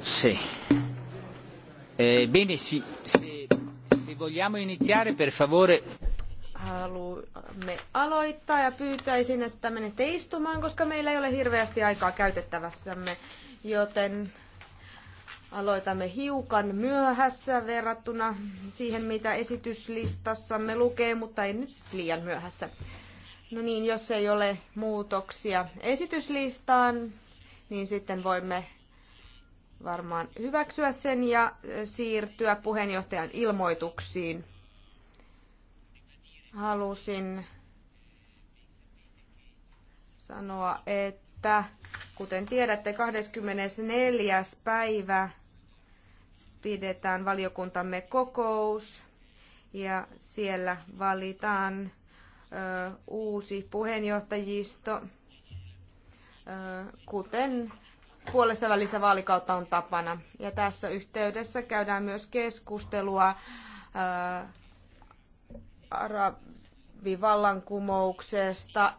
Sì. Eh, bene, sì. Se, se vogliamo iniziare, per favore. Haluamme aloittaa ja pyytäisin, että menette istumaan, koska meillä ei ole hirveästi aikaa käytettävässämme, joten aloitamme hiukan myöhässä verrattuna siihen, mitä esityslistassamme lukee, mutta ei nyt liian myöhässä. No niin, jos ei ole muutoksia esityslistaan, niin sitten voimme varmaan hyväksyä sen ja siirtyä puheenjohtajan ilmoituksiin. Halusin sanoa, että kuten tiedätte, 24. päivä pidetään valiokuntamme kokous ja siellä valitaan ö, uusi puheenjohtajisto kuten puolessa välissä vaalikautta on tapana. Ja tässä yhteydessä käydään myös keskustelua arabivallankumouksesta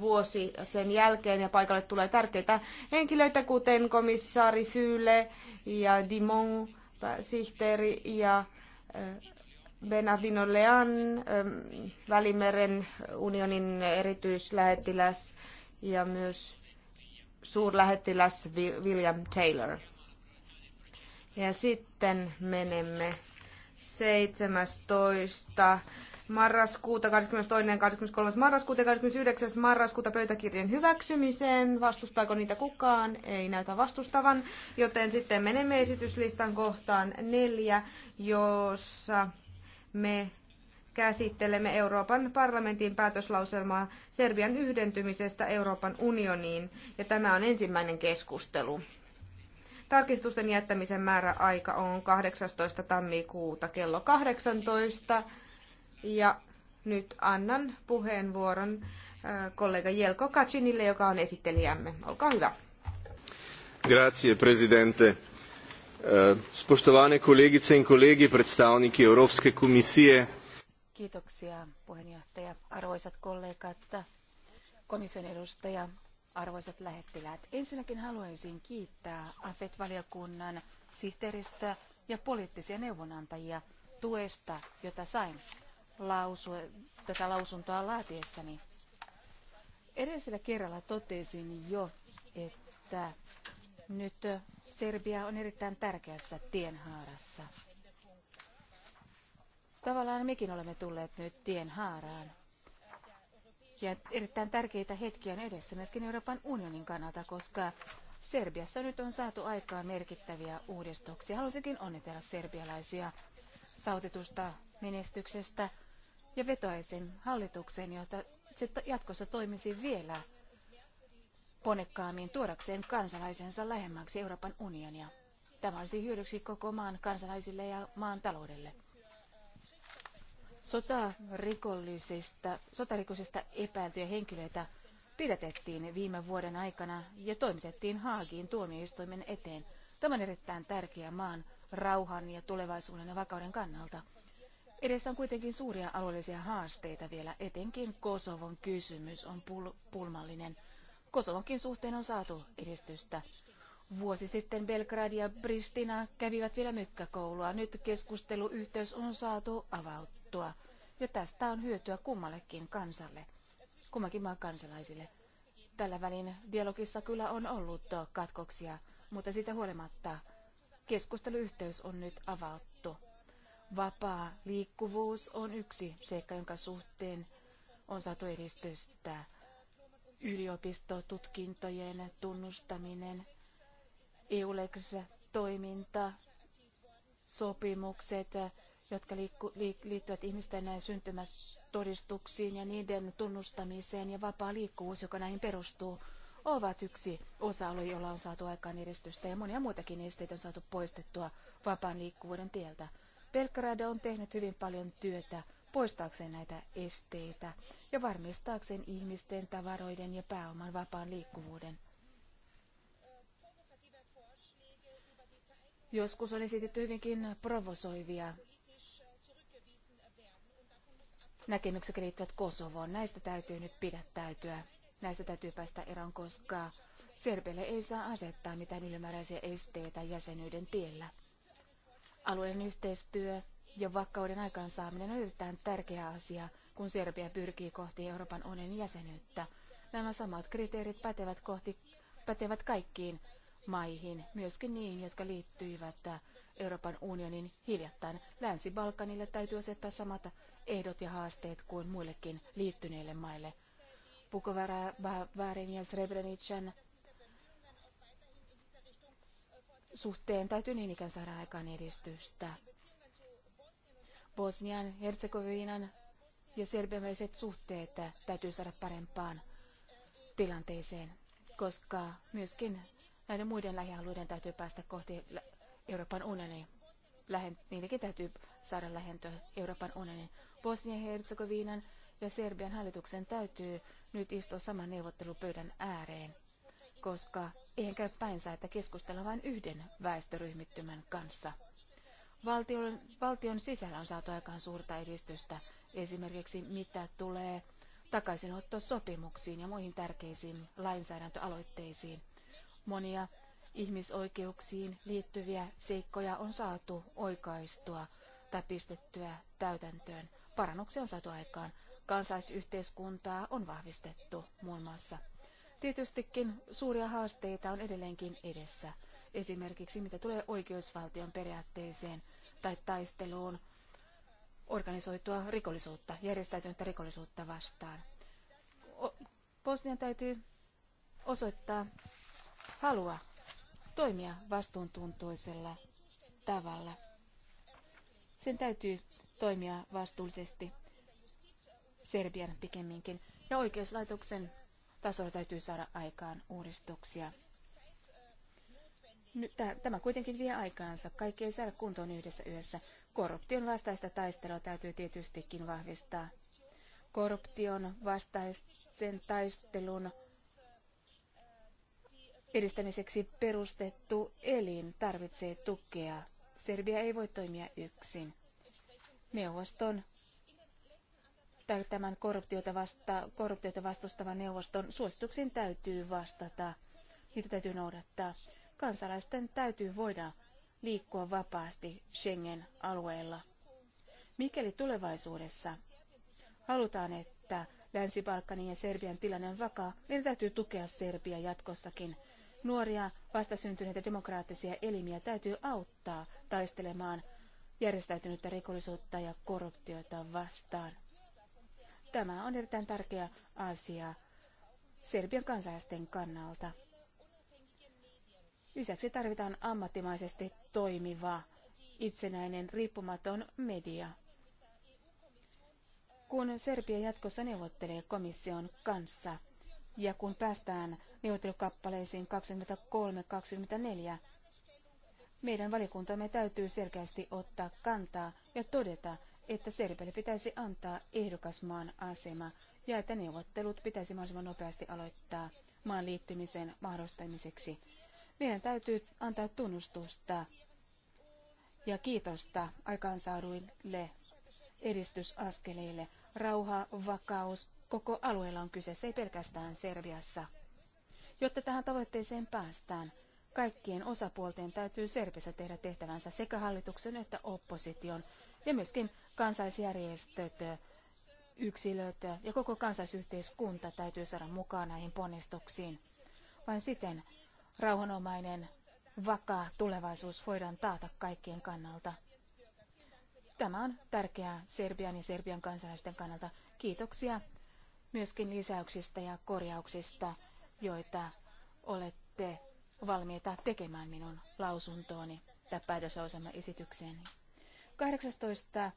vuosi sen jälkeen ja paikalle tulee tärkeitä henkilöitä, kuten komissaari Fyle ja Dimon sihteeri ja Bernardino Lean, Välimeren unionin erityislähettiläs ja myös suurlähettiläs William Taylor. Ja sitten menemme 17. marraskuuta, 22. 23. marraskuuta ja 29. marraskuuta pöytäkirjan hyväksymiseen. Vastustaako niitä kukaan? Ei näytä vastustavan, joten sitten menemme esityslistan kohtaan neljä, jossa me käsittelemme Euroopan parlamentin päätöslauselmaa Serbian yhdentymisestä Euroopan unioniin, ja tämä on ensimmäinen keskustelu. Tarkistusten jättämisen määräaika on 18. tammikuuta kello 18, ja nyt annan puheenvuoron äh, kollega Jelko Kacinille, joka on esittelijämme. Olkaa hyvä. Grazie, presidente. Äh, spoštovane kolegice in kolegi, predstavniki Evropske komisije, Kiitoksia puheenjohtaja, arvoisat kollegat, komission edustaja, arvoisat lähettiläät. Ensinnäkin haluaisin kiittää AFET-valiokunnan sihteeristöä ja poliittisia neuvonantajia tuesta, jota sain lausu, tätä lausuntoa laatiessani. Edellisellä kerralla totesin jo, että nyt Serbia on erittäin tärkeässä tienhaarassa. Tavallaan mekin olemme tulleet nyt tien haaraan. Ja erittäin tärkeitä hetkiä on edessä myöskin Euroopan unionin kannalta, koska Serbiassa nyt on saatu aikaan merkittäviä uudistuksia. Haluaisinkin onnitella serbialaisia sautetusta menestyksestä ja vetoaisin hallitukseen, jotta se jatkossa toimisi vielä ponekkaammin tuodakseen kansalaisensa lähemmäksi Euroopan unionia. Tämä olisi hyödyksi koko maan kansalaisille ja maan taloudelle. Sotarikollisista, sotarikollisista epäiltyjä henkilöitä pidätettiin viime vuoden aikana ja toimitettiin Haagiin tuomioistuimen eteen. Tämä on erittäin tärkeä maan rauhan ja tulevaisuuden ja vakauden kannalta. Edessä on kuitenkin suuria alueellisia haasteita vielä, etenkin Kosovon kysymys on pul- pulmallinen. Kosovonkin suhteen on saatu edistystä. Vuosi sitten Belgrad ja Pristina kävivät vielä mykkäkoulua. Nyt keskusteluyhteys on saatu avautua juttua, Ja tästä on hyötyä kummallekin kansalle, kummakin maan kansalaisille. Tällä välin dialogissa kyllä on ollut katkoksia, mutta siitä huolimatta keskusteluyhteys on nyt avauttu. Vapaa liikkuvuus on yksi seikka, jonka suhteen on saatu edistystä. Yliopistotutkintojen tunnustaminen, EU-toiminta, e sopimukset jotka liikku, liittyvät ihmisten syntymätodistuksiin ja niiden tunnustamiseen ja vapaa liikkuvuus, joka näihin perustuu, ovat yksi osa-alue, jolla on saatu aikaan edistystä ja monia muitakin esteitä on saatu poistettua vapaan liikkuvuuden tieltä. Pelkkäraida on tehnyt hyvin paljon työtä poistaakseen näitä esteitä ja varmistaakseen ihmisten, tavaroiden ja pääoman vapaan liikkuvuuden. Joskus on esitetty hyvinkin provosoivia näkemykset liittyvät Kosovoon. Näistä täytyy nyt pidättäytyä. Näistä täytyy päästä eroon, koska Serbelle ei saa asettaa mitään ylimääräisiä esteitä jäsenyyden tiellä. Alueen yhteistyö ja vakauden aikaansaaminen on erittäin tärkeä asia, kun Serbia pyrkii kohti Euroopan unionin jäsenyyttä. Nämä samat kriteerit pätevät, kohti, pätevät kaikkiin maihin, myöskin niihin, jotka liittyivät Euroopan unionin hiljattain. Länsi-Balkanille täytyy asettaa samat ehdot ja haasteet kuin muillekin liittyneille maille. Pukovaarin ja Srebrenican suhteen täytyy niin ikään saada aikaan edistystä. Bosnian, Herzegovinan ja Serbian väliset suhteet täytyy saada parempaan tilanteeseen, koska myöskin näiden muiden lähialueiden täytyy päästä kohti Euroopan unionia. Lähen, niitäkin täytyy saada lähentöä Euroopan unionin. Bosnia-Herzegovinan ja Serbian hallituksen täytyy nyt istua saman neuvottelupöydän ääreen, koska eihän käy päinsä, että keskustella vain yhden väestöryhmittymän kanssa. Valtion, valtion sisällä on saatu aikaan suurta edistystä, esimerkiksi mitä tulee takaisinottosopimuksiin ja muihin tärkeisiin lainsäädäntöaloitteisiin. Monia ihmisoikeuksiin liittyviä seikkoja on saatu oikaistua tai pistettyä täytäntöön. Parannuksia on saatu aikaan. Kansaisyhteiskuntaa on vahvistettu muun muassa. Tietystikin suuria haasteita on edelleenkin edessä. Esimerkiksi mitä tulee oikeusvaltion periaatteeseen tai taisteluun organisoitua rikollisuutta, järjestäytynyttä rikollisuutta vastaan. Bosnian täytyy osoittaa halua toimia vastuuntuntoisella tavalla. Sen täytyy toimia vastuullisesti Serbian pikemminkin. Ja oikeuslaitoksen tasolla täytyy saada aikaan uudistuksia. Nyt, tämä kuitenkin vie aikaansa. Kaikki ei saada kuntoon yhdessä yössä. Korruption vastaista taistelua täytyy tietystikin vahvistaa. Korruption vastaisen taistelun edistämiseksi perustettu elin tarvitsee tukea. Serbia ei voi toimia yksin neuvoston tai tämän korruptiota, vasta, korruptiota vastustavan neuvoston suosituksiin täytyy vastata. Niitä täytyy noudattaa. Kansalaisten täytyy voida liikkua vapaasti Schengen-alueella. Mikäli tulevaisuudessa halutaan, että Länsi-Balkanin ja Serbian tilanne on vakaa, meidän täytyy tukea Serbia jatkossakin. Nuoria vastasyntyneitä demokraattisia elimiä täytyy auttaa taistelemaan järjestäytynyttä rikollisuutta ja korruptiota vastaan. Tämä on erittäin tärkeä asia Serbian kansalaisten kannalta. Lisäksi tarvitaan ammattimaisesti toimiva, itsenäinen, riippumaton media. Kun Serbia jatkossa neuvottelee komission kanssa ja kun päästään neuvottelukappaleisiin 23-24, meidän valikuntamme täytyy selkeästi ottaa kantaa ja todeta, että Serbialle pitäisi antaa ehdokasmaan asema ja että neuvottelut pitäisi mahdollisimman nopeasti aloittaa maan liittymisen mahdollistamiseksi. Meidän täytyy antaa tunnustusta ja kiitosta aikaansaaduille edistysaskeleille. Rauha, vakaus, koko alueella on kyseessä, ei pelkästään Serbiassa. Jotta tähän tavoitteeseen päästään, kaikkien osapuolten täytyy Serbissä tehdä tehtävänsä sekä hallituksen että opposition ja myöskin kansaisjärjestöt, yksilöt ja koko kansaisyhteiskunta täytyy saada mukaan näihin ponnistuksiin. Vain siten rauhanomainen, vakaa tulevaisuus voidaan taata kaikkien kannalta. Tämä on tärkeää Serbian ja Serbian kansalaisten kannalta. Kiitoksia myöskin lisäyksistä ja korjauksista, joita olette valmiita tekemään minun lausuntooni tai päätösosama esitykseeni. 18.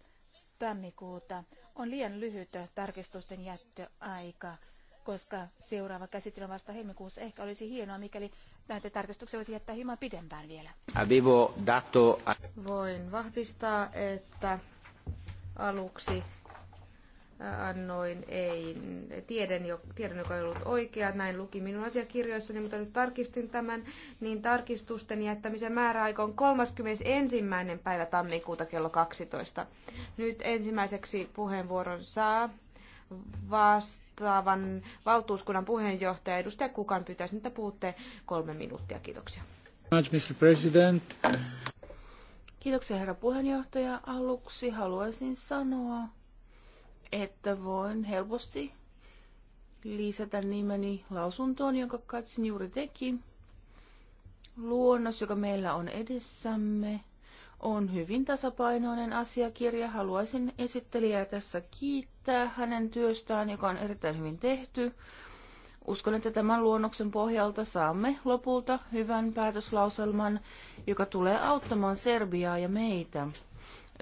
tammikuuta on liian lyhyt tarkistusten jättöaika, koska seuraava käsittely on vasta helmikuussa ehkä olisi hienoa, mikäli näitä tarkistuksia voisi jättää hieman pidempään vielä. Voin vahvistaa, että aluksi annoin ei jo, tiedon, joka ei ollut oikea. Näin luki minun asiakirjoissani, mutta nyt tarkistin tämän, niin tarkistusten jättämisen määräaika on 31. päivä tammikuuta kello 12. Nyt ensimmäiseksi puheenvuoron saa vastaavan valtuuskunnan puheenjohtaja edustaja Kukan pyytäisi, että puhutte kolme minuuttia. Kiitoksia. Mr. President. Kiitoksia herra puheenjohtaja. Aluksi haluaisin sanoa, että voin helposti lisätä nimeni lausuntoon, jonka Katsin juuri teki. Luonnos, joka meillä on edessämme, on hyvin tasapainoinen asiakirja. Haluaisin esittelijää tässä kiittää hänen työstään, joka on erittäin hyvin tehty. Uskon, että tämän luonnoksen pohjalta saamme lopulta hyvän päätöslauselman, joka tulee auttamaan Serbiaa ja meitä.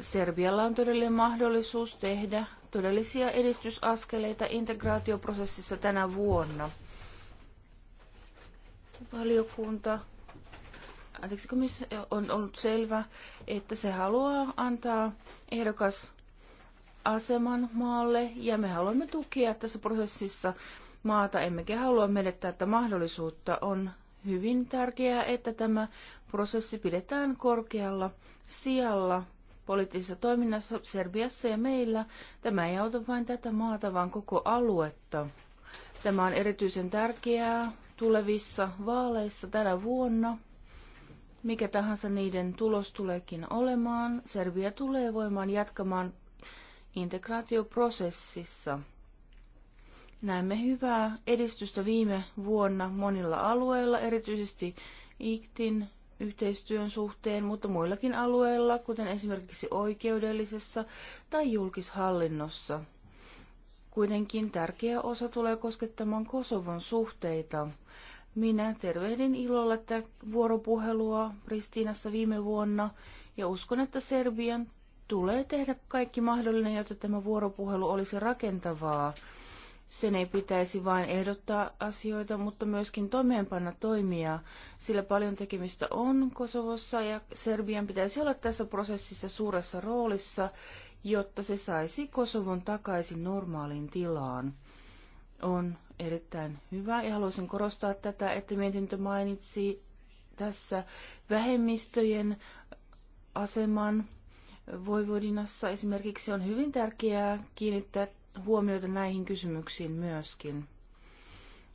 Serbialla on todellinen mahdollisuus tehdä todellisia edistysaskeleita integraatioprosessissa tänä vuonna. Valiokunta anteeksi, komissio on ollut selvä, että se haluaa antaa ehdokas aseman maalle ja me haluamme tukea tässä prosessissa maata, emmekä halua menettää tätä mahdollisuutta. On hyvin tärkeää, että tämä prosessi pidetään korkealla sijalla poliittisessa toiminnassa Serbiassa ja meillä. Tämä ei auta vain tätä maata, vaan koko aluetta. Tämä on erityisen tärkeää tulevissa vaaleissa tänä vuonna. Mikä tahansa niiden tulos tuleekin olemaan, Serbia tulee voimaan jatkamaan integraatioprosessissa. Näemme hyvää edistystä viime vuonna monilla alueilla, erityisesti Iktin yhteistyön suhteen, mutta muillakin alueilla, kuten esimerkiksi oikeudellisessa tai julkishallinnossa. Kuitenkin tärkeä osa tulee koskettamaan Kosovon suhteita. Minä tervehdin ilolla tätä vuoropuhelua Pristiinassa viime vuonna ja uskon, että Serbian tulee tehdä kaikki mahdollinen, jotta tämä vuoropuhelu olisi rakentavaa sen ei pitäisi vain ehdottaa asioita, mutta myöskin toimeenpanna toimia, sillä paljon tekemistä on Kosovossa ja Serbian pitäisi olla tässä prosessissa suuressa roolissa, jotta se saisi Kosovon takaisin normaaliin tilaan. On erittäin hyvä ja haluaisin korostaa tätä, että mietintö mainitsi tässä vähemmistöjen aseman Voivodinassa esimerkiksi on hyvin tärkeää kiinnittää huomiota näihin kysymyksiin myöskin.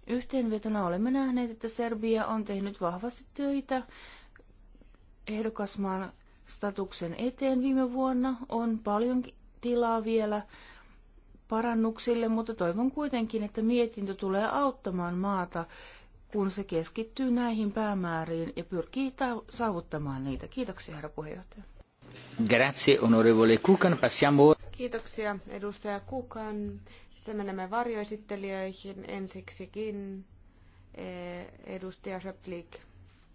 Yhteenvetona olemme nähneet, että Serbia on tehnyt vahvasti töitä ehdokasmaan statuksen eteen viime vuonna. On paljon tilaa vielä parannuksille, mutta toivon kuitenkin, että mietintö tulee auttamaan maata, kun se keskittyy näihin päämääriin ja pyrkii saavuttamaan niitä. Kiitoksia, herra puheenjohtaja. Grazie, onorevole Kukan. Passiamo... Kiitoksia edustaja Kukan. Sitten menemme varjoesittelijöihin ensiksikin. Eh, edustaja Schöpflik,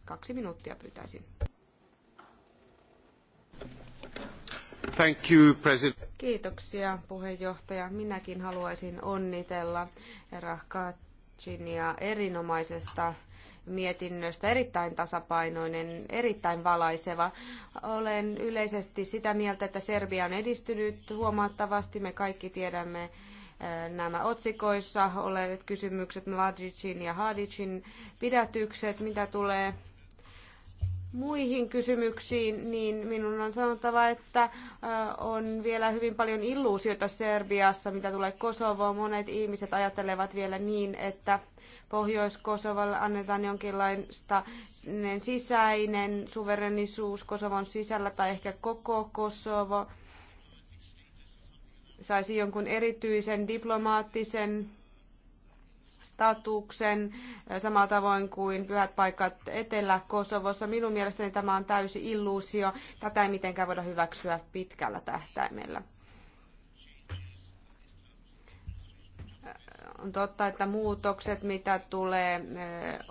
kaksi minuuttia pyytäisin. Thank you, president. Kiitoksia puheenjohtaja. Minäkin haluaisin onnitella Rahkaat erinomaisesta mietinnöstä erittäin tasapainoinen, erittäin valaiseva. Olen yleisesti sitä mieltä, että Serbia on edistynyt huomattavasti. Me kaikki tiedämme äh, nämä otsikoissa olevat kysymykset Mladicin ja Hadicin pidätykset, mitä tulee muihin kysymyksiin, niin minun on sanottava, että äh, on vielä hyvin paljon illuusioita Serbiassa, mitä tulee Kosovoon. Monet ihmiset ajattelevat vielä niin, että Pohjois-Kosovalle annetaan jonkinlaista niin sisäinen suverenisuus Kosovon sisällä tai ehkä koko Kosovo saisi jonkun erityisen diplomaattisen statuksen samalla tavoin kuin pyhät paikat Etelä-Kosovossa. Minun mielestäni tämä on täysi illuusio. Tätä ei mitenkään voida hyväksyä pitkällä tähtäimellä. On totta, että muutokset, mitä tulee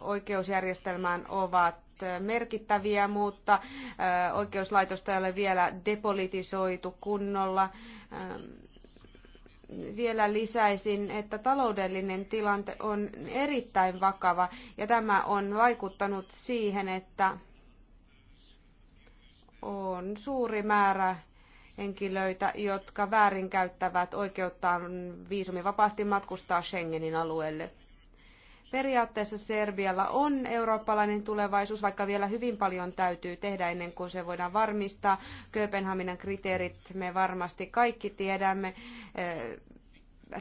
oikeusjärjestelmään, ovat merkittäviä, mutta oikeuslaitosta ei ole vielä depolitisoitu kunnolla. Vielä lisäisin, että taloudellinen tilante on erittäin vakava ja tämä on vaikuttanut siihen, että on suuri määrä henkilöitä, jotka väärinkäyttävät oikeuttaan viisumivapaasti matkustaa Schengenin alueelle. Periaatteessa Serbialla on eurooppalainen tulevaisuus, vaikka vielä hyvin paljon täytyy tehdä ennen kuin se voidaan varmistaa. Kööpenhaminan kriteerit me varmasti kaikki tiedämme, eh,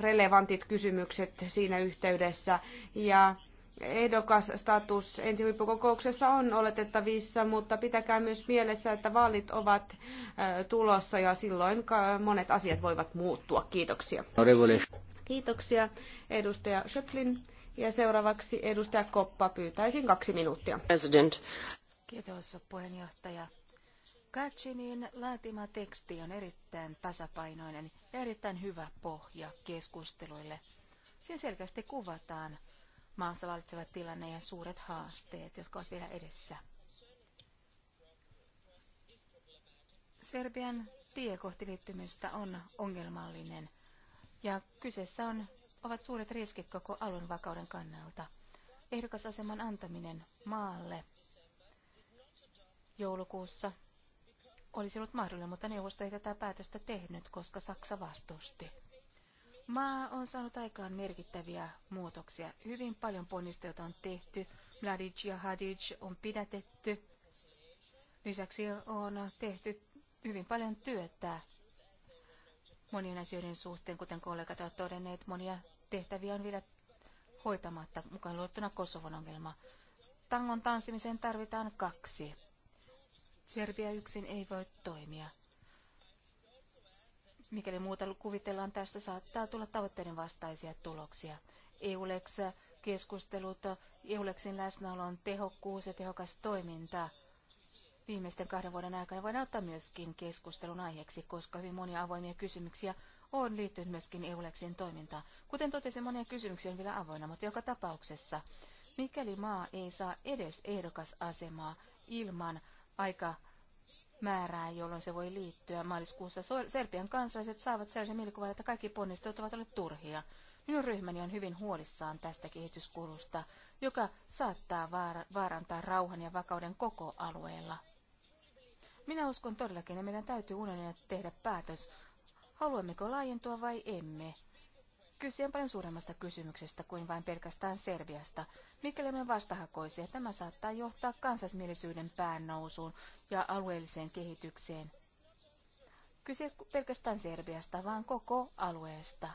relevantit kysymykset siinä yhteydessä. Ja ehdokasstatus ensi huippukokouksessa on oletettavissa, mutta pitäkää myös mielessä, että vaalit ovat tulossa ja silloin monet asiat voivat muuttua. Kiitoksia. Kiitoksia edustaja Schöplin. ja seuraavaksi edustaja Koppa. Pyytäisin kaksi minuuttia. President. Kiitos puheenjohtaja. Kachinin laatima teksti on erittäin tasapainoinen ja erittäin hyvä pohja keskusteluille. Siinä selkeästi kuvataan maassa valitseva tilanne ja suuret haasteet, jotka ovat vielä edessä. Serbian tie kohti liittymistä on ongelmallinen ja kyseessä on, ovat suuret riskit koko alueen vakauden kannalta. Ehdokasaseman antaminen maalle joulukuussa olisi ollut mahdollinen, mutta neuvosto ei tätä päätöstä tehnyt, koska Saksa vastusti. Maa on saanut aikaan merkittäviä muutoksia. Hyvin paljon ponnisteluita on tehty. Mladic ja Hadic on pidätetty. Lisäksi on tehty hyvin paljon työtä monien asioiden suhteen, kuten kollegat ovat todenneet. Monia tehtäviä on vielä hoitamatta, mukaan luottuna Kosovon ongelma. Tangon tanssimiseen tarvitaan kaksi. Serbia yksin ei voi toimia mikäli muuta kuvitellaan, tästä saattaa tulla tavoitteiden vastaisia tuloksia. EULEX-keskustelut, EULEXin läsnäolon tehokkuus ja tehokas toiminta viimeisten kahden vuoden aikana voidaan ottaa myöskin keskustelun aiheeksi, koska hyvin monia avoimia kysymyksiä on liittynyt myöskin EULEXin toimintaan. Kuten totesin, monia kysymyksiä on vielä avoinna, mutta joka tapauksessa, mikäli maa ei saa edes ehdokasasemaa ilman aika määrää, jolloin se voi liittyä. Maaliskuussa Serbian kansalaiset saavat sellaisen mielikuvan, että kaikki ponnistelut ovat olleet turhia. Minun ryhmäni on hyvin huolissaan tästä kehityskulusta, joka saattaa vaara- vaarantaa rauhan ja vakauden koko alueella. Minä uskon todellakin, että meidän täytyy unelmia tehdä päätös, haluammeko laajentua vai emme. Kyse on paljon suuremmasta kysymyksestä kuin vain pelkästään Serbiasta. Mikäli me vastahakoisia, tämä saattaa johtaa kansallismielisyyden päännousuun ja alueelliseen kehitykseen. Kyse pelkästään Serbiasta, vaan koko alueesta.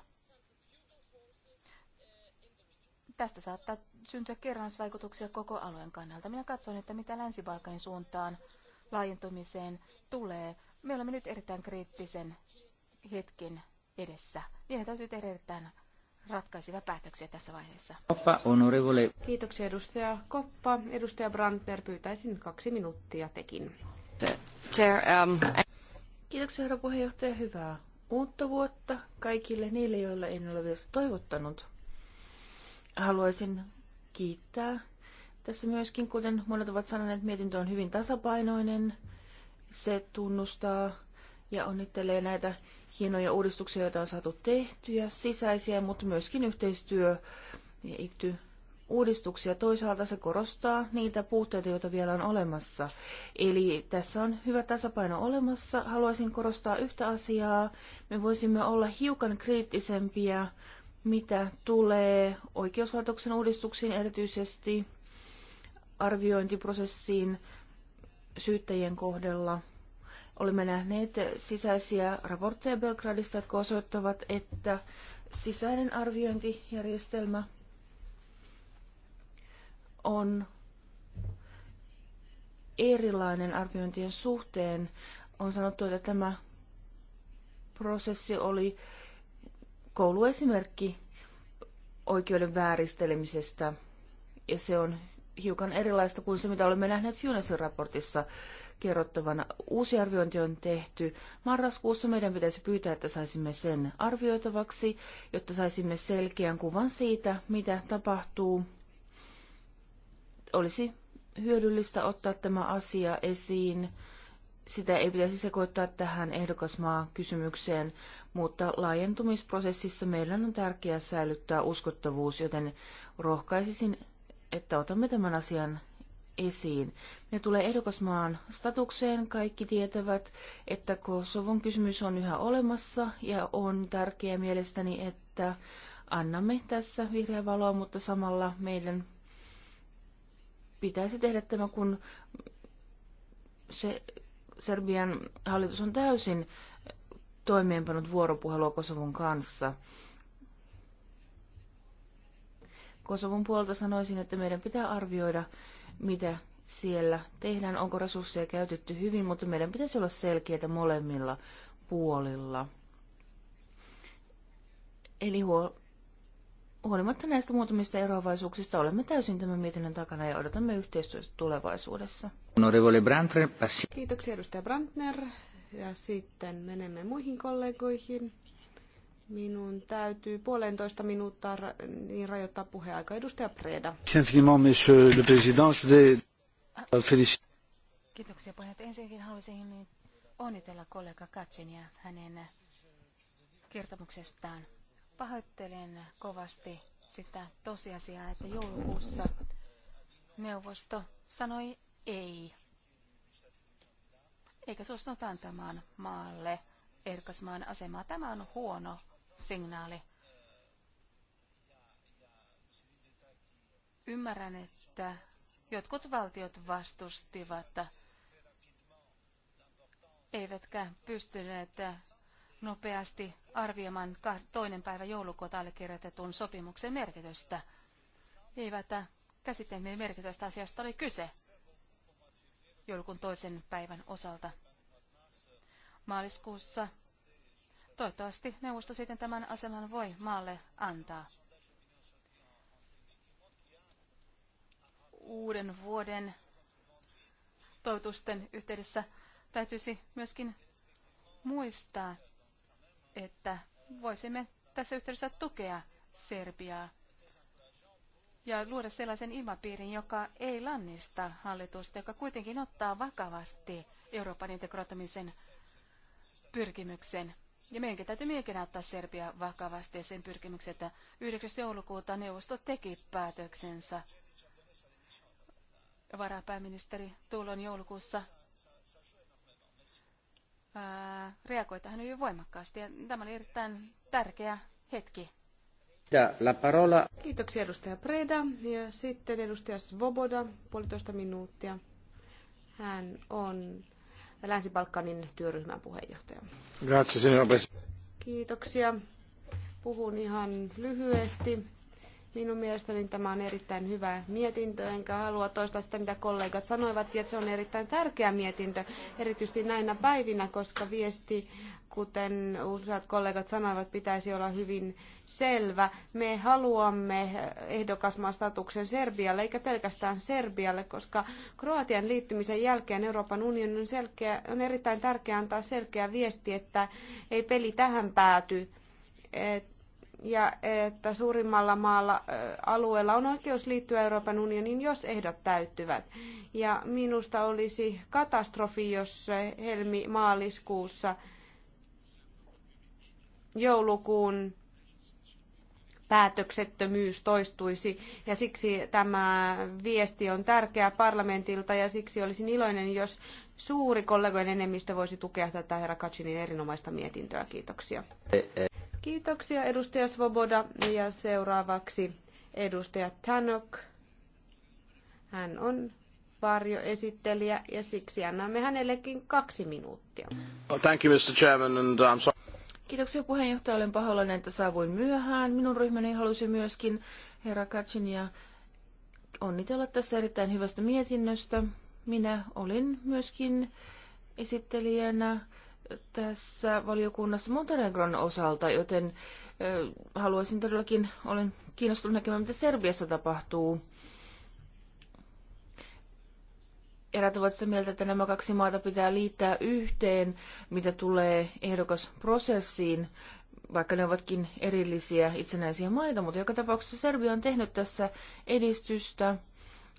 Tästä saattaa syntyä kerransvaikutuksia koko alueen kannalta. Minä katson, että mitä Länsi-Balkanin suuntaan laajentumiseen tulee. Me olemme nyt erittäin kriittisen hetken edessä. Vielä täytyy tehdä erittäin ratkaisivia päätöksiä tässä vaiheessa. Koppa, honorevole. Kiitoksia edustaja Koppa. Edustaja Brandner, pyytäisin kaksi minuuttia tekin. Chair, um... Kiitoksia herra puheenjohtaja. Hyvää uutta vuotta kaikille niille, joille en ole vielä toivottanut. Haluaisin kiittää. Tässä myöskin, kuten monet ovat sanoneet, mietintö on hyvin tasapainoinen. Se tunnustaa ja onnittelee näitä hienoja uudistuksia, joita on saatu tehtyä, sisäisiä, mutta myöskin yhteistyö ja ikty uudistuksia. Toisaalta se korostaa niitä puutteita, joita vielä on olemassa. Eli tässä on hyvä tasapaino olemassa. Haluaisin korostaa yhtä asiaa. Me voisimme olla hiukan kriittisempiä, mitä tulee oikeuslaitoksen uudistuksiin erityisesti arviointiprosessiin syyttäjien kohdalla – Olemme nähneet sisäisiä raportteja Belgradista, jotka osoittavat, että sisäinen arviointijärjestelmä on erilainen arviointien suhteen. On sanottu, että tämä prosessi oli kouluesimerkki oikeuden vääristelemisestä, ja se on hiukan erilaista kuin se, mitä olemme nähneet Funesin raportissa kerrottavana. Uusi arviointi on tehty. Marraskuussa meidän pitäisi pyytää, että saisimme sen arvioitavaksi, jotta saisimme selkeän kuvan siitä, mitä tapahtuu. Olisi hyödyllistä ottaa tämä asia esiin. Sitä ei pitäisi sekoittaa tähän ehdokasmaan kysymykseen, mutta laajentumisprosessissa meillä on tärkeää säilyttää uskottavuus, joten rohkaisisin, että otamme tämän asian esiin. Ne tulee ehdokasmaan statukseen. Kaikki tietävät, että Kosovon kysymys on yhä olemassa ja on tärkeää mielestäni, että annamme tässä vihreä valoa, mutta samalla meidän pitäisi tehdä tämä, kun se Serbian hallitus on täysin toimeenpanut vuoropuhelua Kosovon kanssa. Kosovon puolta sanoisin, että meidän pitää arvioida mitä siellä tehdään, onko resursseja käytetty hyvin, mutta meidän pitäisi olla selkeitä molemmilla puolilla. Eli huolimatta näistä muutamista eroavaisuuksista olemme täysin tämän mietinnön takana ja odotamme yhteistyötä tulevaisuudessa. Kiitoksia edustaja Brandner. Ja sitten menemme muihin kollegoihin. Minun täytyy puolentoista minuuttia niin rajoittaa puheaika. Edustaja Preda. Ah. Kiitoksia puheenjohtaja. Ensinnäkin haluaisin onnitella kollega Katsinia hänen kertomuksestaan. Pahoittelen kovasti sitä tosiasiaa, että joulukuussa neuvosto sanoi ei, eikä suostunut antamaan maalle erkasmaan asemaa. Tämä on huono signaali. Ymmärrän, että jotkut valtiot vastustivat, eivätkä pystyneet nopeasti arvioimaan toinen päivä joulukuuta allekirjoitetun sopimuksen merkitystä. Eivät käsitteemme merkitystä asiasta oli kyse joulukuun toisen päivän osalta. Maaliskuussa Toivottavasti neuvosto sitten tämän aseman voi maalle antaa. Uuden vuoden toivotusten yhteydessä täytyisi myöskin muistaa, että voisimme tässä yhteydessä tukea Serbiaa ja luoda sellaisen ilmapiirin, joka ei lannista hallitusta, joka kuitenkin ottaa vakavasti Euroopan integroitumisen pyrkimyksen. Ja meidänkin täytyy meidänkin ottaa Serbia vakavasti ja sen pyrkimyksen, että 9. joulukuuta neuvosto teki päätöksensä. Varapääministeri tuolloin joulukuussa ää, reagoi tähän hyvin voimakkaasti ja tämä oli erittäin tärkeä hetki. La parola. Kiitoksia edustaja Preda ja sitten edustaja Svoboda, puolitoista minuuttia. Hän on Länsi-Balkanin työryhmän puheenjohtaja. Grazie, Kiitoksia. Puhun ihan lyhyesti. Minun mielestäni tämä on erittäin hyvä mietintö, enkä halua toistaa sitä, mitä kollegat sanoivat, että se on erittäin tärkeä mietintö, erityisesti näinä päivinä, koska viesti, kuten useat kollegat sanoivat, pitäisi olla hyvin selvä. Me haluamme ehdokasmaan statuksen Serbialle, eikä pelkästään Serbialle, koska Kroatian liittymisen jälkeen Euroopan unionin on, selkeä, on erittäin tärkeää antaa selkeä viesti, että ei peli tähän pääty. Et ja että suurimmalla maalla alueella on oikeus liittyä Euroopan unioniin, jos ehdot täyttyvät. Ja minusta olisi katastrofi, jos helmi-maaliskuussa joulukuun päätöksettömyys toistuisi. Ja siksi tämä viesti on tärkeä parlamentilta ja siksi olisin iloinen, jos suuri kollegojen enemmistö voisi tukea tätä herra Kacinin erinomaista mietintöä. Kiitoksia. E, e. Kiitoksia edustaja Svoboda ja seuraavaksi edustaja Tanok. Hän on varjoesittelijä ja siksi annamme hänellekin kaksi minuuttia. thank you, Mr. Chairman, and I'm um, sorry. Kiitoksia puheenjohtaja. Olen pahoillani, että saavuin myöhään. Minun ryhmäni halusi myöskin herra ja onnitella tässä erittäin hyvästä mietinnöstä. Minä olin myöskin esittelijänä tässä valiokunnassa Montenegron osalta, joten haluaisin todellakin, olen kiinnostunut näkemään, mitä Serbiassa tapahtuu. Erät ovat sitä mieltä, että nämä kaksi maata pitää liittää yhteen, mitä tulee ehdokasprosessiin, vaikka ne ovatkin erillisiä itsenäisiä maita, mutta joka tapauksessa Serbia on tehnyt tässä edistystä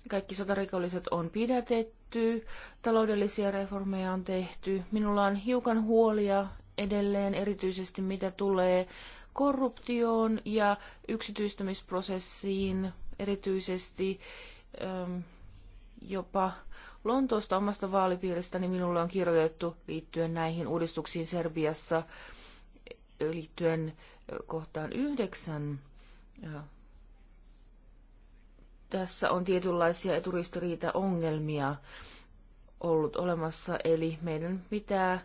kaikki sotarikolliset on pidätetty, taloudellisia reformeja on tehty. Minulla on hiukan huolia edelleen, erityisesti mitä tulee korruptioon ja yksityistämisprosessiin, erityisesti äm, jopa Lontoosta omasta vaalipiiristäni niin minulle on kirjoitettu liittyen näihin uudistuksiin Serbiassa liittyen kohtaan yhdeksän äh, tässä on tietynlaisia eturistiriita-ongelmia ollut olemassa, eli meidän pitää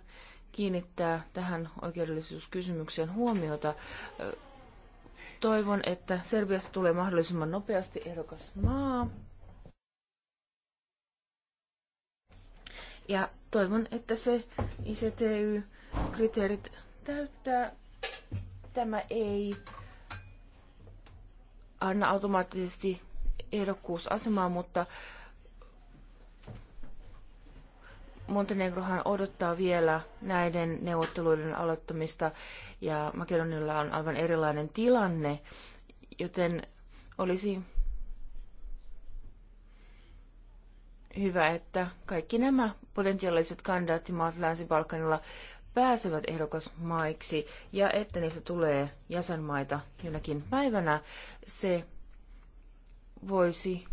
kiinnittää tähän oikeudellisuuskysymykseen huomiota. Toivon, että Serbiasta tulee mahdollisimman nopeasti ehdokas maa. Ja toivon, että se ICTY-kriteerit täyttää. Tämä ei anna automaattisesti ehdokkuusasemaa, mutta Montenegrohan odottaa vielä näiden neuvotteluiden aloittamista ja Makedonilla on aivan erilainen tilanne, joten olisi hyvä, että kaikki nämä potentiaaliset kandidaattimaat Länsi-Balkanilla pääsevät ehdokasmaiksi ja että niistä tulee jäsenmaita jonakin päivänä. Se voisi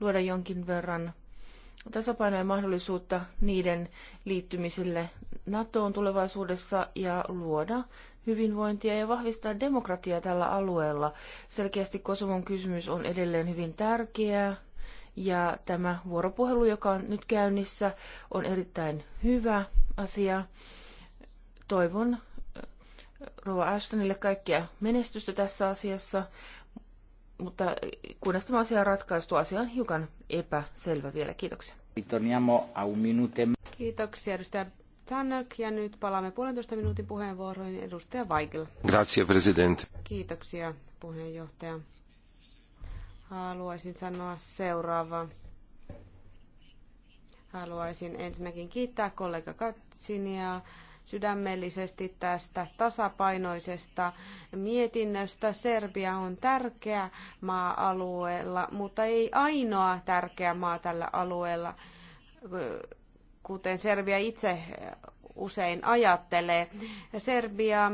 luoda jonkin verran tasapainoja ja mahdollisuutta niiden liittymiselle NATOon tulevaisuudessa ja luoda hyvinvointia ja vahvistaa demokratiaa tällä alueella. Selkeästi Kosovon kysymys on edelleen hyvin tärkeä ja tämä vuoropuhelu, joka on nyt käynnissä, on erittäin hyvä asia. Toivon Rova Ashtonille kaikkia menestystä tässä asiassa, mutta kunnes tämä asia on ratkaistu, asia on hiukan epäselvä vielä. Kiitoksia. E Kiitoksia edustaja Tänök ja nyt palaamme puolentoista minuutin puheenvuoroihin edustaja Vaikil. Grazie, president. Kiitoksia puheenjohtaja. Haluaisin sanoa seuraava. Haluaisin ensinnäkin kiittää kollega Katsinia sydämellisesti tästä tasapainoisesta mietinnöstä. Serbia on tärkeä maa alueella, mutta ei ainoa tärkeä maa tällä alueella, kuten Serbia itse usein ajattelee. Serbia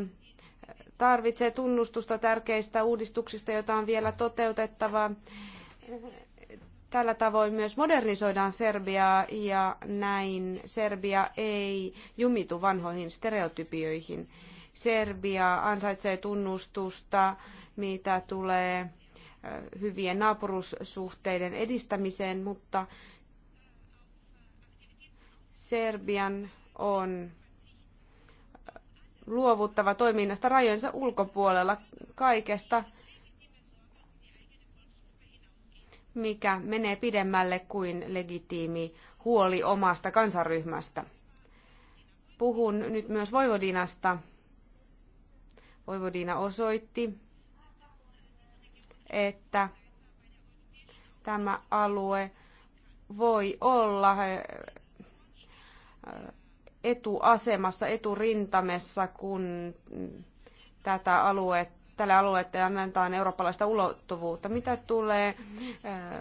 tarvitsee tunnustusta tärkeistä uudistuksista, joita on vielä toteutettava Tällä tavoin myös modernisoidaan Serbiaa ja näin Serbia ei jumitu vanhoihin stereotypioihin. Serbia ansaitsee tunnustusta, mitä tulee hyvien naapurussuhteiden edistämiseen, mutta Serbian on luovuttava toiminnasta rajojensa ulkopuolella kaikesta mikä menee pidemmälle kuin legitiimi huoli omasta kansaryhmästä. Puhun nyt myös Voivodinasta. Voivodina osoitti, että tämä alue voi olla eh, eh, etuasemassa, eturintamessa, kun tätä aluetta tälle alueelle ja annetaan eurooppalaista ulottuvuutta. Mitä tulee äh,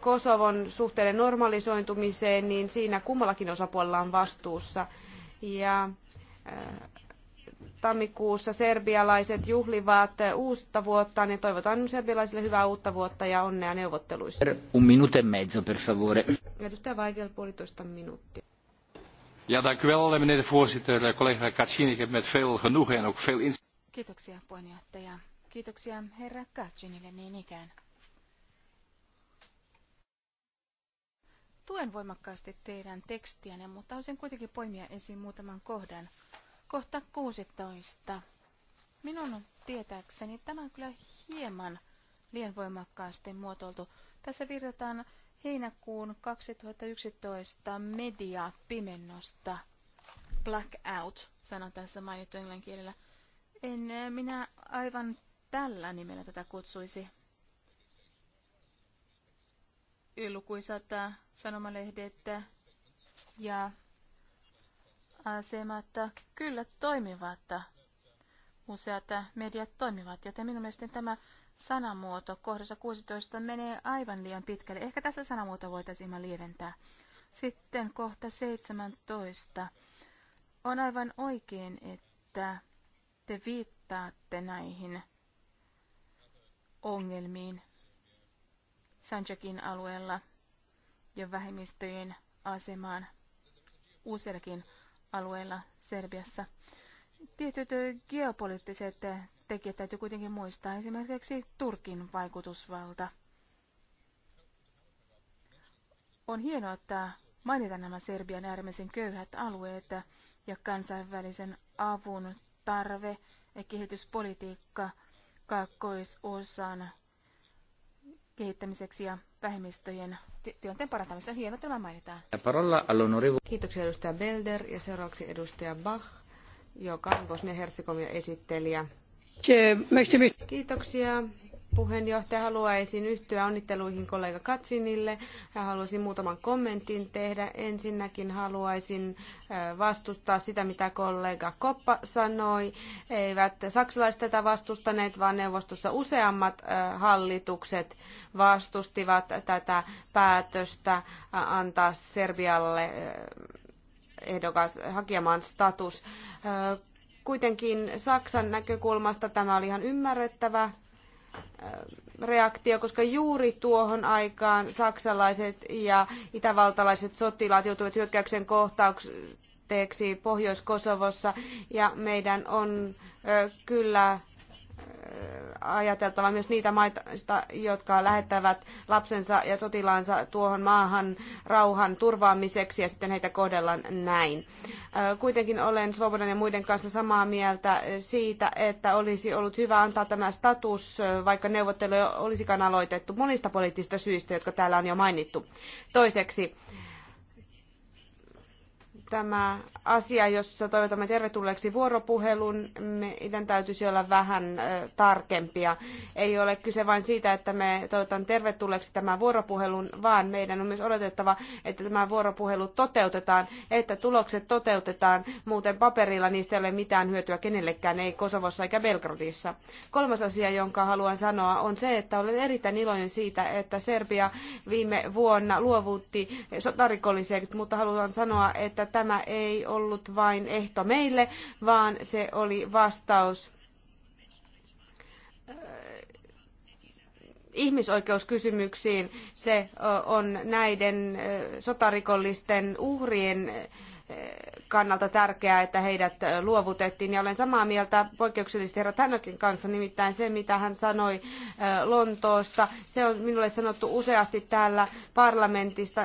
Kosovon suhteiden normalisointumiseen, niin siinä kummallakin osapuolella on vastuussa. Ja äh, tammikuussa serbialaiset juhlivat uutta vuotta, niin toivotan serbialaisille hyvää uutta vuotta ja onnea neuvotteluissa. Un minuto e mezzo, per favore. Edustaja Weigel, puolitoista minuuttia. Ja, dank u wel, meneer de voorzitter. Eh, collega Katsini, ik heb met veel genoegen en ook veel inzicht. Kiitoksia puheenjohtaja. Kiitoksia herra Katsinille niin ikään. Tuen voimakkaasti teidän tekstiänne, mutta haluaisin kuitenkin poimia esiin muutaman kohdan. Kohta 16. Minun on tietääkseni tämä on kyllä hieman liian voimakkaasti muotoiltu. Tässä virrataan heinäkuun 2011 media pimennosta. Blackout, sanon tässä mainittu englannin kielellä. En minä aivan tällä nimellä tätä kutsuisi. Lukuisat äh, sanomalehdet äh, ja asemat äh, kyllä toimivat. Useat mediat toimivat, joten minun mielestäni tämä sanamuoto kohdassa 16 menee aivan liian pitkälle. Ehkä tässä sanamuoto voitaisiin lieventää. Sitten kohta 17. On aivan oikein, että te viittaatte näihin ongelmiin Sanjakin alueella ja vähemmistöjen asemaan useillakin alueilla Serbiassa. Tietyt geopoliittiset tekijät täytyy kuitenkin muistaa, esimerkiksi Turkin vaikutusvalta. On hienoa, että mainita nämä Serbian äärimmäisen köyhät alueet ja kansainvälisen avun tarve ja kehityspolitiikka kaakkoisosan kehittämiseksi ja vähemmistöjen tilanteen parantamisessa. Hieno tämä mainitaan. Kiitoksia edustaja Belder ja seuraavaksi edustaja Bach, joka on Bosnia-Herzegovina esittelijä. Kiitoksia puheenjohtaja, haluaisin yhtyä onnitteluihin kollega Katsinille. Haluaisin muutaman kommentin tehdä. Ensinnäkin haluaisin vastustaa sitä, mitä kollega Koppa sanoi. Eivät saksalaiset tätä vastustaneet, vaan neuvostossa useammat hallitukset vastustivat tätä päätöstä antaa Serbialle ehdokas hakemaan status kuitenkin Saksan näkökulmasta tämä oli ihan ymmärrettävä reaktio, koska juuri tuohon aikaan saksalaiset ja itävaltalaiset sotilaat joutuivat hyökkäyksen kohtaukseksi Pohjois-Kosovossa ja meidän on kyllä ajateltava myös niitä maita, jotka lähettävät lapsensa ja sotilaansa tuohon maahan rauhan turvaamiseksi ja sitten heitä kohdellaan näin. Kuitenkin olen Svobodan ja muiden kanssa samaa mieltä siitä, että olisi ollut hyvä antaa tämä status, vaikka neuvottelu olisikaan aloitettu monista poliittisista syistä, jotka täällä on jo mainittu. Toiseksi, tämä asia, jossa toivotamme tervetulleeksi vuoropuhelun, meidän täytyisi olla vähän tarkempia. Ei ole kyse vain siitä, että me toivotan tervetulleeksi tämän vuoropuhelun, vaan meidän on myös odotettava, että tämä vuoropuhelu toteutetaan, että tulokset toteutetaan. Muuten paperilla niistä ei ole mitään hyötyä kenellekään, ei Kosovossa eikä Belgradissa. Kolmas asia, jonka haluan sanoa, on se, että olen erittäin iloinen siitä, että Serbia viime vuonna luovutti sotarikolliseksi, mutta haluan sanoa, että tämä tämä ei ollut vain ehto meille, vaan se oli vastaus äh, ihmisoikeuskysymyksiin. Se äh, on näiden äh, sotarikollisten uhrien kannalta tärkeää, että heidät luovutettiin. Ja olen samaa mieltä poikkeuksellisesti herra Tänökin kanssa, nimittäin se, mitä hän sanoi Lontoosta. Se on minulle sanottu useasti täällä parlamentista.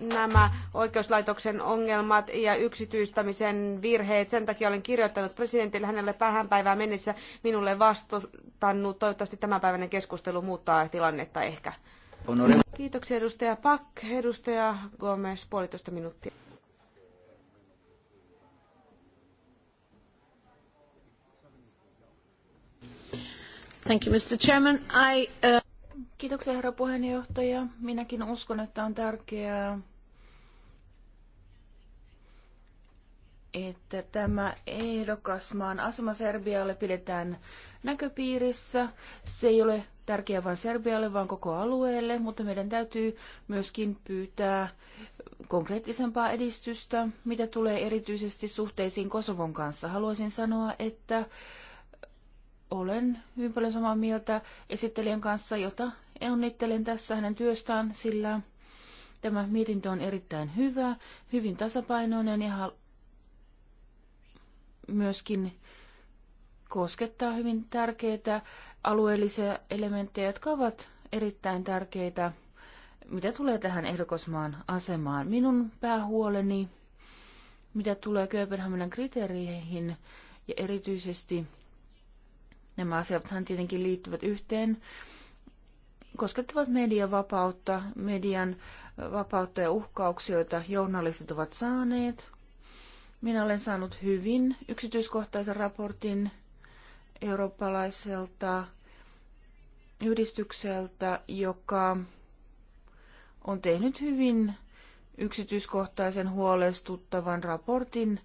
Nämä oikeuslaitoksen ongelmat ja yksityistämisen virheet. Sen takia olen kirjoittanut presidentille hänelle tähän päivään mennessä minulle vastustannut. Toivottavasti tämänpäiväinen keskustelu muuttaa tilannetta ehkä. Kiitoksia edustaja Pak. Edustaja Gomez puolitoista minuuttia. Uh, Kiitoksia, herra puheenjohtaja. Minäkin uskon, että on tärkeää, että tämä ehdokasmaan asema Serbialle pidetään näköpiirissä. Se ei ole tärkeää vain Serbialle, vaan koko alueelle, mutta meidän täytyy myöskin pyytää konkreettisempaa edistystä, mitä tulee erityisesti suhteisiin Kosovon kanssa. Haluaisin sanoa, että olen hyvin paljon samaa mieltä esittelijän kanssa, jota onnittelen tässä hänen työstään, sillä tämä mietintö on erittäin hyvä, hyvin tasapainoinen ja myöskin koskettaa hyvin tärkeitä alueellisia elementtejä, jotka ovat erittäin tärkeitä, mitä tulee tähän ehdokasmaan asemaan. Minun päähuoleni, mitä tulee Kööpenhaminan kriteereihin ja erityisesti Nämä asiathan tietenkin liittyvät yhteen, koskettavat median vapautta, median vapautta ja uhkauksia, joita journalistit ovat saaneet. Minä olen saanut hyvin yksityiskohtaisen raportin eurooppalaiselta yhdistykseltä, joka on tehnyt hyvin yksityiskohtaisen huolestuttavan raportin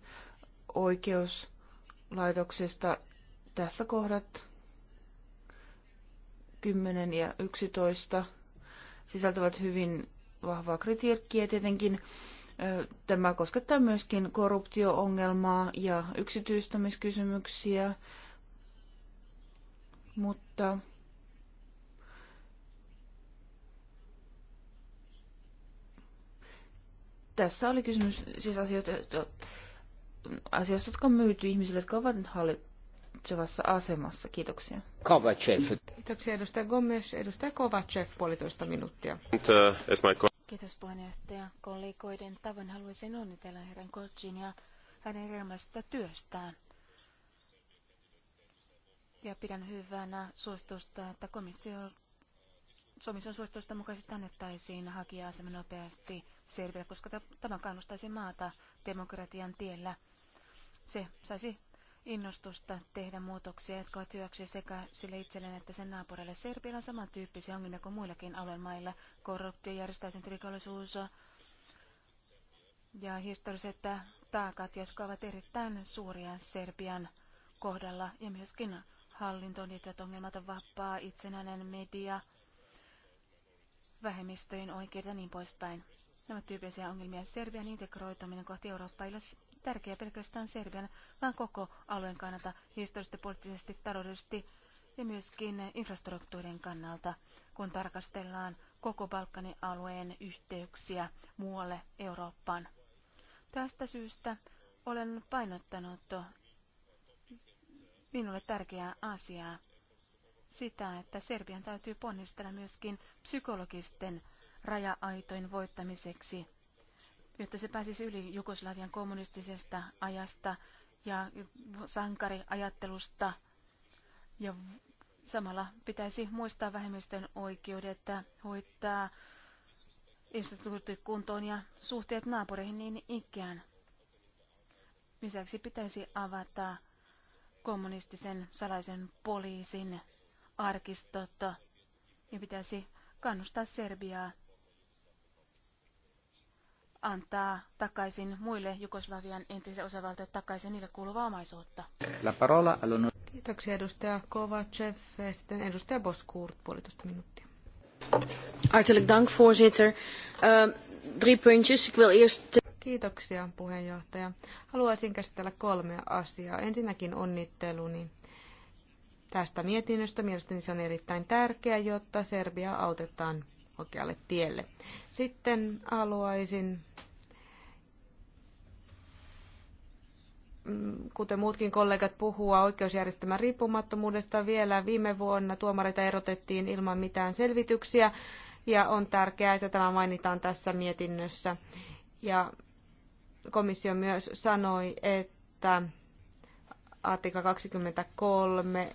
oikeuslaitoksesta tässä kohdat 10 ja 11 sisältävät hyvin vahvaa kritiikkiä tietenkin. Tämä koskettaa myöskin korruptioongelmaa ja yksityistämiskysymyksiä, mutta tässä oli kysymys siis asioista, jotka on myyty ihmisille, jotka ovat ratkaisevassa asemassa. Kiitoksia. Kovacev. Kiitoksia edustaja Gomes. Edustaja Kovacev, puolitoista minuuttia. Uh, Kiitos puheenjohtaja. Kollegoiden tavoin haluaisin onnitella herran Kotsin ja hänen erilaisesta työstään. Ja pidän hyvänä suostusta, että komissio on suositusta mukaisesti annettaisiin hakija-asema nopeasti selville, koska tämä kannustaisi maata demokratian tiellä. Se saisi innostusta tehdä muutoksia, jotka ovat hyväksi sekä sille itselleen että sen naapureille. Serbialla on samantyyppisiä ongelmia kuin muillakin alueen mailla. Korruptio, järjestäytynyt rikollisuus ja historiset taakat, jotka ovat erittäin suuria Serbian kohdalla ja myöskin hallintoon liittyvät ongelmat, vapaa, itsenäinen media, vähemmistöjen oikeudet ja niin poispäin. Nämä tyypillisiä ongelmia. Serbian integroituminen kohti Eurooppaa ei ole tärkeä pelkästään Serbian, vaan koko alueen kannalta historiallisesti, poliittisesti, taloudellisesti ja myöskin infrastruktuurien kannalta, kun tarkastellaan koko Balkanin alueen yhteyksiä muualle Eurooppaan. Tästä syystä olen painottanut minulle tärkeää asiaa, sitä, että Serbian täytyy ponnistella myöskin psykologisten raja-aitojen voittamiseksi jotta se pääsisi yli Jugoslavian kommunistisesta ajasta ja sankariajattelusta. Ja samalla pitäisi muistaa vähemmistön oikeudet hoitaa instituutit kuntoon ja suhteet naapureihin niin ikään. Lisäksi pitäisi avata kommunistisen salaisen poliisin arkistot ja pitäisi kannustaa Serbiaa antaa takaisin muille Jugoslavian entisen osavaltioille takaisin niille kuuluvaa omaisuutta. La parola Kiitoksia edustaja Kovacev. Sitten edustaja Boskurt, puolitoista minuuttia. Hartelijk dank, voorzitter. Ehm, drie puntjes. Ik wil eerst... Kiitoksia, puheenjohtaja. Haluaisin käsitellä kolmea asiaa. Ensinnäkin onnitteluni tästä mietinnöstä. Mielestäni se on erittäin tärkeä, jotta Serbia autetaan oikealle tielle. Sitten haluaisin, mm, kuten muutkin kollegat, puhua oikeusjärjestelmän riippumattomuudesta. Vielä viime vuonna tuomareita erotettiin ilman mitään selvityksiä ja on tärkeää, että tämä mainitaan tässä mietinnössä. Ja komissio myös sanoi, että artikla 23,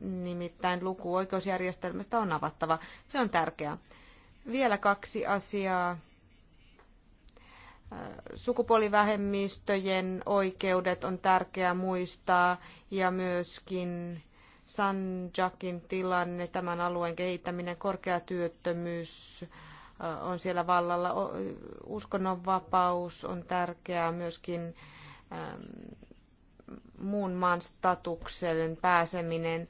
nimittäin luku oikeusjärjestelmästä on avattava. Se on tärkeää. Vielä kaksi asiaa. Äh, sukupuolivähemmistöjen oikeudet on tärkeää muistaa ja myöskin Sanjakin tilanne, tämän alueen kehittäminen, korkea työttömyys äh, on siellä vallalla. Uskonnonvapaus on tärkeää myöskin ähm, muun maan statukselle pääseminen,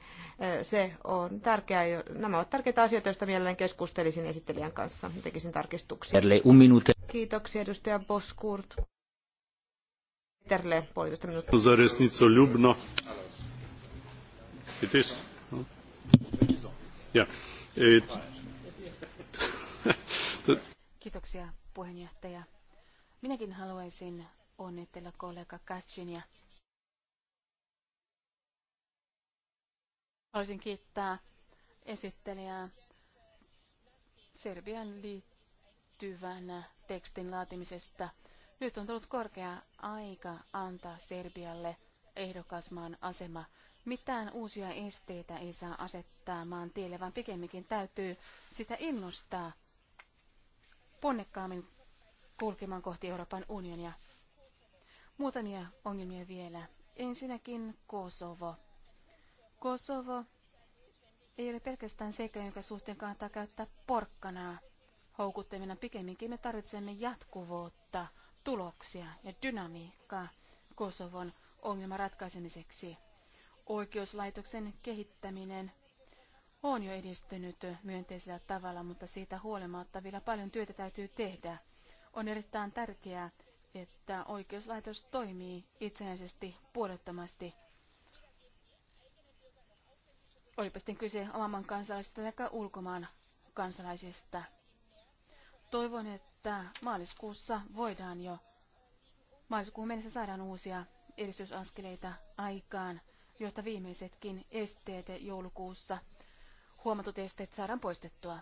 se on tärkeää. Nämä ovat tärkeitä asioita, joista mielelläni keskustelisin esittelijän kanssa. Tekisin tarkistuksia. Kiitoksia edustaja Boskurt. Terle, puolitoista minuuttia. Za resnico It is. Yeah. It... Kiitoksia puheenjohtaja. Minäkin haluaisin onnitella kollega Katsin ja Haluaisin kiittää esittelijää Serbian liittyvän tekstin laatimisesta. Nyt on tullut korkea aika antaa Serbialle ehdokasmaan asema. Mitään uusia esteitä ei saa asettaa maan tielle, vaan pikemminkin täytyy sitä innostaa ponnekkaammin kulkemaan kohti Euroopan unionia. Muutamia ongelmia vielä. Ensinnäkin Kosovo. Kosovo ei ole pelkästään sekä, jonka suhteen kannattaa käyttää porkkanaa houkuttamina. Pikemminkin me tarvitsemme jatkuvuutta, tuloksia ja dynamiikkaa Kosovon ongelman ratkaisemiseksi. Oikeuslaitoksen kehittäminen on jo edistynyt myönteisellä tavalla, mutta siitä huolimatta vielä paljon työtä täytyy tehdä. On erittäin tärkeää, että oikeuslaitos toimii itsenäisesti, puolettomasti Olipa sitten kyse oman kansalaisista tai ulkomaan kansalaisista. Toivon, että maaliskuussa voidaan jo, maaliskuun mennessä saadaan uusia edistysaskeleita aikaan, jotta viimeisetkin esteet joulukuussa huomatut esteet saadaan poistettua.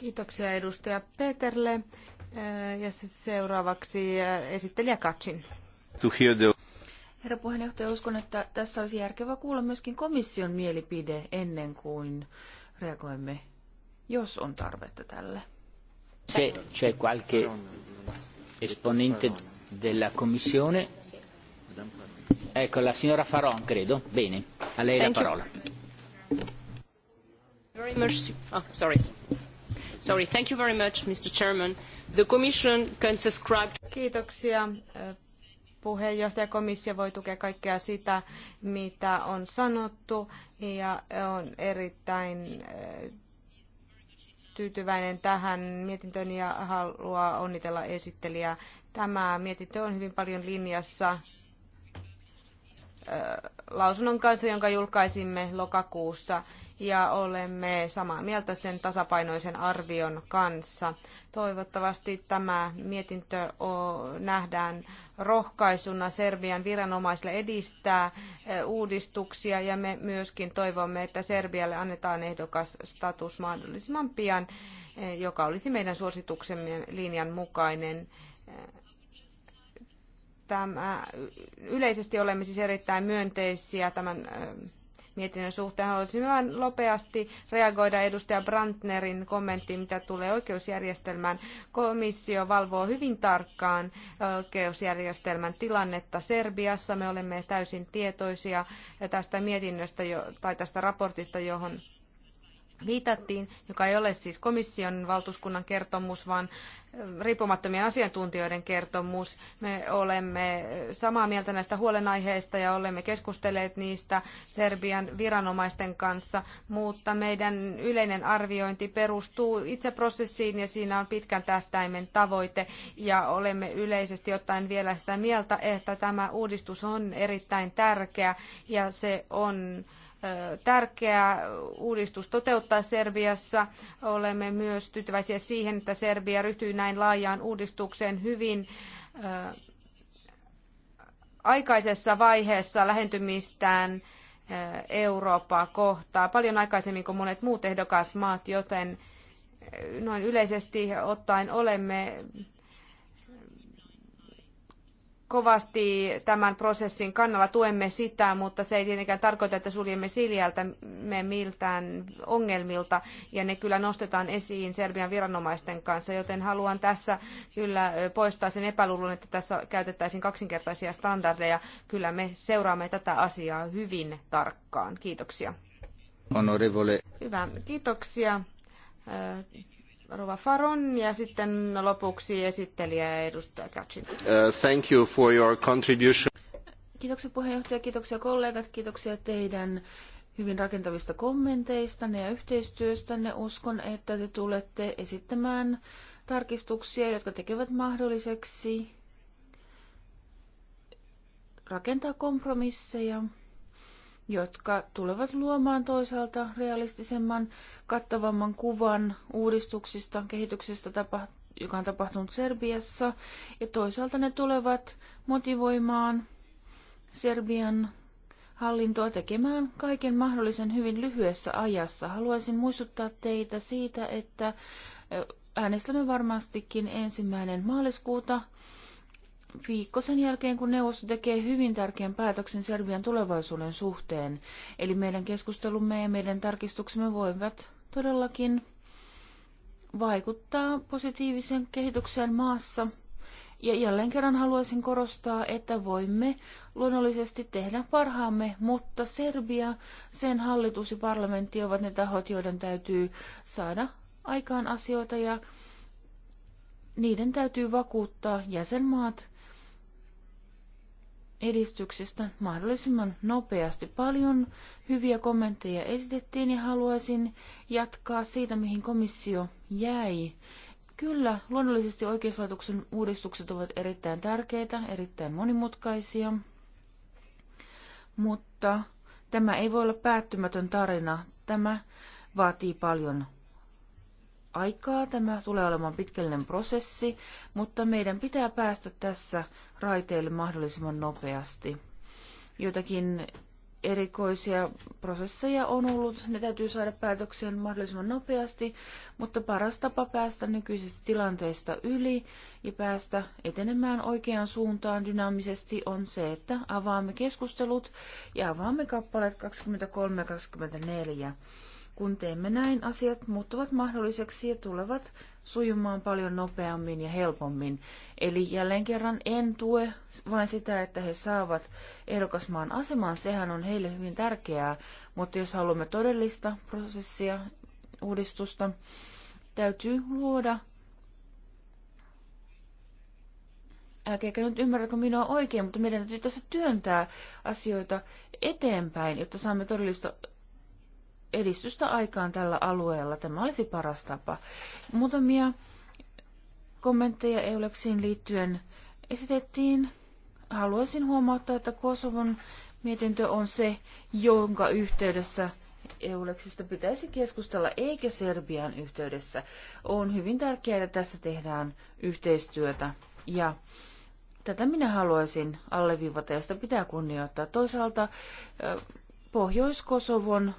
Kiitoksia edustaja Peterle eh, ja seuraavaksi eh, esittelijä Katsin. Herra puheenjohtaja, uskon, että tässä olisi järkevää kuulla myöskin komission mielipide ennen kuin reagoimme, jos on tarvetta tälle. Se c'è qualche esponente della Commissione. Ecco, la signora Faron, credo. Bene, a lei la parola. Very much. Oh, sorry. Sorry, thank you very much, Mr. Chairman. The Commission can subscribe... Kiitoksia puheenjohtajakomissio voi tukea kaikkea sitä, mitä on sanottu, ja on erittäin eh, tyytyväinen tähän mietintöön ja haluaa onnitella esittelijää. Tämä mietintö on hyvin paljon linjassa eh, lausunnon kanssa, jonka julkaisimme lokakuussa ja olemme samaa mieltä sen tasapainoisen arvion kanssa. Toivottavasti tämä mietintö nähdään rohkaisuna Serbian viranomaisille edistää eh, uudistuksia ja me myöskin toivomme, että Serbialle annetaan ehdokas status mahdollisimman pian, eh, joka olisi meidän suosituksemme linjan mukainen eh, tämä, yleisesti olemme siis erittäin myönteisiä tämän mietinnön suhteen. Haluaisin vain nopeasti reagoida edustaja Brandnerin kommenttiin, mitä tulee oikeusjärjestelmään. Komissio valvoo hyvin tarkkaan oikeusjärjestelmän tilannetta Serbiassa. Me olemme täysin tietoisia tästä mietinnöstä tai tästä raportista, johon viitattiin, joka ei ole siis komission valtuuskunnan kertomus, vaan riippumattomien asiantuntijoiden kertomus. Me olemme samaa mieltä näistä huolenaiheista ja olemme keskustelleet niistä Serbian viranomaisten kanssa, mutta meidän yleinen arviointi perustuu itse prosessiin ja siinä on pitkän tähtäimen tavoite ja olemme yleisesti ottaen vielä sitä mieltä, että tämä uudistus on erittäin tärkeä ja se on tärkeä uudistus toteuttaa Serbiassa. Olemme myös tyytyväisiä siihen, että Serbia ryhtyy näin laajaan uudistukseen hyvin aikaisessa vaiheessa lähentymistään Eurooppaa kohtaa, paljon aikaisemmin kuin monet muut ehdokasmaat, joten noin yleisesti ottaen olemme kovasti tämän prosessin kannalla tuemme sitä, mutta se ei tietenkään tarkoita, että suljemme siljältä me miltään ongelmilta, ja ne kyllä nostetaan esiin Serbian viranomaisten kanssa, joten haluan tässä kyllä poistaa sen epäluulon, että tässä käytettäisiin kaksinkertaisia standardeja. Kyllä me seuraamme tätä asiaa hyvin tarkkaan. Kiitoksia. Honorevole. Hyvä, kiitoksia. Rova Faron ja sitten lopuksi esittelijä edustaja Katsin. Uh, thank you for your contribution. Kiitoksia puheenjohtaja, kiitoksia kollegat, kiitoksia teidän hyvin rakentavista kommenteistanne ja yhteistyöstänne. Uskon, että te tulette esittämään tarkistuksia, jotka tekevät mahdolliseksi rakentaa kompromisseja jotka tulevat luomaan toisaalta realistisemman, kattavamman kuvan uudistuksista, kehityksestä, joka on tapahtunut Serbiassa, ja toisaalta ne tulevat motivoimaan Serbian hallintoa tekemään kaiken mahdollisen hyvin lyhyessä ajassa. Haluaisin muistuttaa teitä siitä, että äänestämme varmastikin ensimmäinen maaliskuuta viikko sen jälkeen, kun neuvosto tekee hyvin tärkeän päätöksen Serbian tulevaisuuden suhteen. Eli meidän keskustelumme ja meidän tarkistuksemme voivat todellakin vaikuttaa positiiviseen kehitykseen maassa. Ja jälleen kerran haluaisin korostaa, että voimme luonnollisesti tehdä parhaamme, mutta Serbia, sen hallitus ja parlamentti ovat ne tahot, joiden täytyy saada aikaan asioita ja niiden täytyy vakuuttaa jäsenmaat edistyksestä mahdollisimman nopeasti. Paljon hyviä kommentteja esitettiin ja haluaisin jatkaa siitä, mihin komissio jäi. Kyllä, luonnollisesti oikeuslaitoksen uudistukset ovat erittäin tärkeitä, erittäin monimutkaisia, mutta tämä ei voi olla päättymätön tarina. Tämä vaatii paljon aikaa, tämä tulee olemaan pitkällinen prosessi, mutta meidän pitää päästä tässä raiteille mahdollisimman nopeasti. Joitakin erikoisia prosesseja on ollut, ne täytyy saada päätökseen mahdollisimman nopeasti, mutta paras tapa päästä nykyisistä tilanteista yli ja päästä etenemään oikeaan suuntaan dynaamisesti on se, että avaamme keskustelut ja avaamme kappaleet 23 ja 24. Kun teemme näin, asiat muuttuvat mahdolliseksi ja tulevat sujumaan paljon nopeammin ja helpommin. Eli jälleen kerran en tue vain sitä, että he saavat ehdokasmaan aseman, sehän on heille hyvin tärkeää, mutta jos haluamme todellista prosessia, uudistusta, täytyy luoda älkääkä nyt ymmärräkö minua oikein, mutta meidän täytyy tässä työntää asioita eteenpäin, jotta saamme todellista edistystä aikaan tällä alueella. Tämä olisi paras tapa. Muutamia kommentteja Euleksiin liittyen esitettiin. Haluaisin huomauttaa, että Kosovon mietintö on se, jonka yhteydessä Euleksista pitäisi keskustella, eikä Serbian yhteydessä. On hyvin tärkeää, että tässä tehdään yhteistyötä. Ja tätä minä haluaisin alleviivata ja sitä pitää kunnioittaa. Toisaalta Pohjois-Kosovon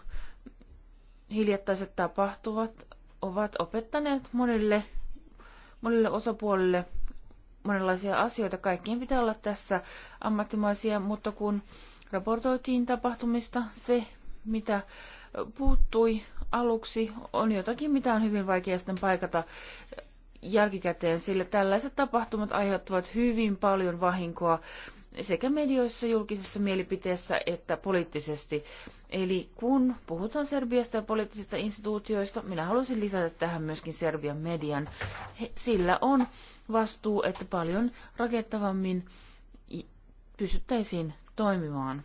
hiljattaiset tapahtuvat ovat opettaneet monille, monille osapuolille monenlaisia asioita. Kaikkien pitää olla tässä ammattimaisia, mutta kun raportoitiin tapahtumista, se mitä puuttui aluksi on jotakin, mitä on hyvin vaikea sitten paikata jälkikäteen, sillä tällaiset tapahtumat aiheuttavat hyvin paljon vahinkoa sekä medioissa, julkisessa mielipiteessä että poliittisesti. Eli kun puhutaan Serbiasta ja poliittisista instituutioista, minä haluaisin lisätä tähän myöskin Serbian median. He, sillä on vastuu, että paljon rakettavammin pysyttäisiin toimimaan.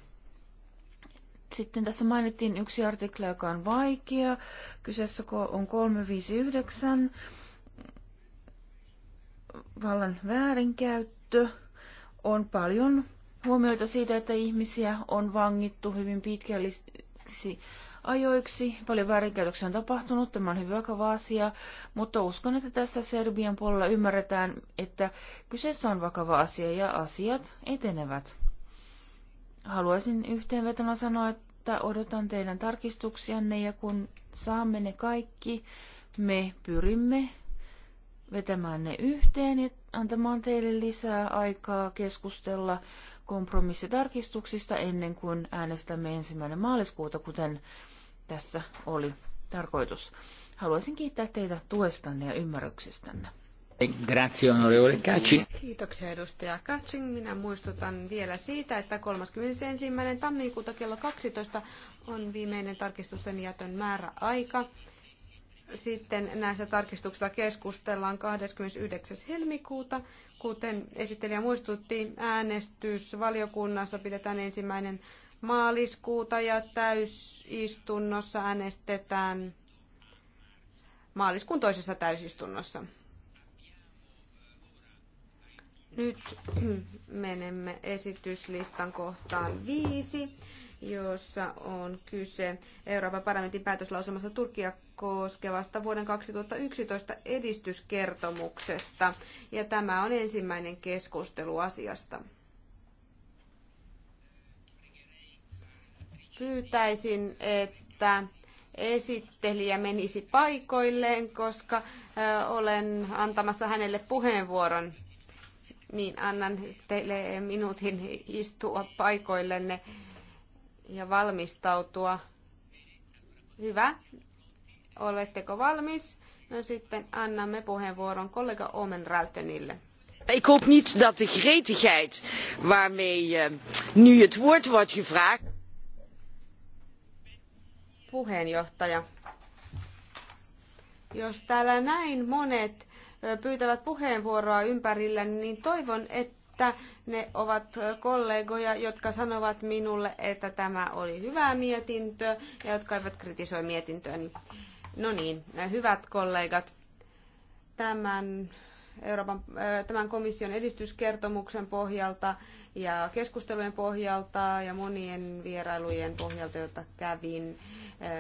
Sitten tässä mainittiin yksi artikla, joka on vaikea. Kyseessä on 359 vallan väärinkäyttö on paljon huomioita siitä, että ihmisiä on vangittu hyvin pitkällisiksi ajoiksi. Paljon väärinkäytöksiä on tapahtunut, tämä on hyvin vakava asia, mutta uskon, että tässä Serbian puolella ymmärretään, että kyseessä on vakava asia ja asiat etenevät. Haluaisin yhteenvetona sanoa, että odotan teidän tarkistuksianne ja kun saamme ne kaikki, me pyrimme vetämään ne yhteen ja antamaan teille lisää aikaa keskustella kompromissitarkistuksista ennen kuin äänestämme ensimmäinen maaliskuuta, kuten tässä oli tarkoitus. Haluaisin kiittää teitä tuestanne ja ymmärryksestänne. Grazie, onorevole Kacin. Kiitoksia, edustaja Kacin. Minä muistutan vielä siitä, että 31. tammikuuta kello 12 on viimeinen tarkistusten jätön määräaika. Sitten näistä tarkistuksista keskustellaan 29. helmikuuta. Kuten esittelijä muistutti, äänestys valiokunnassa pidetään ensimmäinen maaliskuuta ja täysistunnossa äänestetään maaliskuun toisessa täysistunnossa. Nyt menemme esityslistan kohtaan viisi jossa on kyse Euroopan parlamentin päätöslauselmasta Turkia koskevasta vuoden 2011 edistyskertomuksesta. Ja tämä on ensimmäinen keskustelu asiasta. Pyytäisin, että esittelijä menisi paikoilleen, koska olen antamassa hänelle puheenvuoron. Niin annan teille minuutin istua paikoillenne ja valmistautua. Hyvä. Oletteko valmis? No sitten annamme puheenvuoron kollega Omen Rautenille. Ik hoop niet dat de gretigheid waarmee eh, nu het woord wordt gevraagd. Puheenjohtaja. Jos täällä näin monet eh, pyytävät puheenvuoroa ympärillä, niin toivon, että että ne ovat kollegoja, jotka sanovat minulle, että tämä oli hyvä mietintö ja jotka eivät kritisoi mietintöäni. No niin, hyvät kollegat, tämän Euroopan, äh, tämän komission edistyskertomuksen pohjalta ja keskustelujen pohjalta ja monien vierailujen pohjalta, joita kävin,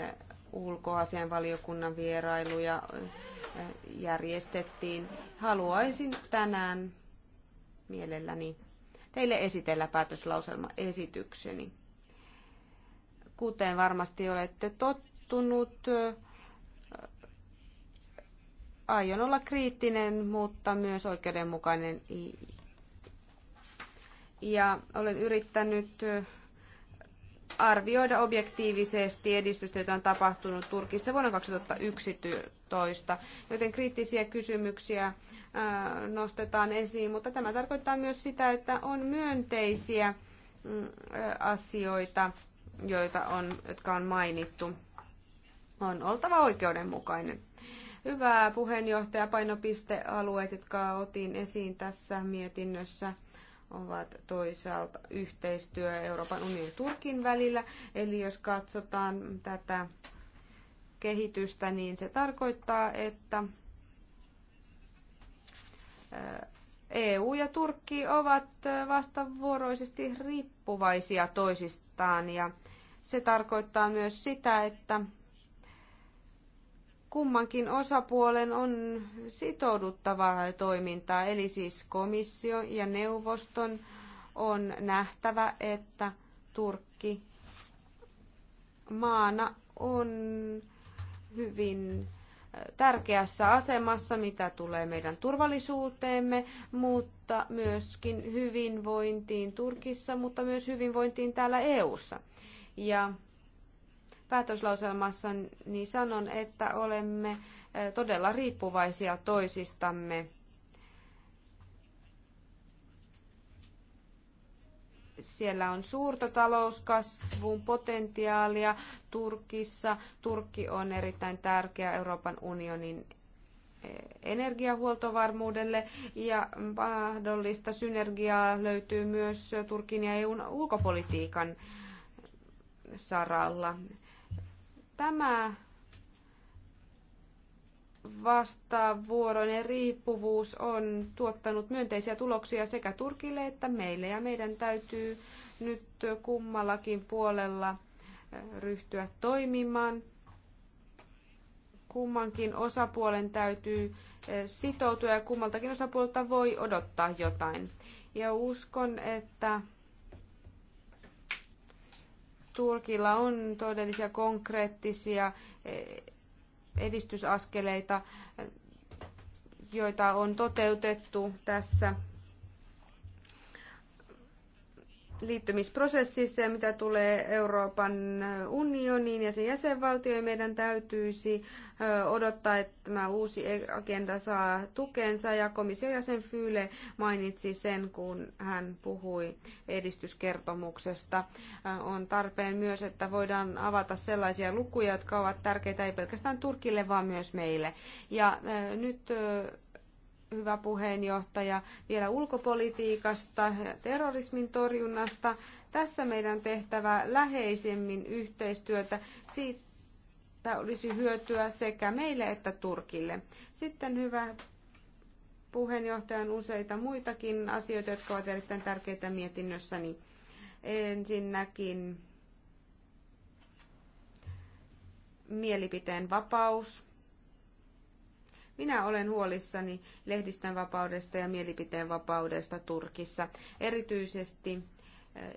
äh, ulkoasianvaliokunnan vierailuja äh, järjestettiin. Haluaisin tänään mielelläni teille esitellä päätöslauselmaesitykseni. Kuten varmasti olette tottunut, äh, aion olla kriittinen, mutta myös oikeudenmukainen. Ja olen yrittänyt äh, arvioida objektiivisesti edistystä, jota on tapahtunut Turkissa vuonna 2011, joten kriittisiä kysymyksiä nostetaan esiin, mutta tämä tarkoittaa myös sitä, että on myönteisiä mm, asioita, joita on, jotka on mainittu. On oltava oikeudenmukainen. Hyvä puheenjohtaja, painopistealueet, jotka otin esiin tässä mietinnössä ovat toisaalta yhteistyö Euroopan unionin ja Turkin välillä. Eli jos katsotaan tätä kehitystä, niin se tarkoittaa, että EU ja Turkki ovat vastavuoroisesti riippuvaisia toisistaan ja se tarkoittaa myös sitä, että kummankin osapuolen on sitouduttavaa toimintaa, eli siis komissio ja neuvoston on nähtävä, että Turkki maana on hyvin tärkeässä asemassa, mitä tulee meidän turvallisuuteemme, mutta myöskin hyvinvointiin Turkissa, mutta myös hyvinvointiin täällä EU:ssa. Ja päätöslauselmassa niin sanon, että olemme eh, todella riippuvaisia toisistamme Siellä on suurta talouskasvun potentiaalia Turkissa. Turkki on erittäin tärkeä Euroopan unionin eh, energiahuoltovarmuudelle ja mahdollista synergiaa löytyy myös Turkin ja EUn ulkopolitiikan saralla. Tämä vastavuoroinen riippuvuus on tuottanut myönteisiä tuloksia sekä Turkille että meille ja meidän täytyy nyt kummallakin puolella eh, ryhtyä toimimaan. Kummankin osapuolen täytyy eh, sitoutua ja kummaltakin osapuolta voi odottaa jotain. Ja uskon, että Turkilla on todellisia konkreettisia eh, edistysaskeleita, joita on toteutettu tässä liittymisprosessissa ja mitä tulee Euroopan unioniin ja sen jäsenvaltioihin, meidän täytyisi odottaa, että tämä uusi agenda saa tukensa ja komission jäsen Fyle mainitsi sen, kun hän puhui edistyskertomuksesta. On tarpeen myös, että voidaan avata sellaisia lukuja, jotka ovat tärkeitä ei pelkästään Turkille, vaan myös meille. Ja nyt hyvä puheenjohtaja, vielä ulkopolitiikasta ja terrorismin torjunnasta. Tässä meidän tehtävä läheisemmin yhteistyötä. Siitä olisi hyötyä sekä meille että Turkille. Sitten hyvä puheenjohtajan useita muitakin asioita, jotka ovat erittäin tärkeitä mietinnössäni. Ensinnäkin mielipiteen vapaus minä olen huolissani lehdistön vapaudesta ja mielipiteen vapaudesta Turkissa. Erityisesti eh,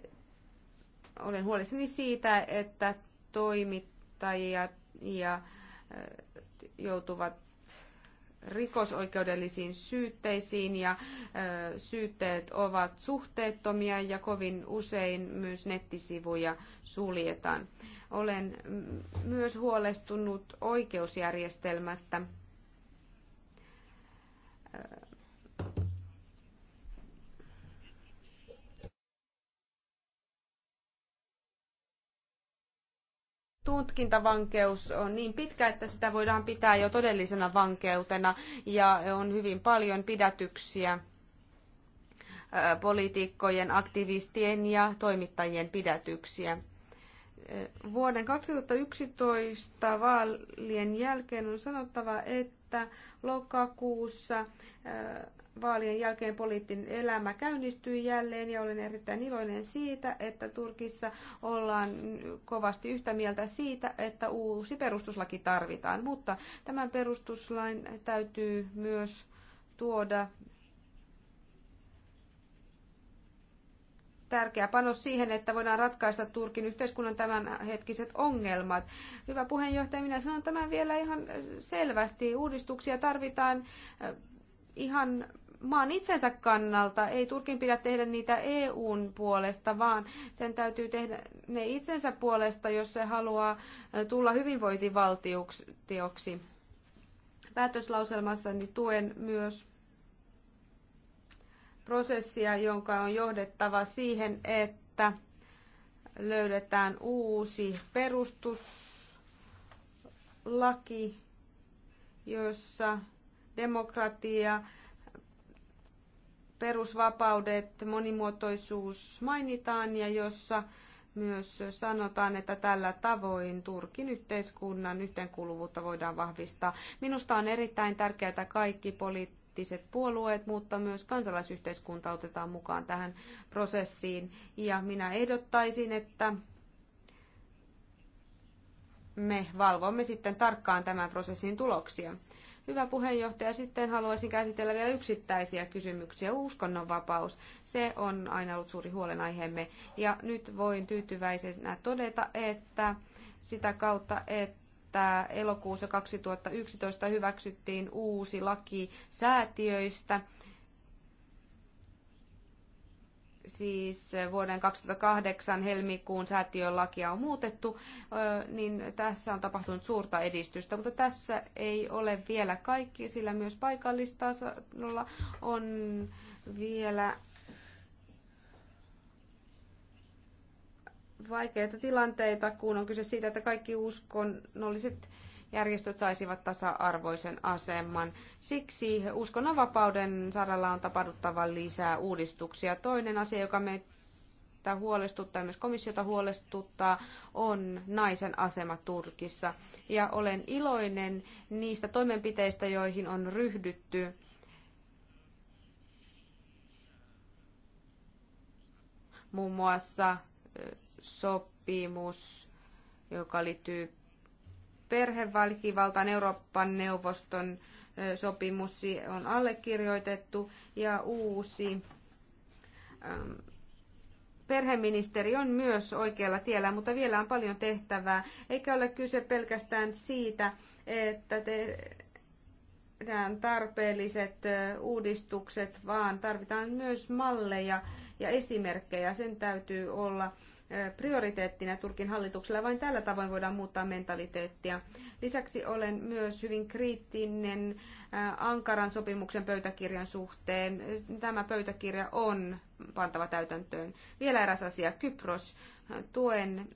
olen huolissani siitä, että toimittajat ja eh, joutuvat rikosoikeudellisiin syytteisiin ja eh, syytteet ovat suhteettomia ja kovin usein myös nettisivuja suljetaan. Olen myös huolestunut oikeusjärjestelmästä tutkintavankeus on niin pitkä, että sitä voidaan pitää jo todellisena vankeutena ja on hyvin paljon pidätyksiä poliitikkojen, aktivistien ja toimittajien pidätyksiä. Vuoden 2011 vaalien jälkeen on sanottava, että että lokakuussa vaalien jälkeen poliittinen elämä käynnistyi jälleen ja olen erittäin iloinen siitä, että Turkissa ollaan kovasti yhtä mieltä siitä, että uusi perustuslaki tarvitaan. Mutta tämän perustuslain täytyy myös tuoda tärkeä panos siihen, että voidaan ratkaista Turkin yhteiskunnan tämänhetkiset ongelmat. Hyvä puheenjohtaja, minä sanon tämän vielä ihan selvästi. Uudistuksia tarvitaan eh, ihan maan itsensä kannalta. Ei Turkin pidä tehdä niitä EUn puolesta, vaan sen täytyy tehdä ne itsensä puolesta, jos se haluaa eh, tulla hyvinvointivaltioksi. niin tuen myös prosessia, jonka on johdettava siihen, että löydetään uusi perustuslaki, jossa demokratia, perusvapaudet, monimuotoisuus mainitaan ja jossa myös sanotaan, että tällä tavoin Turkin yhteiskunnan yhteenkuuluvuutta voidaan vahvistaa. Minusta on erittäin tärkeää, että kaikki poliittiset poliittiset puolueet, mutta myös kansalaisyhteiskunta otetaan mukaan tähän prosessiin. Ja minä ehdottaisin, että me valvomme sitten tarkkaan tämän prosessin tuloksia. Hyvä puheenjohtaja, sitten haluaisin käsitellä vielä yksittäisiä kysymyksiä. Uskonnonvapaus, se on aina ollut suuri huolenaiheemme. Ja nyt voin tyytyväisenä todeta, että sitä kautta, että että elokuussa 2011 hyväksyttiin uusi laki säätiöistä, siis vuoden 2008 helmikuun säätiön lakia on muutettu, niin tässä on tapahtunut suurta edistystä, mutta tässä ei ole vielä kaikki, sillä myös paikallistasolla on vielä vaikeita tilanteita, kun on kyse siitä, että kaikki uskonnolliset järjestöt saisivat tasa-arvoisen aseman. Siksi uskonnonvapauden saralla on tapahduttava lisää uudistuksia. Toinen asia, joka meitä huolestuttaa ja myös komissiota huolestuttaa, on naisen asema Turkissa. Ja olen iloinen niistä toimenpiteistä, joihin on ryhdytty. Muun muassa sopimus, joka liittyy perheväkivaltaan Euroopan neuvoston sopimus on allekirjoitettu ja uusi perheministeri on myös oikealla tiellä, mutta vielä on paljon tehtävää. Eikä ole kyse pelkästään siitä, että tehdään tarpeelliset uudistukset, vaan tarvitaan myös malleja ja esimerkkejä. Sen täytyy olla prioriteettina Turkin hallituksella. Vain tällä tavoin voidaan muuttaa mentaliteettia. Lisäksi olen myös hyvin kriittinen Ankaran sopimuksen pöytäkirjan suhteen. Tämä pöytäkirja on pantava täytäntöön. Vielä eräs asia, Kypros. Tuen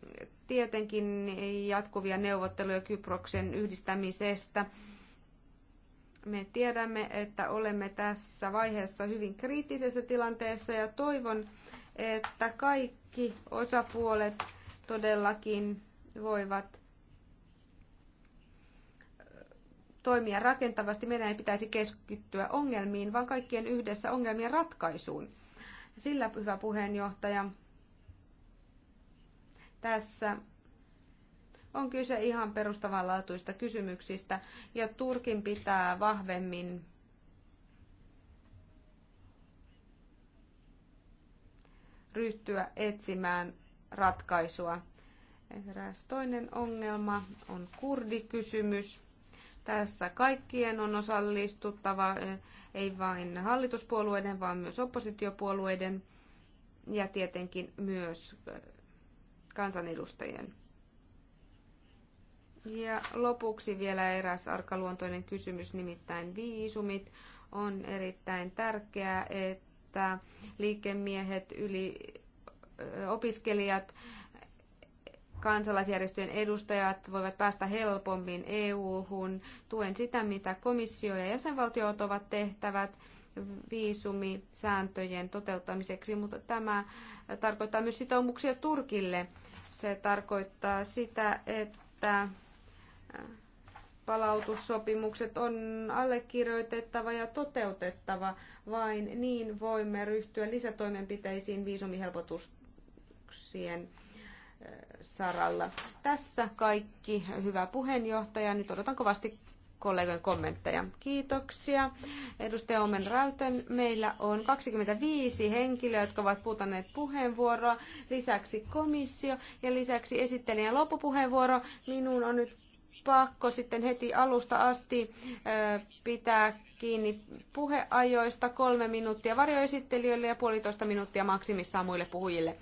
tietenkin jatkuvia neuvotteluja Kyproksen yhdistämisestä. Me tiedämme, että olemme tässä vaiheessa hyvin kriittisessä tilanteessa ja toivon, että kaikki osapuolet todellakin voivat toimia rakentavasti. Meidän ei pitäisi keskittyä ongelmiin, vaan kaikkien yhdessä ongelmien ratkaisuun. Sillä, hyvä puheenjohtaja, tässä on kyse ihan perustavanlaatuista kysymyksistä, ja Turkin pitää vahvemmin ryhtyä etsimään ratkaisua. Eräs toinen ongelma on kurdikysymys. Tässä kaikkien on osallistuttava, eh, ei vain hallituspuolueiden, vaan myös oppositiopuolueiden ja tietenkin myös eh, kansanedustajien. Ja lopuksi vielä eräs arkaluontoinen kysymys, nimittäin viisumit. On erittäin tärkeää, että että liikemiehet, yli, opiskelijat, kansalaisjärjestöjen edustajat voivat päästä helpommin EU-hun. Tuen sitä, mitä komissio ja jäsenvaltiot ovat tehtävät viisumisääntöjen toteuttamiseksi, mutta tämä tarkoittaa myös sitoumuksia Turkille. Se tarkoittaa sitä, että palautussopimukset on allekirjoitettava ja toteutettava. Vain niin voimme ryhtyä lisätoimenpiteisiin viisumihelpotuksien saralla. Tässä kaikki. Hyvä puheenjohtaja. Nyt odotan kovasti kollegojen kommentteja. Kiitoksia. Edustaja Omen Räyten, meillä on 25 henkilöä, jotka ovat puutaneet puheenvuoroa, lisäksi komissio ja lisäksi esittelijän loppupuheenvuoro. Minun on nyt pakko sitten heti alusta asti pitää kiinni puheajoista, kolme minuuttia varjoesittelijöille ja puolitoista minuuttia maksimissaan muille puhujille.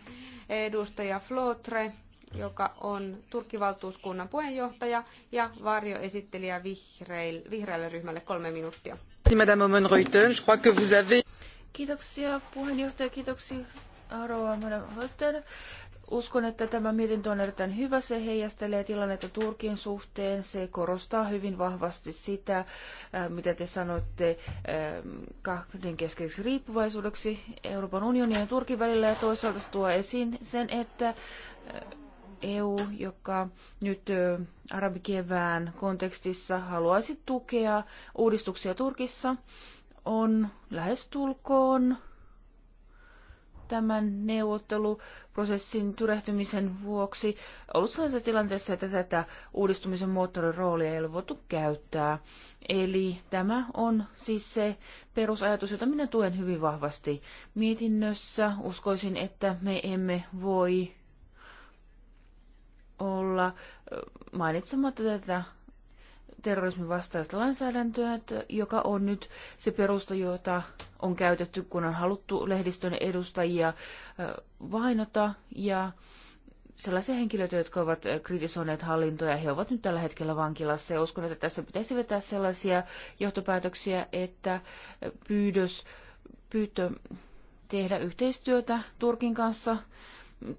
Edustaja Flotre, joka on Turkkivaltuuskunnan puheenjohtaja ja varjoesittelijä vihreille, vihreälle ryhmälle kolme minuuttia. Madame Reuten, je crois que vous avez... Kiitoksia puheenjohtaja, kiitoksia Rouva Madame Reuter. Uskon, että tämä mietintö on erittäin hyvä. Se heijastelee tilannetta Turkin suhteen. Se korostaa hyvin vahvasti sitä, äh, mitä te sanoitte äh, kahden keskeiseksi riippuvaisuudeksi Euroopan unionin ja Turkin välillä. Ja toisaalta se tuo esiin sen, että äh, EU, joka nyt arabikevään kontekstissa haluaisi tukea uudistuksia Turkissa, on lähestulkoon tämän neuvotteluprosessin tyrehtymisen vuoksi ollut sellaisessa tilanteessa, että tätä uudistumisen moottorin roolia ei ole voitu käyttää. Eli tämä on siis se perusajatus, jota minä tuen hyvin vahvasti mietinnössä. Uskoisin, että me emme voi olla mainitsematta tätä terrorismin vastaista lainsäädäntöä, joka on nyt se perusta, jota on käytetty, kun on haluttu lehdistön edustajia vainota ja sellaisia henkilöitä, jotka ovat kritisoineet hallintoja, he ovat nyt tällä hetkellä vankilassa ja uskon, että tässä pitäisi vetää sellaisia johtopäätöksiä, että pyydös, pyytö tehdä yhteistyötä Turkin kanssa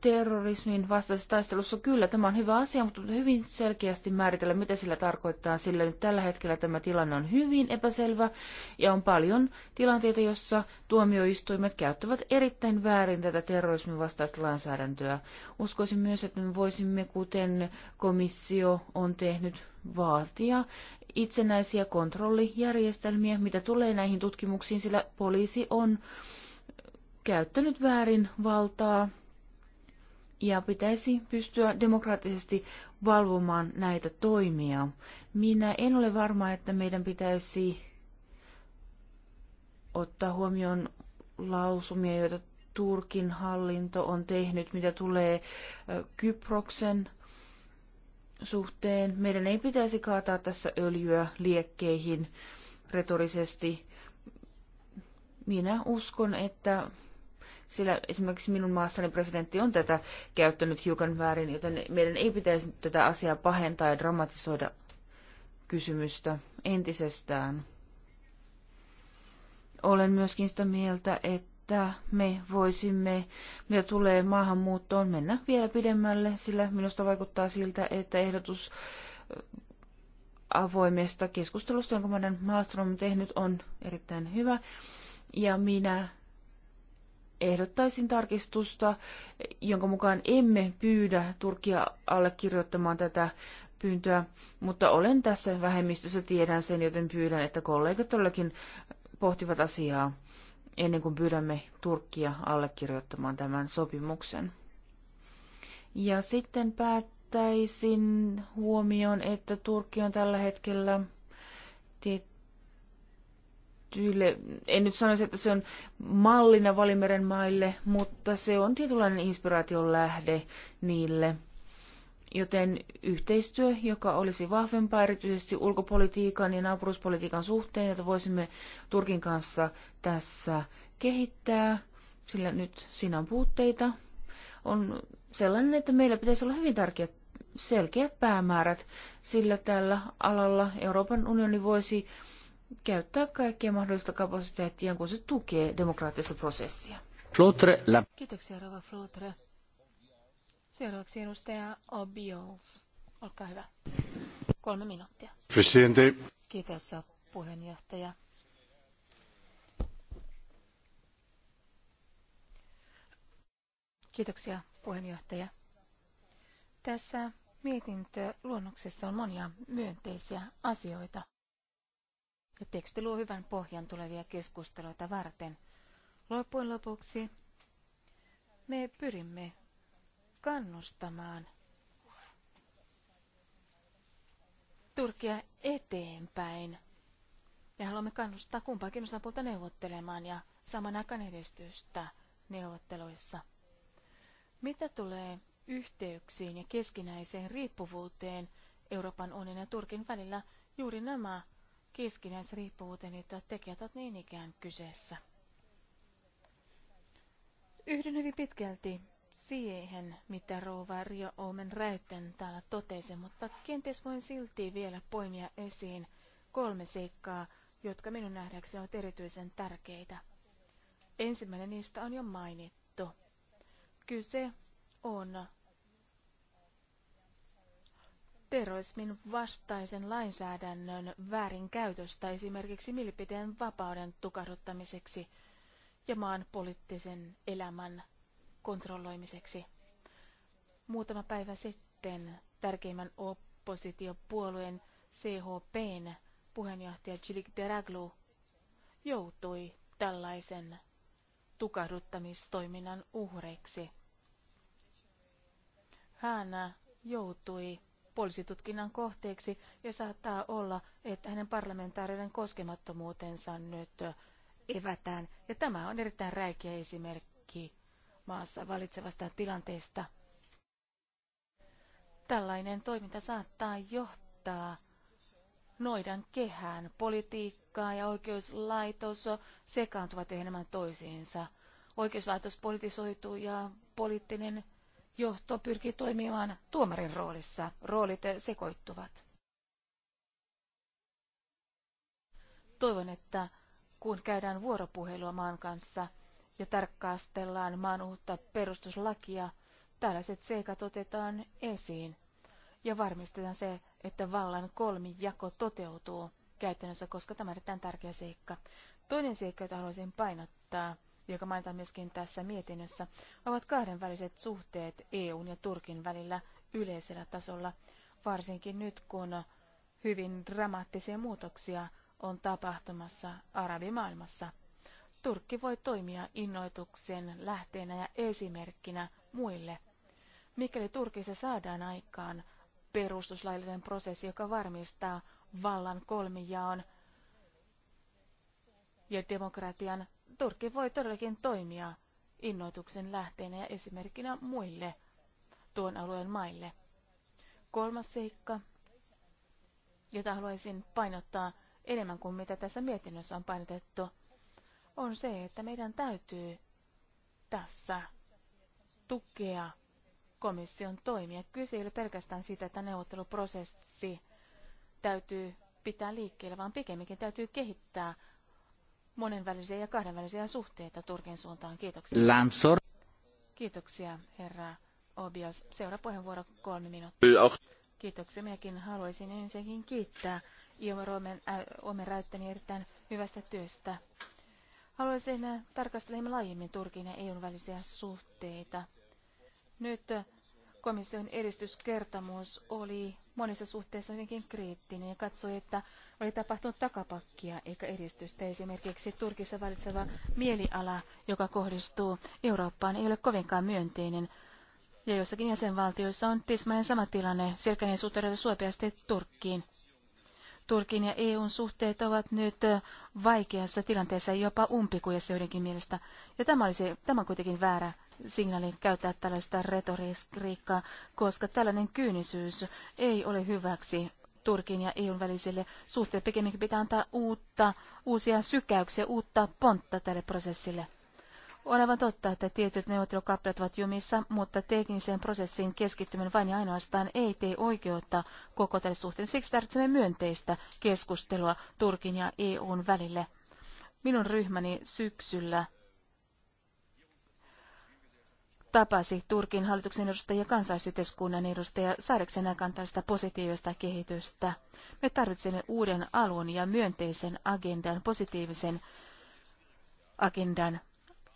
terrorismin vastaisessa taistelussa kyllä tämä on hyvä asia, mutta hyvin selkeästi määritellä, mitä sillä tarkoittaa, sillä nyt tällä hetkellä tämä tilanne on hyvin epäselvä ja on paljon tilanteita, jossa tuomioistuimet käyttävät erittäin väärin tätä terrorismin vastaista lainsäädäntöä. Uskoisin myös, että me voisimme, kuten komissio on tehnyt, vaatia itsenäisiä kontrollijärjestelmiä, mitä tulee näihin tutkimuksiin, sillä poliisi on käyttänyt väärin valtaa ja pitäisi pystyä demokraattisesti valvomaan näitä toimia. Minä en ole varma, että meidän pitäisi ottaa huomioon lausumia, joita Turkin hallinto on tehnyt, mitä tulee Kyproksen suhteen. Meidän ei pitäisi kaataa tässä öljyä liekkeihin retorisesti. Minä uskon, että sillä esimerkiksi minun maassani presidentti on tätä käyttänyt hiukan väärin, joten meidän ei pitäisi tätä asiaa pahentaa ja dramatisoida kysymystä entisestään. Olen myöskin sitä mieltä, että me voisimme, mitä tulee maahanmuuttoon, mennä vielä pidemmälle, sillä minusta vaikuttaa siltä, että ehdotus äh, avoimesta keskustelusta, jonka meidän Maastrom on tehnyt, on erittäin hyvä. Ja minä ehdottaisin tarkistusta, jonka mukaan emme pyydä Turkia allekirjoittamaan tätä pyyntöä, mutta olen tässä vähemmistössä, tiedän sen, joten pyydän, että kollegat todellakin pohtivat asiaa ennen kuin pyydämme Turkkia allekirjoittamaan tämän sopimuksen. Ja sitten päättäisin huomioon, että Turkki on tällä hetkellä tietty tietyille, en nyt sanoisi, että se on mallina Valimeren maille, mutta se on tietynlainen inspiraation lähde niille. Joten yhteistyö, joka olisi vahvempaa erityisesti ulkopolitiikan ja naapuruspolitiikan suhteen, jota voisimme Turkin kanssa tässä kehittää, sillä nyt siinä on puutteita, on sellainen, että meillä pitäisi olla hyvin tärkeät selkeät päämäärät, sillä tällä alalla Euroopan unioni voisi käyttää kaikkea mahdollista kapasiteettia, kun se tukee demokraattista prosessia. Flotre, la... Kiitoksia, Rova Flotre. Seuraavaksi edustaja Obios. Olkaa hyvä. Kolme minuuttia. Presidente. Kiitos, puheenjohtaja. Kiitoksia, puheenjohtaja. Tässä mietintöluonnoksessa on monia myönteisiä asioita. Ja teksti luo hyvän pohjan tulevia keskusteluita varten. Loppujen lopuksi me pyrimme kannustamaan Turkia eteenpäin. ja haluamme kannustaa kumpaakin osapuolta neuvottelemaan ja saman aikaan edistystä neuvotteluissa. Mitä tulee yhteyksiin ja keskinäiseen riippuvuuteen Euroopan unionin ja Turkin välillä, juuri nämä keskinäisriippuvuuteen liittyvät tekijät ovat niin ikään kyseessä. Yhdyn hyvin pitkälti siihen, mitä rouva Rio Omen Räytten täällä totesi, mutta kenties voin silti vielä poimia esiin kolme seikkaa, jotka minun nähdäkseni ovat erityisen tärkeitä. Ensimmäinen niistä on jo mainittu. Kyse on terrorismin vastaisen lainsäädännön väärinkäytöstä esimerkiksi mielipiteen vapauden tukahduttamiseksi ja maan poliittisen elämän kontrolloimiseksi. Muutama päivä sitten tärkeimmän oppositiopuolueen CHPn puheenjohtaja Chilik Deraglu joutui tällaisen tukahduttamistoiminnan uhreiksi. Hän joutui poliisitutkinnan kohteeksi ja saattaa olla, että hänen parlamentaarinen koskemattomuutensa nyt evätään. Ja tämä on erittäin räikeä esimerkki maassa valitsevasta tilanteesta. Tällainen toiminta saattaa johtaa noidan kehään. Politiikkaa ja oikeuslaitos sekaantuvat enemmän toisiinsa. Oikeuslaitos politisoituu ja poliittinen johto pyrkii toimimaan tuomarin roolissa. Roolit sekoittuvat. Toivon, että kun käydään vuoropuhelua maan kanssa ja tarkkaastellaan maan uutta perustuslakia, tällaiset seikat otetaan esiin ja varmistetaan se, että vallan kolmijako toteutuu käytännössä, koska tämä on erittäin tärkeä seikka. Toinen seikka, jota haluaisin painottaa, joka mainitaan myöskin tässä mietinnössä, ovat kahdenväliset suhteet EUn ja Turkin välillä yleisellä tasolla, varsinkin nyt kun hyvin dramaattisia muutoksia on tapahtumassa arabimaailmassa. Turkki voi toimia innoituksen lähteenä ja esimerkkinä muille. Mikäli Turkissa saadaan aikaan perustuslaillinen prosessi, joka varmistaa vallan kolmijaon ja demokratian Turkki voi todellakin toimia innoituksen lähteenä ja esimerkkinä muille tuon alueen maille. Kolmas seikka, jota haluaisin painottaa enemmän kuin mitä tässä mietinnössä on painotettu, on se, että meidän täytyy tässä tukea komission toimia. Kyse ei ole pelkästään siitä, että neuvotteluprosessi täytyy pitää liikkeelle, vaan pikemminkin täytyy kehittää monenvälisiä ja kahdenvälisiä suhteita Turkin suuntaan. Kiitoksia. Lansor. Kiitoksia, herra Obios. Seuraava puheenvuoro kolme minuuttia. Kiitoksia. Minäkin haluaisin ensinnäkin kiittää Ioma Omen, äh, Omen Räyttäni erittäin hyvästä työstä. Haluaisin äh, tarkastella hieman laajemmin Turkin ja EUn välisiä suhteita. Nyt äh, komission edistyskertomus oli monissa suhteissa hyvinkin kriittinen ja katsoi, että oli tapahtunut takapakkia eikä edistystä. Esimerkiksi Turkissa valitseva mieliala, joka kohdistuu Eurooppaan, ei ole kovinkaan myönteinen. Ja jossakin jäsenvaltioissa on tismainen sama tilanne, selkäinen suhtaudutaan suopeasti Turkkiin. Turkin ja EUn suhteet ovat nyt vaikeassa tilanteessa, jopa umpikujassa joidenkin mielestä. Ja tämä, olisi, tämä on kuitenkin väärä signaali käyttää tällaista retoriikkaa, koska tällainen kyynisyys ei ole hyväksi Turkin ja EUn välisille suhteille. Pikemminkin pitää antaa uutta, uusia sykäyksiä, uutta pontta tälle prosessille. On aivan totta, että tietyt neuvottelukappaleet ovat jumissa, mutta tekniseen prosessiin keskittyminen vain ja ainoastaan ei tee oikeutta koko tälle suhteen. Siksi tarvitsemme myönteistä keskustelua Turkin ja EUn välille. Minun ryhmäni syksyllä tapasi Turkin hallituksen edustajia ja kansalaisyhteiskunnan edustajia saadakseen näkantaista positiivista kehitystä. Me tarvitsemme uuden alun ja myönteisen agendan, positiivisen agendan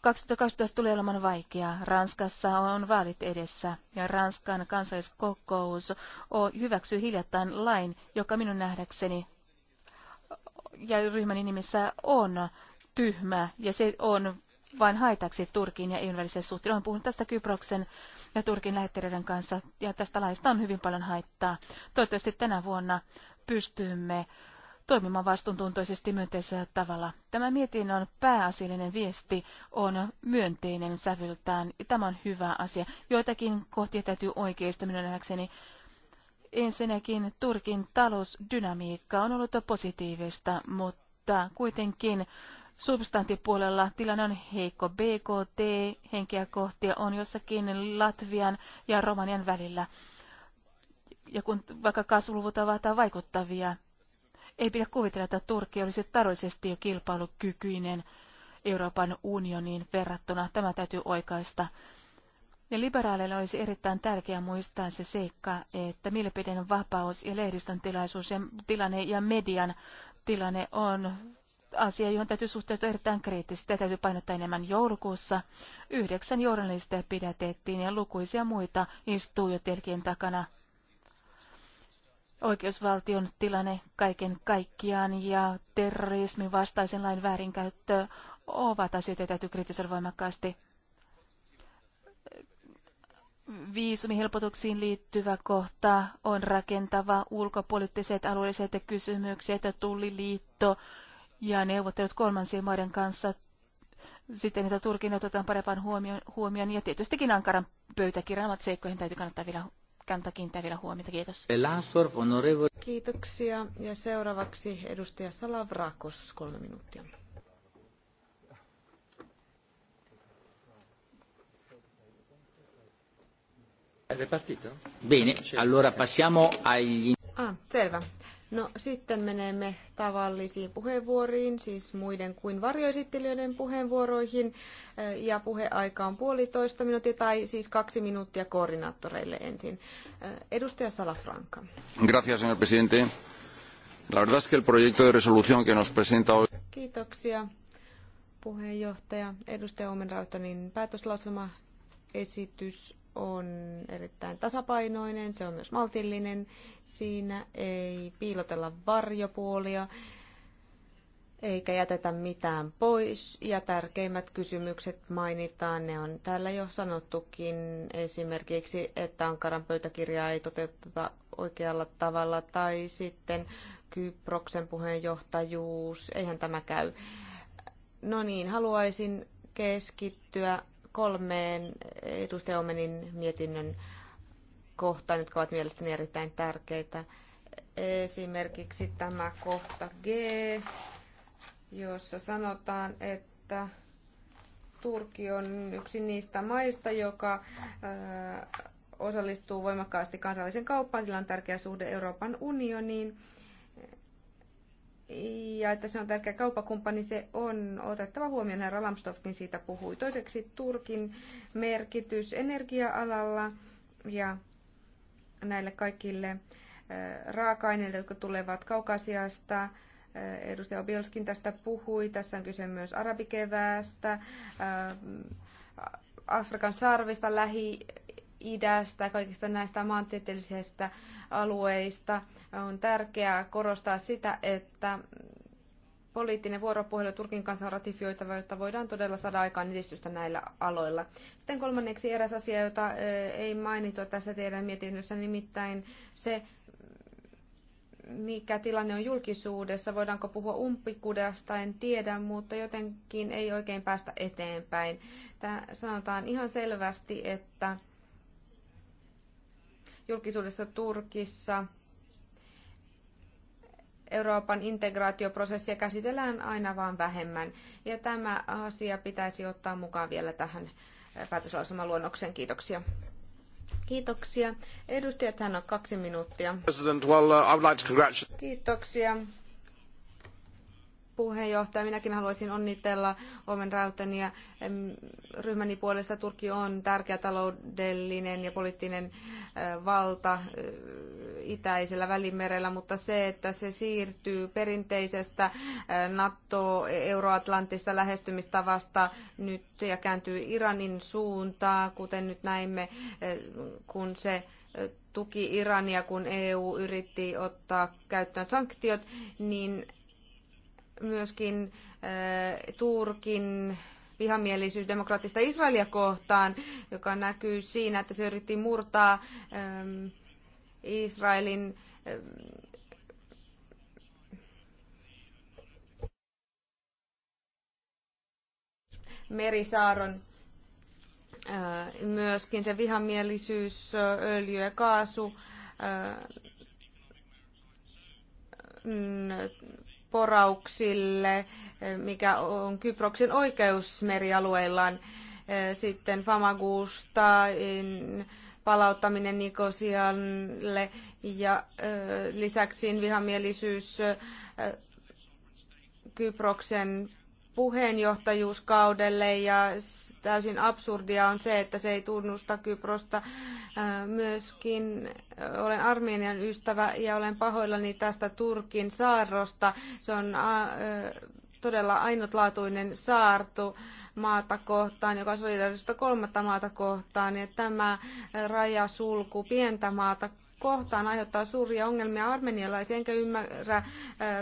2012 tulee olemaan vaikeaa. Ranskassa on vaalit edessä ja Ranskan kansalliskokous hyväksyy hiljattain lain, joka minun nähdäkseni ja ryhmäni nimessä on tyhmä ja se on vain haitaksi Turkin ja EUn välisen suhteen. Olen puhunut tästä Kyproksen ja Turkin lähettäjien kanssa ja tästä laista on hyvin paljon haittaa. Toivottavasti tänä vuonna pystymme toimimaan vastuuntuntoisesti myönteisellä tavalla. Tämä mietinnön pääasiallinen viesti on myönteinen sävyltään, ja tämä on hyvä asia. Joitakin kohtia täytyy oikeista minun nähdäkseni. Ensinnäkin Turkin talousdynamiikka on ollut positiivista, mutta kuitenkin substantipuolella tilanne on heikko. BKT henkeä kohtia on jossakin Latvian ja Romanian välillä. Ja kun vaikka kasvuluvut ovat vaikuttavia, ei pidä kuvitella, että Turkki olisi taloudellisesti jo kilpailukykyinen Euroopan unioniin verrattuna. Tämä täytyy oikaista. Ja liberaaleille olisi erittäin tärkeää muistaa se seikka, että mielipiteiden vapaus ja lehdistön tilaisuus ja tilanne ja median tilanne on asia, johon täytyy suhteutua erittäin kriittisesti. Tätä täytyy painottaa enemmän joulukuussa. Yhdeksän journalistia pidätettiin ja lukuisia muita istuu jo telkien takana oikeusvaltion tilanne kaiken kaikkiaan ja terrorismin vastaisen lain väärinkäyttö ovat asioita, joita täytyy kritisoida voimakkaasti. Viisumihelpotuksiin liittyvä kohta on rakentava ulkopoliittiset alueelliset kysymykset, tulliliitto ja neuvottelut kolmansien maiden kanssa. Sitten niitä Turkin otetaan parempaan huomioon, huomioon ja tietystikin Ankaran pöytäkirjaamat seikkoihin täytyy kannattaa vielä kantaa kiinnittää vielä huomiota. Kiitos. Kiitoksia. Ja seuraavaksi edustaja Salavrakos, kolme minuuttia. Bene, allora passiamo agli... Ah, selvä. No sitten menemme tavallisiin puheenvuoriin, siis muiden kuin varjoesittelijöiden puheenvuoroihin. Ja puheaika on puolitoista minuuttia tai siis kaksi minuuttia koordinaattoreille ensin. Edustaja Salafranca. Gracias, señor presidente. La verdad es que el proyecto de resolución que nos presenta hoy... Kiitoksia puheenjohtaja. Edustaja Omenrautonin esitys on erittäin tasapainoinen, se on myös maltillinen, siinä ei piilotella varjopuolia eikä jätetä mitään pois. Ja tärkeimmät kysymykset mainitaan, ne on täällä jo sanottukin esimerkiksi, että Ankaran pöytäkirjaa ei toteuteta oikealla tavalla tai sitten Kyproksen puheenjohtajuus, eihän tämä käy. No niin, haluaisin keskittyä kolmeen edustajaomenin mietinnön kohtaan, jotka ovat mielestäni erittäin tärkeitä. Esimerkiksi tämä kohta G, jossa sanotaan, että Turkki on yksi niistä maista, joka osallistuu voimakkaasti kansalliseen kauppaan. Sillä on tärkeä suhde Euroopan unioniin ja että se on tärkeä kauppakumppani, se on otettava huomioon. Herra Lamstofkin siitä puhui. Toiseksi Turkin merkitys energia-alalla ja näille kaikille raaka-aineille, jotka tulevat Kaukasiasta. Edustaja Obielskin tästä puhui. Tässä on kyse myös arabikeväästä, Afrikan sarvista, lähi idästä, kaikista näistä maantieteellisistä alueista. On tärkeää korostaa sitä, että poliittinen vuoropuhelu Turkin kanssa on ratifioitava, jotta voidaan todella saada aikaan edistystä näillä aloilla. Sitten kolmanneksi eräs asia, jota ei mainittu tässä teidän mietinnössä, nimittäin se, mikä tilanne on julkisuudessa, voidaanko puhua umpikudasta, en tiedä, mutta jotenkin ei oikein päästä eteenpäin. Tämä sanotaan ihan selvästi, että julkisuudessa Turkissa. Euroopan integraatioprosessia käsitellään aina vain vähemmän. Ja tämä asia pitäisi ottaa mukaan vielä tähän päätöslausumaluonnokseen. Kiitoksia. Kiitoksia. Edustajat, hän on kaksi minuuttia. Uh, Kiitoksia puheenjohtaja. Minäkin haluaisin onnitella Omen ja Ryhmäni puolesta Turkki on tärkeä taloudellinen ja poliittinen valta itäisellä välimerellä, mutta se, että se siirtyy perinteisestä nato euroatlantista lähestymistavasta nyt ja kääntyy Iranin suuntaan, kuten nyt näimme, kun se tuki Irania, kun EU yritti ottaa käyttöön sanktiot, niin myöskin äh, Turkin vihamielisyys demokraattista Israelia kohtaan, joka näkyy siinä, että se yritti murtaa ähm, Israelin ähm, merisaaron äh, myöskin se vihamielisyys, äh, öljy ja kaasu mm, porauksille, mikä on Kyproksen oikeusmerialueillaan. Sitten Famagusta, palauttaminen Nikosialle ja lisäksi vihamielisyys Kyproksen puheenjohtajuuskaudelle ja täysin absurdia on se, että se ei tunnusta Kyprosta. Myöskin olen Armenian ystävä ja olen pahoillani tästä Turkin saarrosta. Se on todella ainutlaatuinen saarto maata kohtaan, joka on solidaarisuutta kolmatta maata kohtaan. Ja tämä rajasulku pientä maata kohtaan aiheuttaa suuria ongelmia armenialaisia, enkä ymmärrä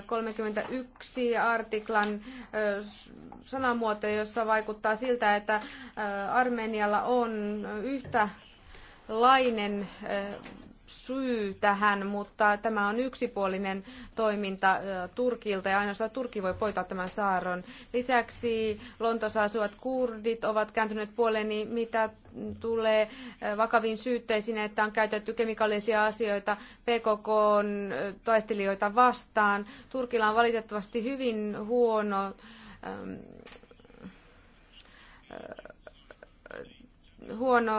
31 äh, artiklan äh, sanamuoto, jossa vaikuttaa siltä, että äh, Armenialla on yhtälainen syy tähän, mutta tämä on yksipuolinen toiminta Turkilta ja ainoastaan Turki voi poitaa tämän saaron. Lisäksi Lontossa asuvat kurdit ovat kääntyneet puoleeni, niin mitä tulee vakaviin syytteisiin, että on käytetty kemikaalisia asioita PKK taistelijoita vastaan. Turkilla on valitettavasti hyvin huono huono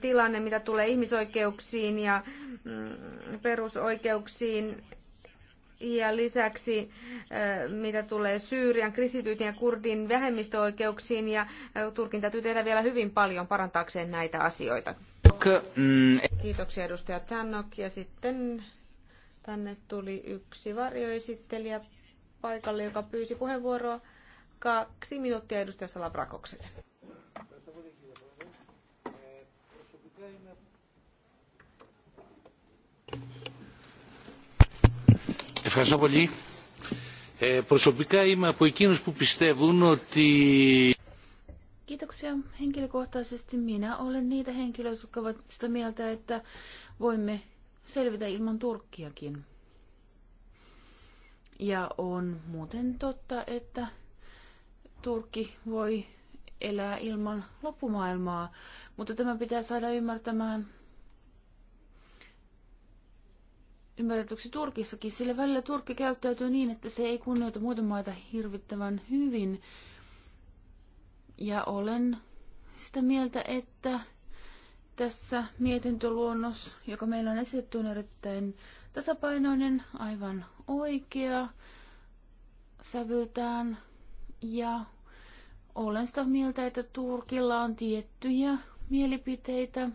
tilanne, mitä tulee ihmisoikeuksiin ja Mm, perusoikeuksiin ja lisäksi eh, mitä tulee Syyrian kristityt ja kurdin vähemmistöoikeuksiin ja eh, Turkin täytyy tehdä vielä hyvin paljon parantaakseen näitä asioita. Mm, e- Kiitoksia edustaja Tannok ja sitten tänne tuli yksi varjoesittelijä paikalle, joka pyysi puheenvuoroa kaksi minuuttia edustaja Salabrakokselle. Ευχαριστώ πολύ. Ε, προσωπικά είμαι από εκείνους που πιστεύουν ότι... Kiitoksia. Henkilökohtaisesti minä olen niitä henkilöitä, jotka ovat sitä mieltä, että voimme selvitä ilman Turkkiakin. Ja on muuten totta, että Turkki voi elää ilman loppumaailmaa, mutta tämä pitää saada ymmärtämään ymmärretyksi Turkissakin, sillä välillä Turkki käyttäytyy niin, että se ei kunnioita muita maita hirvittävän hyvin. Ja olen sitä mieltä, että tässä mietintöluonnos, joka meillä on esitetty, on erittäin tasapainoinen, aivan oikea sävyltään. Ja olen sitä mieltä, että Turkilla on tiettyjä mielipiteitä,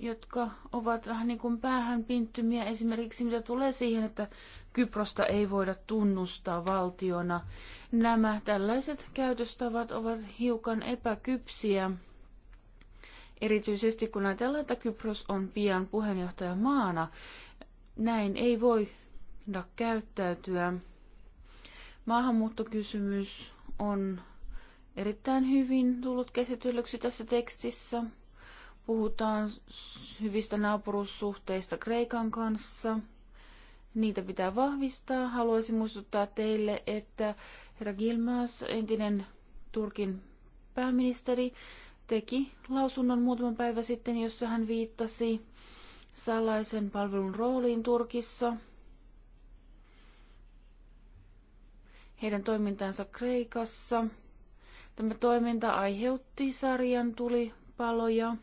jotka ovat vähän niin kuin päähän pinttymiä esimerkiksi mitä tulee siihen, että Kyprosta ei voida tunnustaa valtiona. Nämä tällaiset käytöstavat ovat hiukan epäkypsiä, erityisesti kun ajatellaan, että Kypros on pian puheenjohtaja maana, Näin ei voi käyttäytyä. Maahanmuuttokysymys on erittäin hyvin tullut käsitellyksi tässä tekstissä. Puhutaan hyvistä naapuruussuhteista Kreikan kanssa. Niitä pitää vahvistaa. Haluaisin muistuttaa teille, että herra Gilmas, entinen Turkin pääministeri, teki lausunnon muutaman päivä sitten, jossa hän viittasi salaisen palvelun rooliin Turkissa, heidän toimintansa Kreikassa. Tämä toiminta aiheutti sarjan tulipaloja.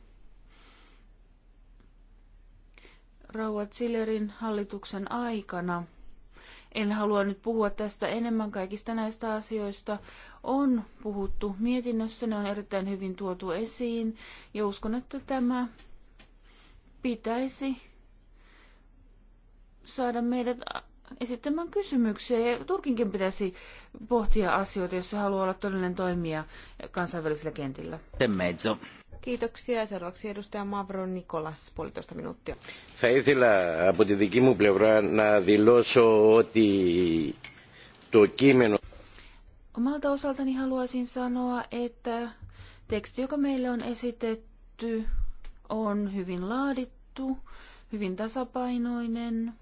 rouva Zillerin hallituksen aikana. En halua nyt puhua tästä enemmän kaikista näistä asioista. On puhuttu mietinnössä, ne on erittäin hyvin tuotu esiin ja uskon, että tämä pitäisi saada meidät esittämään kysymyksiä. Ja Turkinkin pitäisi pohtia asioita, jos se haluaa olla todellinen toimija kansainvälisellä kentillä. Kiitoksia. Seuraavaksi edustaja Mavro Nikolas, puolitoista minuuttia. Θα ήθελα από τη δική μου πλευρά να δηλώσω ότι το κείμενο... Omalta osaltani haluaisin sanoa, että teksti, joka meille on esitetty, on hyvin laadittu, hyvin tasapainoinen.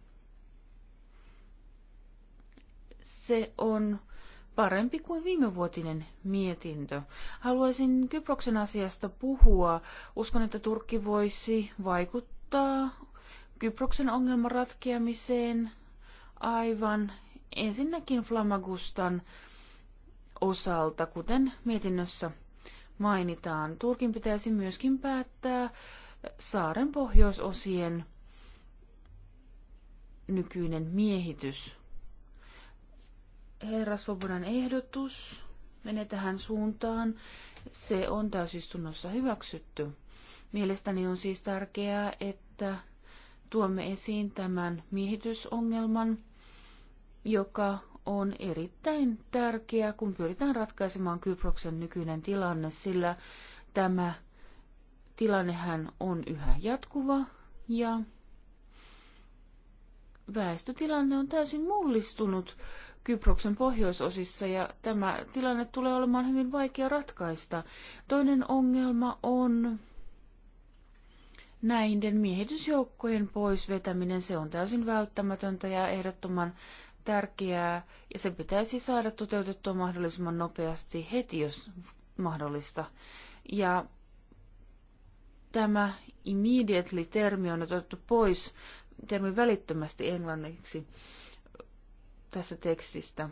Se on parempi kuin viimevuotinen mietintö. Haluaisin Kyproksen asiasta puhua. Uskon, että Turkki voisi vaikuttaa Kyproksen ongelman ratkeamiseen aivan ensinnäkin Flamagustan osalta, kuten mietinnössä mainitaan. Turkin pitäisi myöskin päättää saaren pohjoisosien nykyinen miehitys herra Svobodan ehdotus menee tähän suuntaan. Se on täysistunnossa hyväksytty. Mielestäni on siis tärkeää, että tuomme esiin tämän miehitysongelman, joka on erittäin tärkeä, kun pyritään ratkaisemaan Kyproksen nykyinen tilanne, sillä tämä tilannehän on yhä jatkuva ja väestötilanne on täysin mullistunut Kyproksen pohjoisosissa ja tämä tilanne tulee olemaan hyvin vaikea ratkaista. Toinen ongelma on näiden miehitysjoukkojen pois vetäminen. Se on täysin välttämätöntä ja ehdottoman tärkeää ja se pitäisi saada toteutettua mahdollisimman nopeasti heti, jos mahdollista. Ja tämä immediately-termi on otettu pois termi välittömästi englanniksi tässä tekstistä.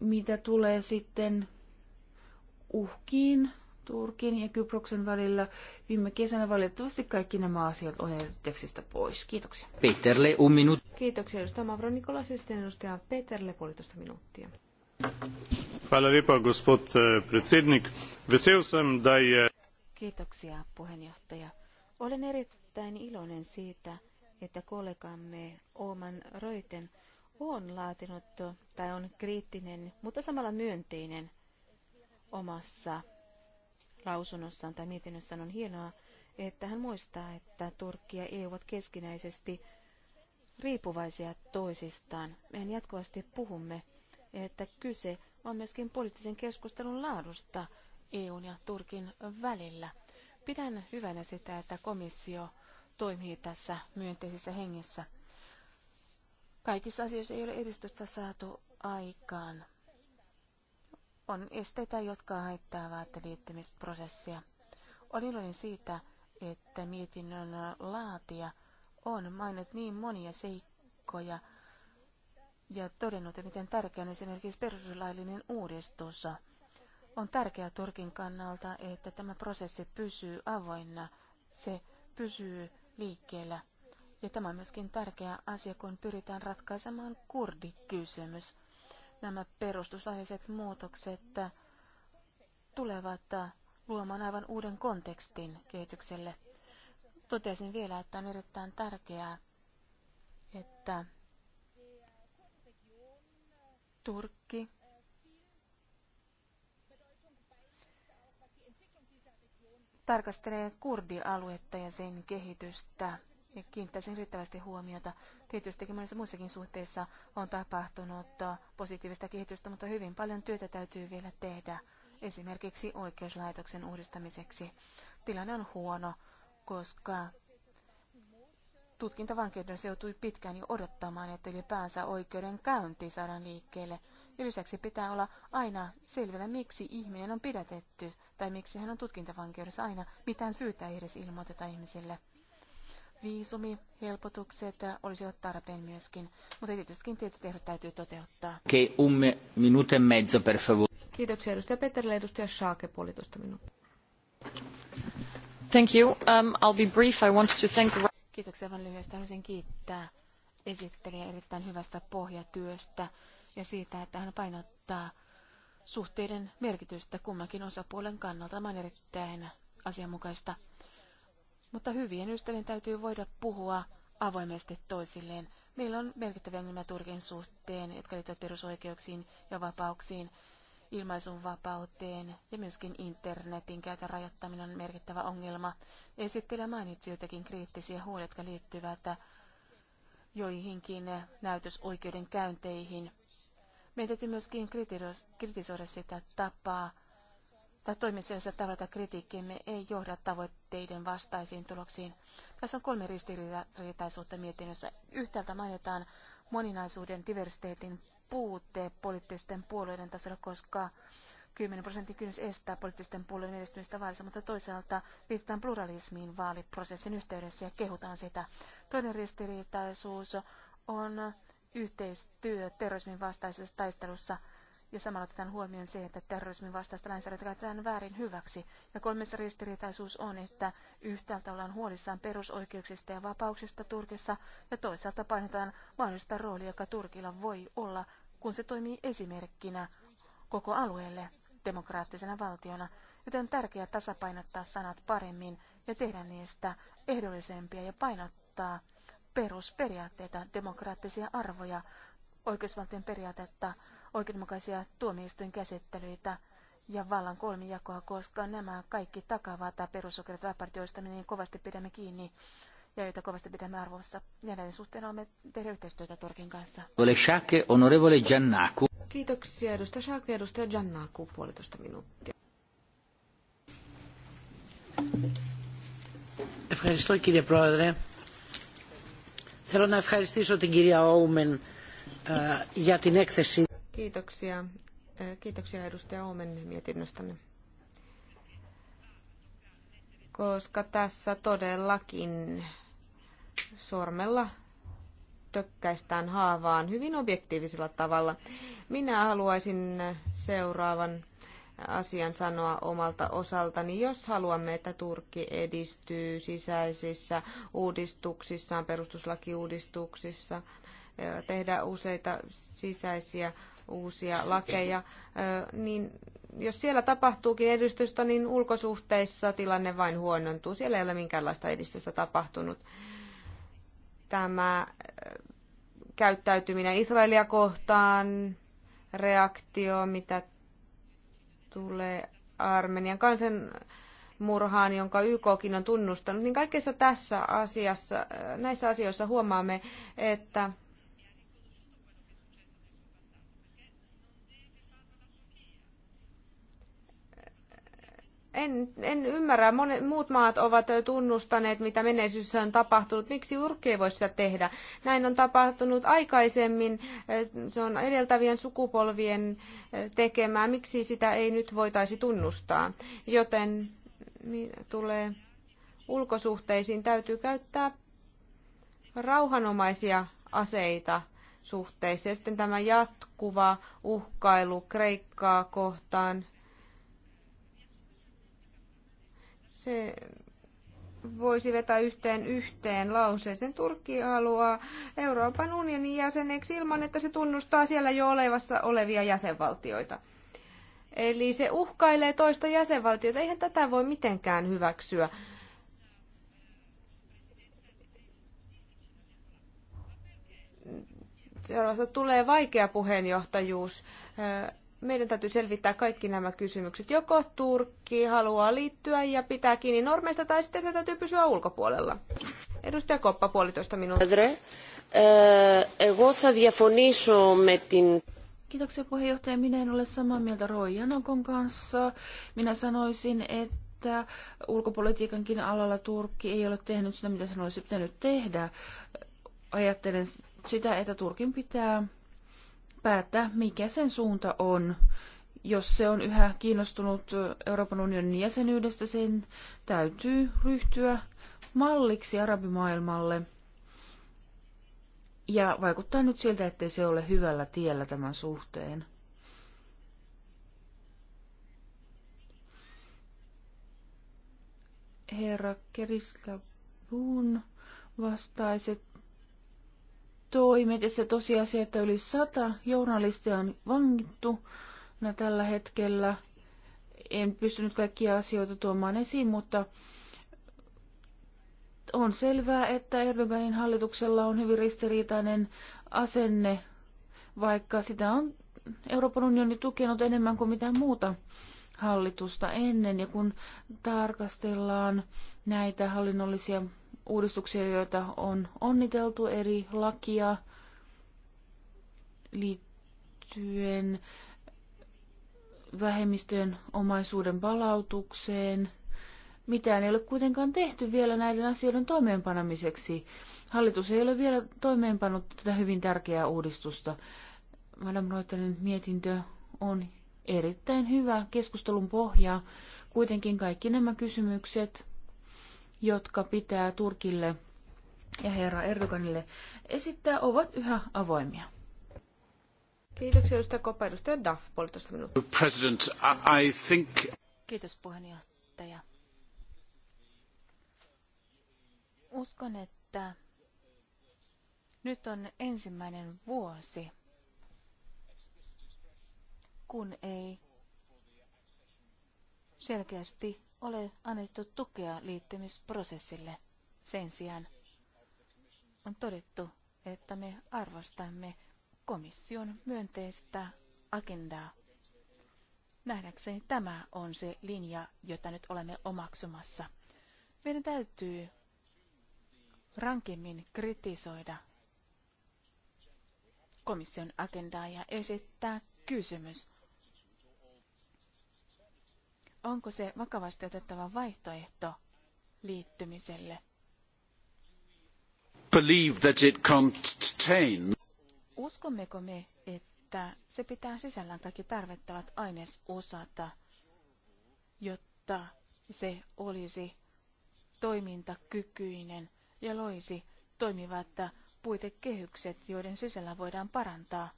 Mitä tulee sitten uhkiin Turkin ja Kyproksen välillä viime kesänä, valitettavasti kaikki nämä asiat on jätetty tekstistä pois. Kiitoksia. Peterle, un minut. Kiitoksia edustaja Mavro ja sitten edustaja Peterle puolitoista minuuttia. Hvala lepa, gospod eh, predsednik. Vesel sem, da je... Kiitoksia, puheenjohtaja. Olen erittäin iloinen siitä, että kollegamme Oman Röyten on laatinut tai on kriittinen, mutta samalla myönteinen omassa lausunnossaan tai mietinnössään. On hienoa, että hän muistaa, että Turkki ja EU ovat keskinäisesti riippuvaisia toisistaan. Mehän jatkuvasti puhumme, että kyse on myöskin poliittisen keskustelun laadusta EUn ja Turkin välillä. Pidän hyvänä sitä, että komissio toimii tässä myönteisessä hengessä. Kaikissa asioissa ei ole edistystä saatu aikaan. On esteitä, jotka haittaavat liittymisprosessia. Olin iloinen siitä, että mietinnön laatia on mainit niin monia seikkoja ja todennut, miten tärkeä on esimerkiksi perustuslaillinen uudistus. On tärkeää Turkin kannalta, että tämä prosessi pysyy avoinna. Se pysyy liikkeellä. Ja tämä on myöskin tärkeä asia, kun pyritään ratkaisemaan kurdikysymys. Nämä perustuslailliset muutokset tulevat luomaan aivan uuden kontekstin kehitykselle. Totesin vielä, että on erittäin tärkeää, että Turkki tarkastelee kurdialuetta ja sen kehitystä ja kiinnittäisin riittävästi huomiota. Tietysti monissa muissakin suhteissa on tapahtunut positiivista kehitystä, mutta hyvin paljon työtä täytyy vielä tehdä esimerkiksi oikeuslaitoksen uudistamiseksi. Tilanne on huono, koska tutkintavankeudessa joutui pitkään jo odottamaan, että ylipäänsä oikeudenkäynti saadaan liikkeelle. Ja lisäksi pitää olla aina selvillä, miksi ihminen on pidätetty tai miksi hän on tutkintavankeudessa aina. Mitään syytä ei edes ilmoiteta ihmisille. Viisumi, helpotukset olisivat tarpeen myöskin, mutta tietysti tietyt ehdot täytyy toteuttaa. okay, umme minuutin e mezzo per favore. Kiitoksia edustaja Peterille, edustaja Schaake puolitoista minuuttia. Thank you. Um, I'll be brief. I want to thank... Kiitoksia vain lyhyesti. Haluaisin kiittää esittelijä erittäin hyvästä pohjatyöstä ja siitä, että hän painottaa suhteiden merkitystä kummankin osapuolen kannalta. Tämä on erittäin asianmukaista. Mutta hyvien ystävien täytyy voida puhua avoimesti toisilleen. Meillä on merkittäviä ongelmia Turkin suhteen, jotka liittyvät perusoikeuksiin ja vapauksiin, ilmaisun vapauteen ja myöskin internetin käytön rajoittaminen on merkittävä ongelma. Esittelijä mainitsi jotakin kriittisiä huolia, jotka liittyvät joihinkin näytösoikeuden käynteihin meidän täytyy myöskin kritisoida sitä tapaa, tai toimisessa sellaisella tavalla, kritiikkimme ei johda tavoitteiden vastaisiin tuloksiin. Tässä on kolme ristiriitaisuutta mietinnössä. Yhtäältä mainitaan moninaisuuden diversiteetin puute poliittisten puolueiden tasolla, koska 10 prosentin kynnys estää poliittisten puolueiden edistymistä vaalissa, mutta toisaalta viitataan pluralismiin vaaliprosessin yhteydessä ja kehutaan sitä. Toinen ristiriitaisuus on yhteistyö terrorismin vastaisessa taistelussa ja samalla otetaan huomioon se, että terrorismin vastaista lainsäädäntöä käytetään väärin hyväksi. Ja kolmessa ristiriitaisuus on, että yhtäältä ollaan huolissaan perusoikeuksista ja vapauksista Turkissa ja toisaalta painetaan mahdollista roolia, joka Turkilla voi olla, kun se toimii esimerkkinä koko alueelle demokraattisena valtiona, joten on tärkeää tasapainottaa sanat paremmin ja tehdä niistä ehdollisempia ja painottaa perusperiaatteita, demokraattisia arvoja, oikeusvaltion periaatetta, oikeudenmukaisia tuomioistuinkäsittelyitä ja vallan kolmijakoa, koska nämä kaikki takavat perusoikeudet vapaudet, joista me niin kovasti pidämme kiinni ja joita kovasti pidämme arvossa. Ja näiden suhteen olemme tehneet yhteistyötä Turkin kanssa. Kiitoksia edustaja Shake, edustaja Jannaku, puolitoista minuuttia. Ευχαριστώ κύριε Πρόεδρε. Θέλω να ευχαριστήσω την κυρία Όουμεν για την έκθεση. Kiitoksia. Kiitoksia edustaja Omen mietinnöstänne. Koska tässä todellakin sormella tökkäistään haavaan hyvin objektiivisella tavalla. Minä haluaisin seuraavan asian sanoa omalta osaltani, jos haluamme, että Turkki edistyy sisäisissä uudistuksissaan, perustuslakiuudistuksissa, tehdä useita sisäisiä uusia lakeja, niin jos siellä tapahtuukin edistystä, niin ulkosuhteissa tilanne vain huonontuu. Siellä ei ole minkäänlaista edistystä tapahtunut. Tämä käyttäytyminen Israelia kohtaan, reaktio, mitä tulee Armenian kansan murhaan, jonka YKkin on tunnustanut, niin kaikessa tässä asiassa, näissä asioissa huomaamme, että en, en ymmärrä. Monet, muut maat ovat tunnustaneet, mitä menneisyydessä on tapahtunut. Miksi Urkki ei voi sitä tehdä? Näin on tapahtunut aikaisemmin. Se on edeltävien sukupolvien eh, tekemää. Miksi sitä ei nyt voitaisi tunnustaa? Joten tulee ulkosuhteisiin, täytyy käyttää rauhanomaisia aseita suhteissa. Ja sitten tämä jatkuva uhkailu Kreikkaa kohtaan Se voisi vetää yhteen yhteen lauseeseen. Turkki haluaa Euroopan unionin jäseneksi ilman, että se tunnustaa siellä jo olevassa olevia jäsenvaltioita. Eli se uhkailee toista jäsenvaltiota. Eihän tätä voi mitenkään hyväksyä. Seuraavasta tulee vaikea puheenjohtajuus meidän täytyy selvittää kaikki nämä kysymykset. Joko Turkki haluaa liittyä ja pitää kiinni normeista, tai sitten se täytyy pysyä ulkopuolella. Edustaja Koppa, puolitoista minuuttia. Eh, Kiitoksia puheenjohtaja. Minä en ole samaa mieltä Roy Janokon kanssa. Minä sanoisin, että ulkopolitiikankin alalla Turkki ei ole tehnyt sitä, mitä sen olisi pitänyt tehdä. Ajattelen sitä, että Turkin pitää päättää, mikä sen suunta on. Jos se on yhä kiinnostunut Euroopan unionin jäsenyydestä, sen täytyy ryhtyä malliksi arabimaailmalle. Ja vaikuttaa nyt siltä, ettei se ole hyvällä tiellä tämän suhteen. Herra Kerislabun vastaiset toimet ja se tosiasia, että yli sata journalistia on vangittu tällä hetkellä. En pystynyt kaikkia asioita tuomaan esiin, mutta on selvää, että Erdoganin hallituksella on hyvin ristiriitainen asenne, vaikka sitä on Euroopan unioni tukenut enemmän kuin mitään muuta hallitusta ennen. Ja kun tarkastellaan näitä hallinnollisia uudistuksia, joita on onniteltu eri lakia liittyen vähemmistöjen omaisuuden palautukseen. Mitään ei ole kuitenkaan tehty vielä näiden asioiden toimeenpanamiseksi. Hallitus ei ole vielä toimeenpannut tätä hyvin tärkeää uudistusta. Madame Reuterin mietintö on erittäin hyvä keskustelun pohja. Kuitenkin kaikki nämä kysymykset jotka pitää Turkille ja herra Erdoganille esittää, ovat yhä avoimia. Kiitoksia edustaja Koppa. Edustaja Duff, puolitoista minuuttia. President, I think... Kiitos puheenjohtaja. Uskon, että nyt on ensimmäinen vuosi, kun ei selkeästi ole annettu tukea liittymisprosessille. Sen sijaan on todettu, että me arvostamme komission myönteistä agendaa. Nähdäkseni tämä on se linja, jota nyt olemme omaksumassa. Meidän täytyy rankemmin kritisoida komission agendaa ja esittää kysymys, onko se vakavasti otettava vaihtoehto liittymiselle? Believe that it contains. Uskommeko me, että se pitää sisällään kaikki tarvittavat ainesosat, jotta se olisi toimintakykyinen ja loisi toimivat puitekehykset, joiden sisällä voidaan parantaa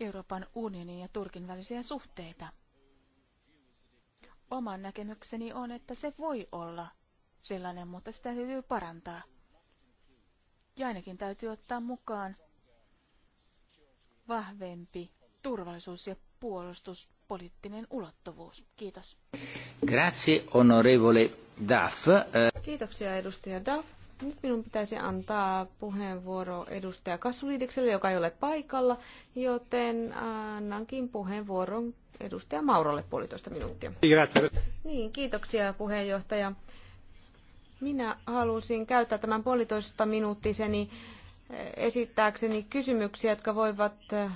Euroopan unionin ja Turkin välisiä suhteita. Oman näkemykseni on, että se voi olla sellainen, mutta sitä täytyy parantaa. Ja ainakin täytyy ottaa mukaan vahvempi turvallisuus- ja puolustuspoliittinen ulottuvuus. Kiitos. Grazie, onorevole Duff. Kiitoksia, edustaja Duff. Nyt minun pitäisi antaa puheenvuoro edustaja Kassuliidekselle, joka ei ole paikalla, joten annankin puheenvuoron edustaja Maurolle puolitoista minuuttia. Kiitoksia. Niin, kiitoksia puheenjohtaja. Minä halusin käyttää tämän puolitoista minuuttiseni eh, esittääkseni kysymyksiä, jotka voivat eh,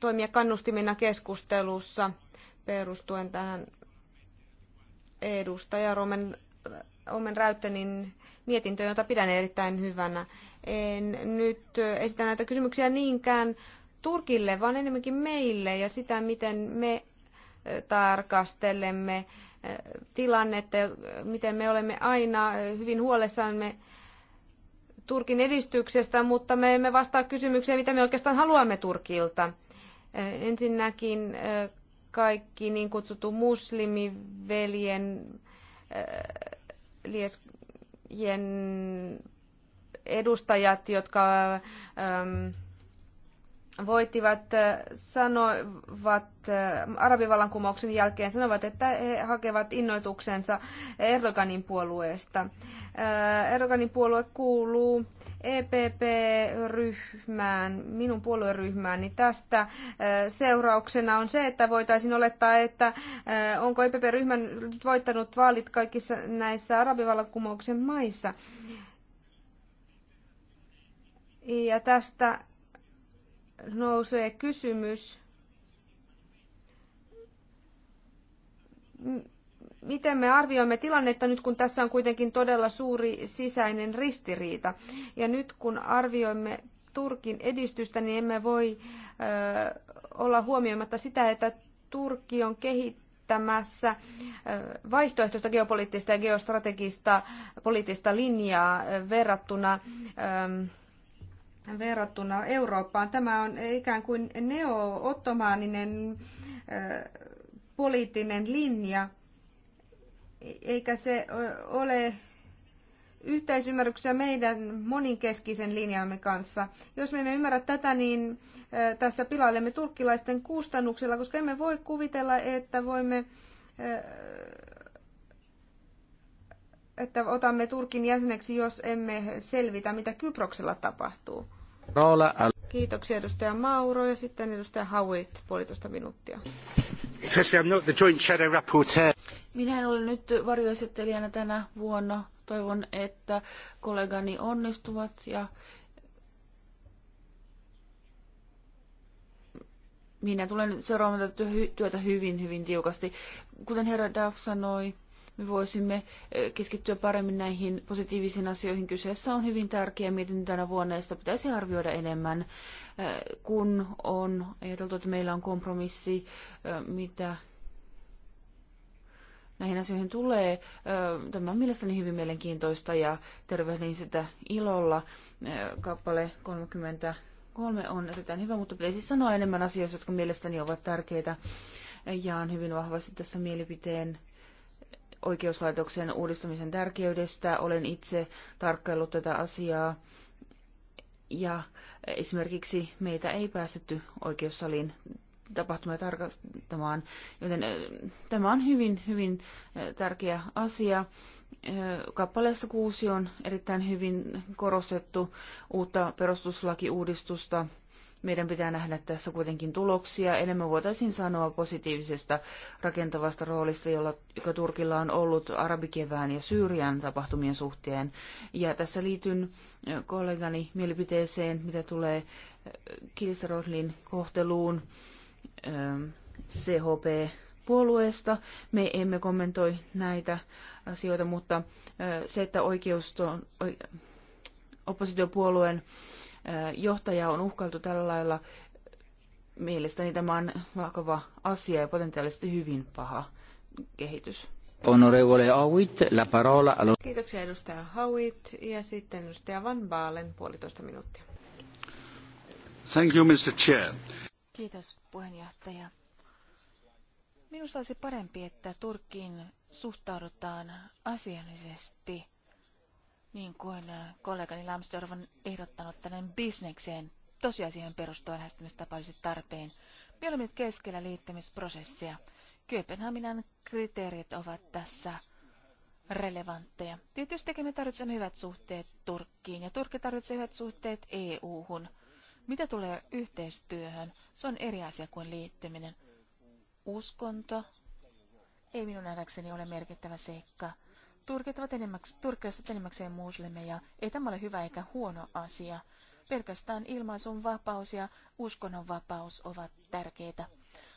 toimia kannustimina keskustelussa perustuen tähän edustaja Roman, Omen Räyttenin mietintö, jota pidän erittäin hyvänä. En nyt esitä näitä kysymyksiä niinkään Turkille, vaan enemmänkin meille ja sitä, miten me eh, tarkastelemme eh, tilannetta, miten me olemme aina eh, hyvin huolessamme Turkin edistyksestä, mutta me emme vastaa kysymykseen, mitä me oikeastaan haluamme Turkilta. Ensinnäkin kaikki niin kutsuttu muslimiveljen äh, liesjen edustajat, jotka ähm, voittivat, äh, sanoivat äh, arabivallankumouksen jälkeen, sanovat, että he hakevat innoituksensa Erdoganin puolueesta. Erdoganin puolue kuuluu EPP-ryhmään, minun puolueryhmään, niin tästä äh, seurauksena on se, että voitaisiin olettaa, että äh, onko EPP-ryhmä nyt voittanut vaalit kaikissa näissä arabivallankumouksen maissa. Ja tästä nousee kysymys, miten me arvioimme tilannetta nyt, kun tässä on kuitenkin todella suuri sisäinen ristiriita. Ja nyt kun arvioimme Turkin edistystä, niin emme voi ö, olla huomioimatta sitä, että Turkki on kehittämässä vaihtoehtoista geopoliittista ja geostrategista poliittista linjaa verrattuna ö, verrattuna Eurooppaan. Tämä on ikään kuin neo-ottomaaninen poliittinen linja, eikä se ole yhteisymmärryksessä meidän moninkeskisen linjamme kanssa. Jos me emme ymmärrä tätä, niin tässä pilailemme turkkilaisten kustannuksella, koska emme voi kuvitella, että voimme että otamme Turkin jäseneksi, jos emme selvitä, mitä Kyproksella tapahtuu. Kiitoksia edustaja Mauro ja sitten edustaja Howitt, puolitoista minuuttia. Minä en ole nyt varjoesittelijänä tänä vuonna. Toivon, että kollegani onnistuvat ja minä tulen seuraamaan työtä hyvin, hyvin tiukasti. Kuten herra Duff sanoi, me voisimme eh, keskittyä paremmin näihin positiivisiin asioihin. Kyseessä on hyvin tärkeä mietintö tänä vuonna ja sitä pitäisi arvioida enemmän, eh, kun on ajateltu, että meillä on kompromissi, eh, mitä näihin asioihin tulee. Tämä on mielestäni hyvin mielenkiintoista ja tervehdin sitä ilolla. Kappale 33 on erittäin hyvä, mutta pitäisi sanoa enemmän asioista, jotka mielestäni ovat tärkeitä. Jaan hyvin vahvasti tässä mielipiteen oikeuslaitoksen uudistamisen tärkeydestä. Olen itse tarkkaillut tätä asiaa ja esimerkiksi meitä ei päästetty oikeussaliin tapahtumia tarkastamaan, joten tämä on hyvin, hyvin tärkeä asia. Kappaleessa kuusi on erittäin hyvin korostettu uutta perustuslakiuudistusta meidän pitää nähdä tässä kuitenkin tuloksia. Enemmän voitaisiin sanoa positiivisesta rakentavasta roolista, jolla, joka Turkilla on ollut arabikevään ja Syyrian tapahtumien suhteen. Ja tässä liityn kollegani mielipiteeseen, mitä tulee Kilsterodlin kohteluun CHP-puolueesta. Me emme kommentoi näitä asioita, mutta se, että oikeusto, oppositiopuolueen Johtaja on uhkailtu tällä lailla. Mielestäni tämä on vakava asia ja potentiaalisesti hyvin paha kehitys. Honorevole Howitt, la parola... Kiitoksia edustaja Howitt ja sitten edustaja Van Baalen puolitoista minuuttia. Thank you, Mr. Chair. Kiitos puheenjohtaja. Minusta olisi parempi, että Turkkiin suhtaudutaan asiallisesti – niin kuin äh, kollegani Lamstorv on ehdottanut tänne bisnekseen, siihen perustuen lähestymistapa olisi tarpeen. Me nyt keskellä liittymisprosessia. Kööpenhaminan kriteerit ovat tässä relevantteja. Tietysti me tarvitsemme hyvät suhteet Turkkiin ja Turkki tarvitsee hyvät suhteet EU-hun. Mitä tulee yhteistyöhön, se on eri asia kuin liittyminen. Uskonto ei minun nähdäkseni ole merkittävä seikka. Turkit ovat enemmäksi, turkkilaiset ovat enemmäkseen muslimeja. Ei tämä ole hyvä eikä huono asia. Pelkästään ilmaisun vapaus ja vapaus ovat tärkeitä.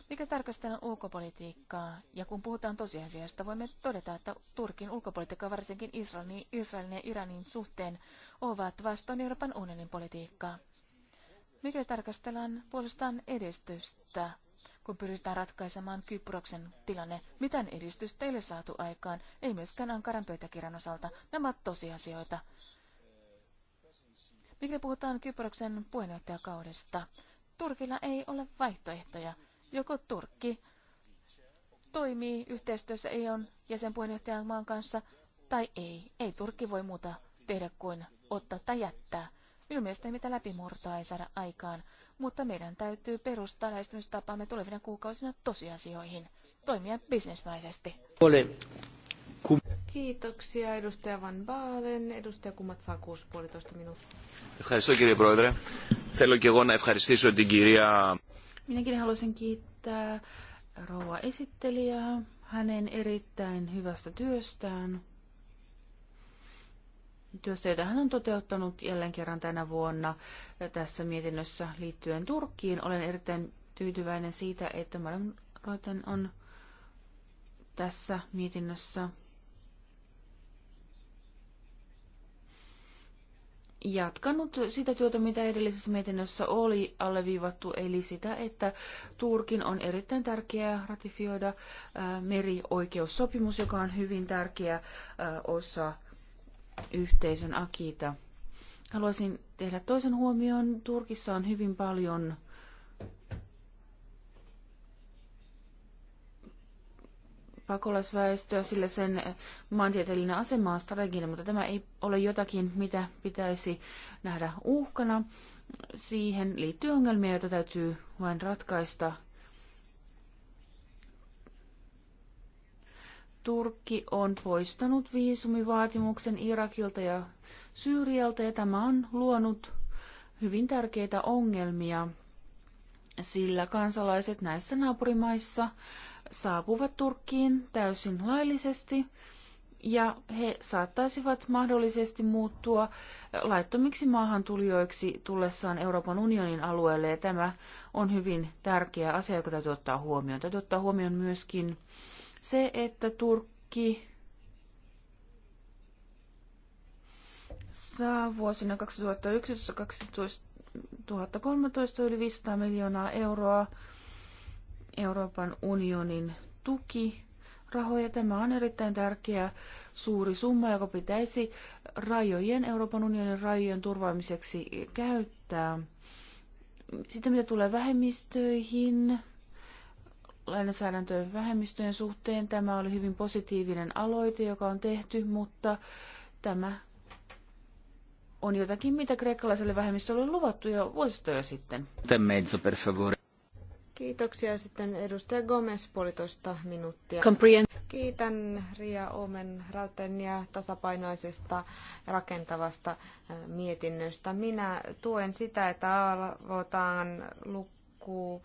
Mikä tarkastellaan ulkopolitiikkaa, ja kun puhutaan tosiasiasta, voimme todeta, että Turkin ulkopolitiikka, varsinkin Israelin, Israelin ja Iranin suhteen, ovat vastoin Euroopan unionin politiikkaa. Mikä tarkastellaan puolestaan edistystä kun pyritään ratkaisemaan Kyproksen tilanne. Mitään edistys teille saatu aikaan, ei myöskään Ankaran pöytäkirjan osalta. Nämä ovat tosiasioita. Mikä puhutaan Kyproksen puheenjohtajakaudesta, Turkilla ei ole vaihtoehtoja. Joko Turkki toimii yhteistyössä EUn jäsenpuheenjohtajan maan kanssa, tai ei. Ei Turkki voi muuta tehdä kuin ottaa tai jättää. Ilmeisesti mitä läpimurtoa ei saada aikaan, mutta meidän täytyy perustaa lähestymistapaamme tulevina kuukausina tosiasioihin, toimia bisnesmäisesti. Kiitoksia edustaja Van Baalen. Edustaja Kummat saa 6,5 minuuttia. Minäkin haluaisin kiittää rouva esittelijää hänen erittäin hyvästä työstään työstä, jota hän on toteuttanut jälleen kerran tänä vuonna tässä mietinnössä liittyen Turkkiin. Olen erittäin tyytyväinen siitä, että Madame Roiten on tässä mietinnössä jatkanut sitä työtä, mitä edellisessä mietinnössä oli alleviivattu, eli sitä, että Turkin on erittäin tärkeää ratifioida merioikeussopimus, joka on hyvin tärkeä osa yhteisön Akita. Haluaisin tehdä toisen huomion. Turkissa on hyvin paljon pakolaisväestöä, sillä sen maantieteellinen asema on strateginen, mutta tämä ei ole jotakin, mitä pitäisi nähdä uhkana. Siihen liittyy ongelmia, joita täytyy vain ratkaista Turkki on poistanut viisumivaatimuksen Irakilta ja Syyrialta ja tämä on luonut hyvin tärkeitä ongelmia, sillä kansalaiset näissä naapurimaissa saapuvat Turkkiin täysin laillisesti ja he saattaisivat mahdollisesti muuttua laittomiksi maahantulijoiksi tullessaan Euroopan unionin alueelle ja tämä on hyvin tärkeä asia, joka täytyy ottaa huomioon. Täytyy ottaa huomioon myöskin se, että Turkki saa vuosina 2011-2013 yli 500 miljoonaa euroa Euroopan unionin tuki rahoja. Tämä on erittäin tärkeä suuri summa, joka pitäisi rajojen, Euroopan unionin rajojen turvaamiseksi käyttää. Sitten mitä tulee vähemmistöihin, lainsäädäntöön vähemmistöjen suhteen. Tämä oli hyvin positiivinen aloite, joka on tehty, mutta tämä on jotakin, mitä kreikkalaiselle vähemmistölle on luvattu jo vuosistoja sitten. Mezzo, per favore. Kiitoksia sitten edustaja Gomez puolitoista minuuttia. Comprehend. Kiitän Ria Omen rauten ja tasapainoisesta rakentavasta mietinnöstä. Minä tuen sitä, että aloitetaan lukkuu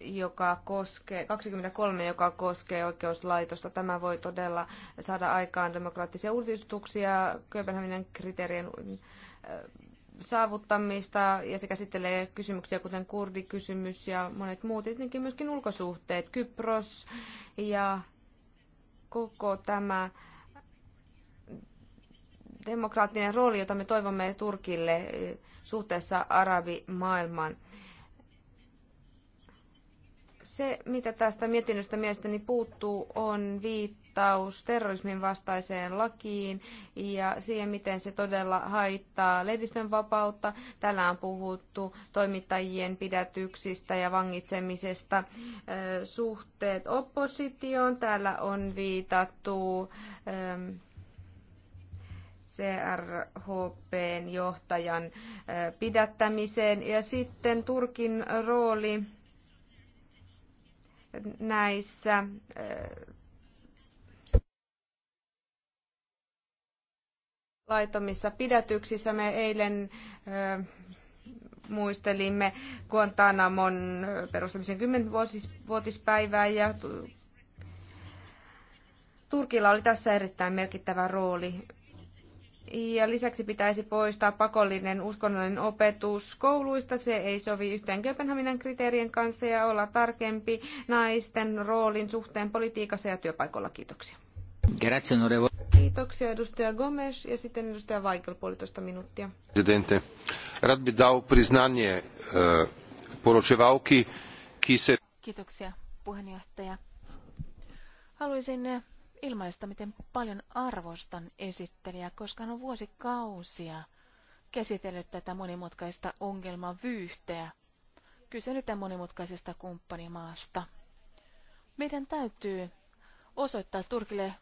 joka koskee, 23, joka koskee oikeuslaitosta. Tämä voi todella saada aikaan demokraattisia uudistuksia, Kööpenhaminan kriteerien saavuttamista ja se käsittelee kysymyksiä kuten kurdikysymys ja monet muut, tietenkin myöskin ulkosuhteet, Kypros ja koko tämä demokraattinen rooli, jota me toivomme Turkille suhteessa arabimaailmaan. Se, mitä tästä mietinnöstä mielestäni puuttuu, on viittaus terrorismin vastaiseen lakiin ja siihen, miten se todella haittaa lehdistön vapautta. Täällä on puhuttu toimittajien pidätyksistä ja vangitsemisesta. Suhteet oppositioon. Täällä on viitattu CRHPn johtajan pidättämiseen. Ja sitten Turkin rooli näissä äh, laitomissa pidätyksissä. Me eilen äh, muistelimme Guantanamon äh, perustamisen 10-vuotispäivää ja Turkilla oli tässä erittäin merkittävä rooli. Ja lisäksi pitäisi poistaa pakollinen uskonnollinen opetus kouluista. Se ei sovi yhteen Kööpenhaminan kriteerien kanssa ja olla tarkempi naisten roolin suhteen politiikassa ja työpaikoilla. Kiitoksia. Kiitoksia edustaja Gomes ja sitten edustaja Weigel puolitoista minuuttia. Presidente, rad bi dao priznanje eh, poročevalki, ki Kiitoksia puheenjohtaja. Haluaisin eh, ilmaista, miten paljon arvostan esittelijää, koska hän on vuosikausia käsitellyt tätä monimutkaista ongelmavyyhteä. Kyse nyt monimutkaisesta kumppanimaasta. Meidän täytyy osoittaa Turkille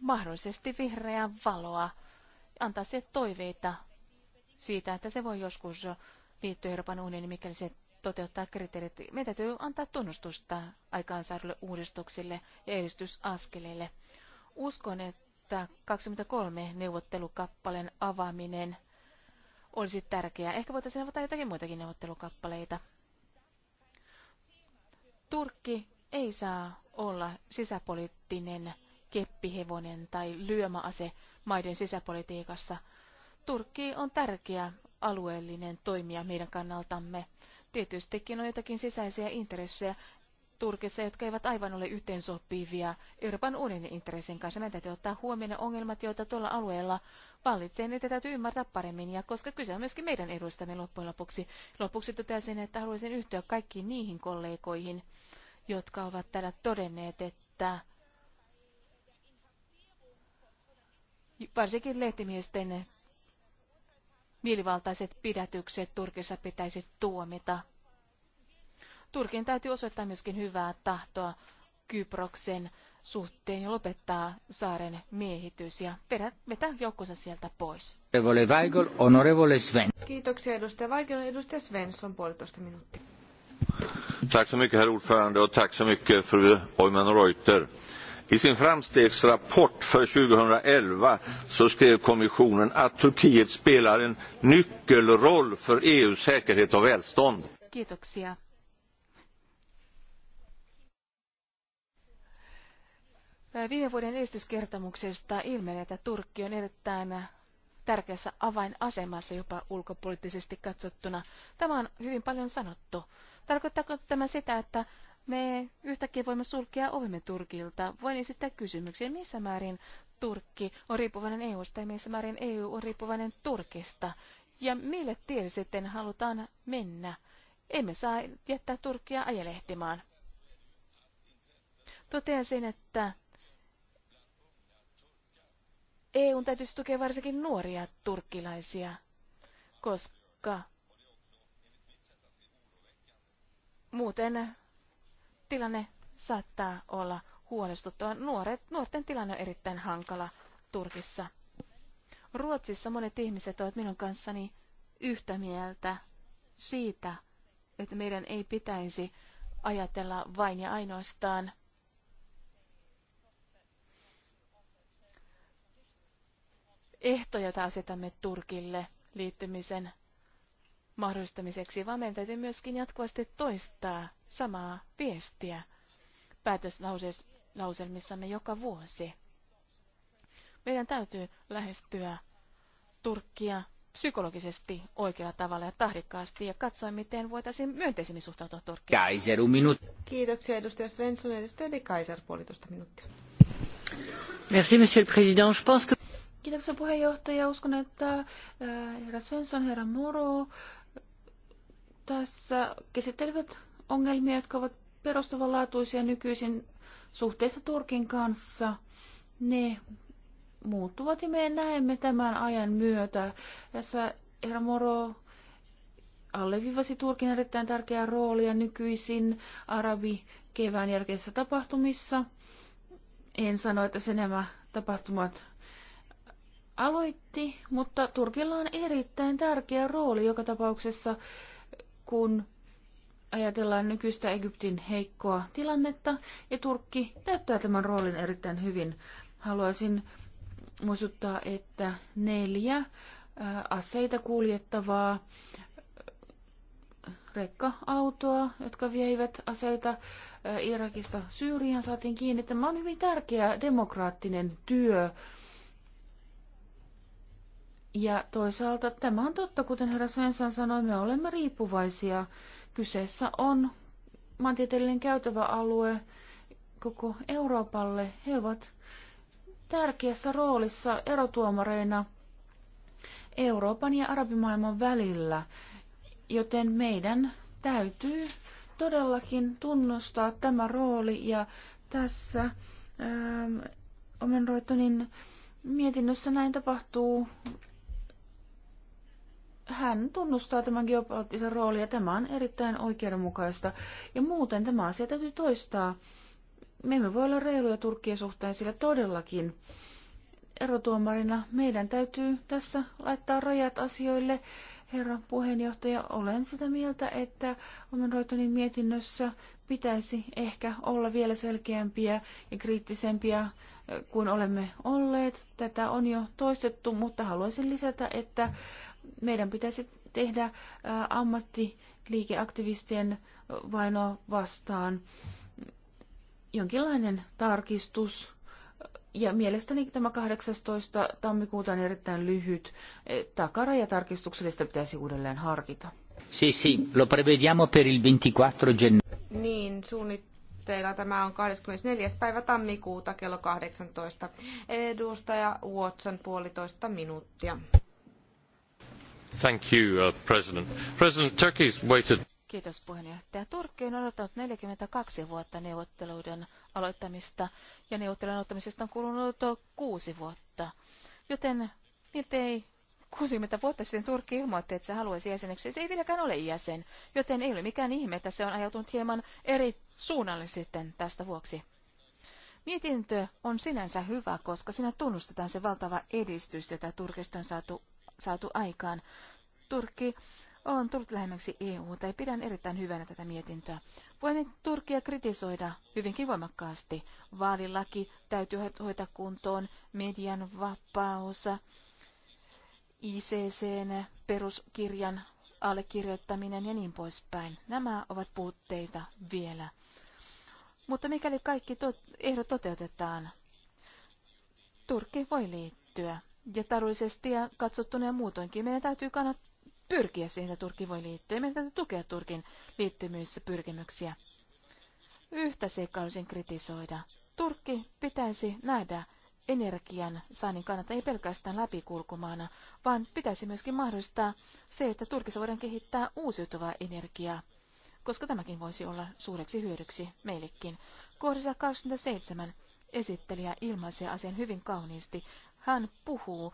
mahdollisesti vihreää valoa, antaa se toiveita siitä, että se voi joskus liittyä Euroopan unioniin, mikäli se toteuttaa kriteerit. Meidän täytyy antaa tunnustusta aikaansaadulle uudistuksille ja edistysaskeleille. Uskon, että 23 neuvottelukappaleen avaaminen olisi tärkeää. Ehkä voitaisiin avata jotakin muitakin neuvottelukappaleita. Turkki ei saa olla sisäpoliittinen keppihevonen tai lyömäase maiden sisäpolitiikassa. Turkki on tärkeä alueellinen toimija meidän kannaltamme. Tietystikin on jotakin sisäisiä intressejä Turkissa, jotka eivät aivan ole yhteensopivia Euroopan unionin intressin kanssa. Meidän täytyy ottaa huomioon ne ongelmat, joita tuolla alueella vallitsee. Niitä täytyy ymmärtää paremmin, ja koska kyse on myöskin meidän edustamme loppujen lopuksi. Lopuksi toteaisin, että haluaisin yhtyä kaikkiin niihin kollegoihin, jotka ovat täällä todenneet, että varsinkin lehtimiesten mielivaltaiset pidätykset Turkissa pitäisi tuomita. Turkin täytyy osoittaa myöskin hyvää tahtoa Kyproksen suhteen ja lopettaa saaren miehitys ja perä, vetää joukkonsa sieltä pois. Sven. Kiitoksia edustaja Vaikel. Edustaja Svensson puolitoista minuuttia. Tack så mycket herr ordförande och tack så mycket fru Oyman Reuter. I sin framstegsrapport för 2011 så skrev kommissionen att Turkiet spelar en nyckelroll för EUs säkerhet och välstånd. Kiitoksia. Viime vuoden edistyskertomuksesta ilmenee, että Turkki on erittäin tärkeässä avainasemassa jopa ulkopoliittisesti katsottuna. Tämä on hyvin paljon sanottu. Tarkoittaako tämä sitä, että me yhtäkkiä voimme sulkea ovemme Turkilta. Voin esittää kysymyksiä, missä määrin Turkki on riippuvainen EUsta ja missä määrin EU on riippuvainen Turkista. Ja mille tielle sitten halutaan mennä? Emme saa jättää Turkkia ajelehtimaan. Toteasin, että EUn täytyisi tukea varsinkin nuoria turkkilaisia, koska muuten tilanne saattaa olla huolestuttava. Nuoret, nuorten tilanne on erittäin hankala Turkissa. Ruotsissa monet ihmiset ovat minun kanssani yhtä mieltä siitä, että meidän ei pitäisi ajatella vain ja ainoastaan ehtoja, joita asetamme Turkille liittymisen mahdollistamiseksi, vaan meidän täytyy myöskin jatkuvasti toistaa samaa viestiä päätöslauselmissamme joka vuosi. Meidän täytyy lähestyä Turkkia psykologisesti oikealla tavalla ja tahdikkaasti ja katsoa, miten voitaisiin myönteisemmin suhtautua Turkkiin. Kiitoksia edustaja Svensson ja edustaja De Kaiser, puolitoista minuuttia. Merci, monsieur le président. Je pense que... Kiitoksia puheenjohtaja. Uskon, että äh, herra Svensson, herra Moro tässä käsittelevät ongelmia, jotka ovat perustavanlaatuisia nykyisin suhteessa Turkin kanssa. Ne muuttuvat ja me näemme tämän ajan myötä. Tässä herra Moro alleviivasi Turkin erittäin tärkeää roolia nykyisin arabi kevään jälkeisissä tapahtumissa. En sano, että se nämä tapahtumat aloitti, mutta Turkilla on erittäin tärkeä rooli joka tapauksessa kun ajatellaan nykyistä Egyptin heikkoa tilannetta, ja Turkki täyttää tämän roolin erittäin hyvin. Haluaisin muistuttaa, että neljä aseita kuljettavaa rekka-autoa, jotka vieivät aseita Irakista Syyriaan, saatiin kiinni. Tämä on hyvin tärkeä demokraattinen työ ja toisaalta tämä on totta, kuten herra Svensson sanoi, me olemme riippuvaisia. Kyseessä on maantieteellinen käytävä alue koko Euroopalle. He ovat tärkeässä roolissa erotuomareina Euroopan ja arabimaailman välillä, joten meidän täytyy todellakin tunnustaa tämä rooli ja tässä ähm, Omenroitonin mietinnössä näin tapahtuu hän tunnustaa tämän geopoliittisen roolin ja tämä on erittäin oikeudenmukaista. Ja muuten tämä asia täytyy toistaa. Me emme voi olla reiluja Turkkien suhteen, sillä todellakin erotuomarina meidän täytyy tässä laittaa rajat asioille. Herra puheenjohtaja, olen sitä mieltä, että Omenroitonin mietinnössä pitäisi ehkä olla vielä selkeämpiä ja kriittisempiä äh, kuin olemme olleet. Tätä on jo toistettu, mutta haluaisin lisätä, että meidän pitäisi tehdä ammattiliikeaktivistien vainoa vastaan jonkinlainen tarkistus. Ja mielestäni tämä 18. tammikuuta on erittäin lyhyt. Takaraja tarkistukselle sitä pitäisi uudelleen harkita. Si, si. lo prevediamo per il 24 gennaio. Niin, suunnitteilla tämä on 24. päivä tammikuuta kello 18. Edustaja Watson puolitoista minuuttia. Thank you, uh, President. President, Turkey's waited... Kiitos puheenjohtaja. Turkki on odottanut 42 vuotta neuvotteluiden aloittamista ja neuvottelujen aloittamisesta on kulunut kuusi vuotta. Joten miltei 60 vuotta sitten Turkki ilmoitti, että se haluaisi jäseneksi, että ei vieläkään ole jäsen, joten ei ole mikään ihme, että se on ajautunut hieman eri suunnalle sitten tästä vuoksi. Mietintö on sinänsä hyvä, koska siinä tunnustetaan se valtava edistys, jota Turkista on saatu saatu aikaan. Turkki on tullut lähemmäksi EU, tai pidän erittäin hyvänä tätä mietintöä. Voimme Turkia kritisoida hyvinkin voimakkaasti. Vaalilaki täytyy hoitaa kuntoon, median vapaus, ICCn peruskirjan allekirjoittaminen ja niin poispäin. Nämä ovat puutteita vielä. Mutta mikäli kaikki tot- ehdot toteutetaan, Turkki voi liittyä ja taloudellisesti ja katsottuna ja muutoinkin. Meidän täytyy kannat pyrkiä siihen, että Turkki voi liittyä. Meidän täytyy tukea Turkin liittymyissä pyrkimyksiä. Yhtä seikkaa kritisoida. Turkki pitäisi nähdä energian saannin kannalta ei pelkästään läpikulkumaana, vaan pitäisi myöskin mahdollistaa se, että Turkissa voidaan kehittää uusiutuvaa energiaa, koska tämäkin voisi olla suureksi hyödyksi meillekin. Kohdassa 27 esittelijä ilmaisee asian hyvin kauniisti. Hän puhuu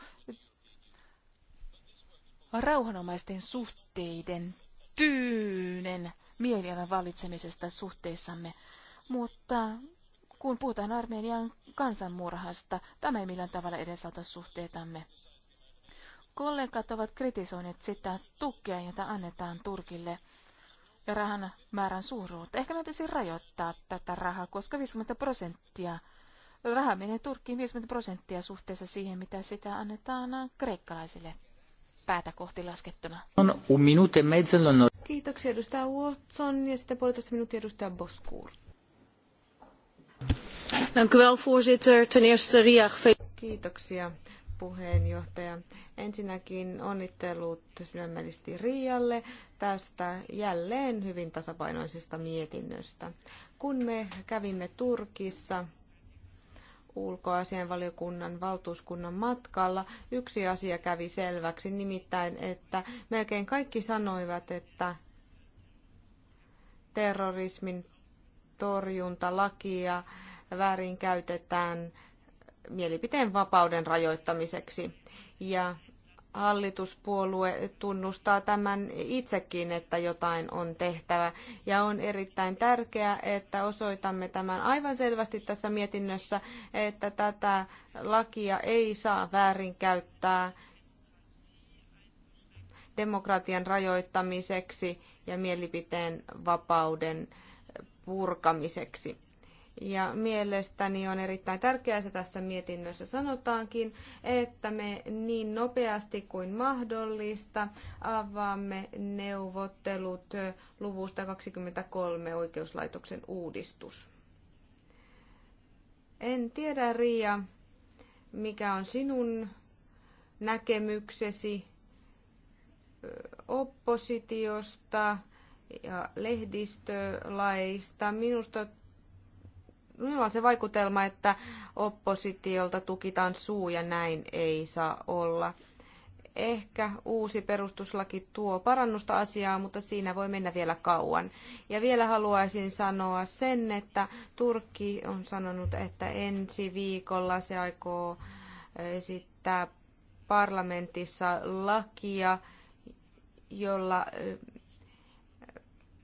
rauhanomaisten suhteiden tyynen mielialan valitsemisesta suhteissamme, mutta kun puhutaan Armenian kansanmurhasta, tämä ei millään tavalla edesauta suhteitamme. Kollegat ovat kritisoineet sitä tukea, jota annetaan Turkille ja rahan määrän suuruutta. Ehkä me pitäisi rajoittaa tätä rahaa, koska 50 prosenttia raha menee Turkkiin 50 prosenttia suhteessa siihen, mitä sitä annetaan kreikkalaisille päätä kohti laskettuna. On e Kiitoksia edustaja Watson ja sitten puolitoista minuuttia edustaja Boskuur. Kiitoksia puheenjohtaja. Ensinnäkin onnittelut sydämellisesti Rialle tästä jälleen hyvin tasapainoisesta mietinnöstä. Kun me kävimme Turkissa, ulkoasianvaliokunnan valtuuskunnan matkalla yksi asia kävi selväksi, nimittäin, että melkein kaikki sanoivat, että terrorismin torjuntalakia väärinkäytetään mielipiteen vapauden rajoittamiseksi. Ja hallituspuolue tunnustaa tämän itsekin, että jotain on tehtävä. Ja on erittäin tärkeää, että osoitamme tämän aivan selvästi tässä mietinnössä, että tätä lakia ei saa väärinkäyttää demokratian rajoittamiseksi ja mielipiteen vapauden purkamiseksi. Ja mielestäni on erittäin tärkeää, se tässä mietinnössä sanotaankin, että me niin nopeasti kuin mahdollista avaamme neuvottelut luvusta 23 oikeuslaitoksen uudistus. En tiedä, Riia, mikä on sinun näkemyksesi oppositiosta ja lehdistölaista. Minusta minulla on se vaikutelma, että oppositiolta tukitaan suu ja näin ei saa olla. Ehkä uusi perustuslaki tuo parannusta asiaa, mutta siinä voi mennä vielä kauan. Ja vielä haluaisin sanoa sen, että Turkki on sanonut, että ensi viikolla se aikoo esittää parlamentissa lakia, jolla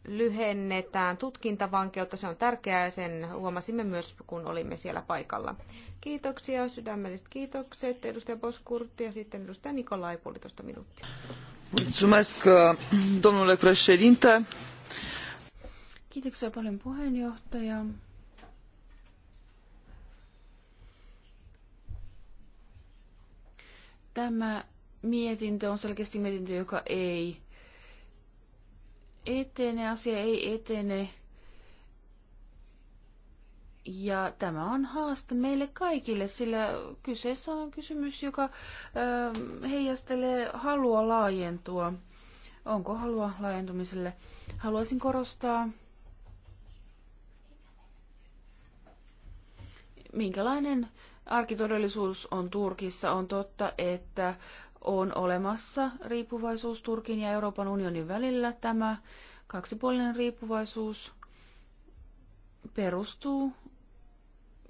lyhennetään tutkintavankeutta. Se on tärkeää ja sen huomasimme myös, kun olimme siellä paikalla. Kiitoksia, sydämelliset kiitokset edustaja Boskurtti ja sitten edustaja Nikolai puolitoista minuuttia. Kiitoksia paljon puheenjohtaja. Tämä mietintö on selkeästi mietintö, joka ei etene, asia ei etene. Ja tämä on haaste meille kaikille, sillä kyseessä on kysymys, joka ö, ähm, heijastelee halua laajentua. Onko halua laajentumiselle? Haluaisin korostaa, minkälainen arkitodellisuus on Turkissa. On totta, että on olemassa riippuvaisuus Turkin ja Euroopan unionin välillä. Tämä kaksipuolinen riippuvaisuus perustuu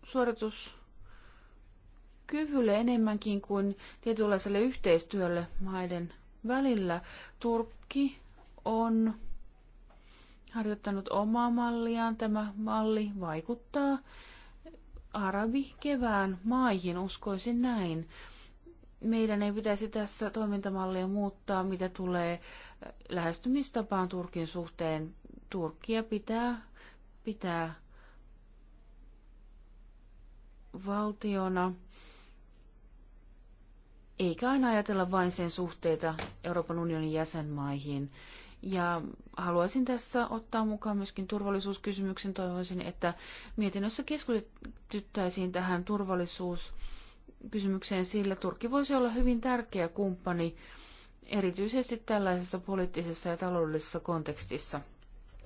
suorituskyvylle enemmänkin kuin tietynlaiselle yhteistyölle maiden välillä. Turkki on harjoittanut omaa malliaan. Tämä malli vaikuttaa arabikevään maihin, uskoisin näin meidän ei pitäisi tässä toimintamallia muuttaa, mitä tulee lähestymistapaan Turkin suhteen. Turkkia pitää pitää valtiona, eikä aina ajatella vain sen suhteita Euroopan unionin jäsenmaihin. Ja haluaisin tässä ottaa mukaan myöskin turvallisuuskysymyksen. Toivoisin, että mietinnössä keskityttäisiin tähän turvallisuus- kysymykseen, sillä Turkki voisi olla hyvin tärkeä kumppani erityisesti tällaisessa poliittisessa ja taloudellisessa kontekstissa.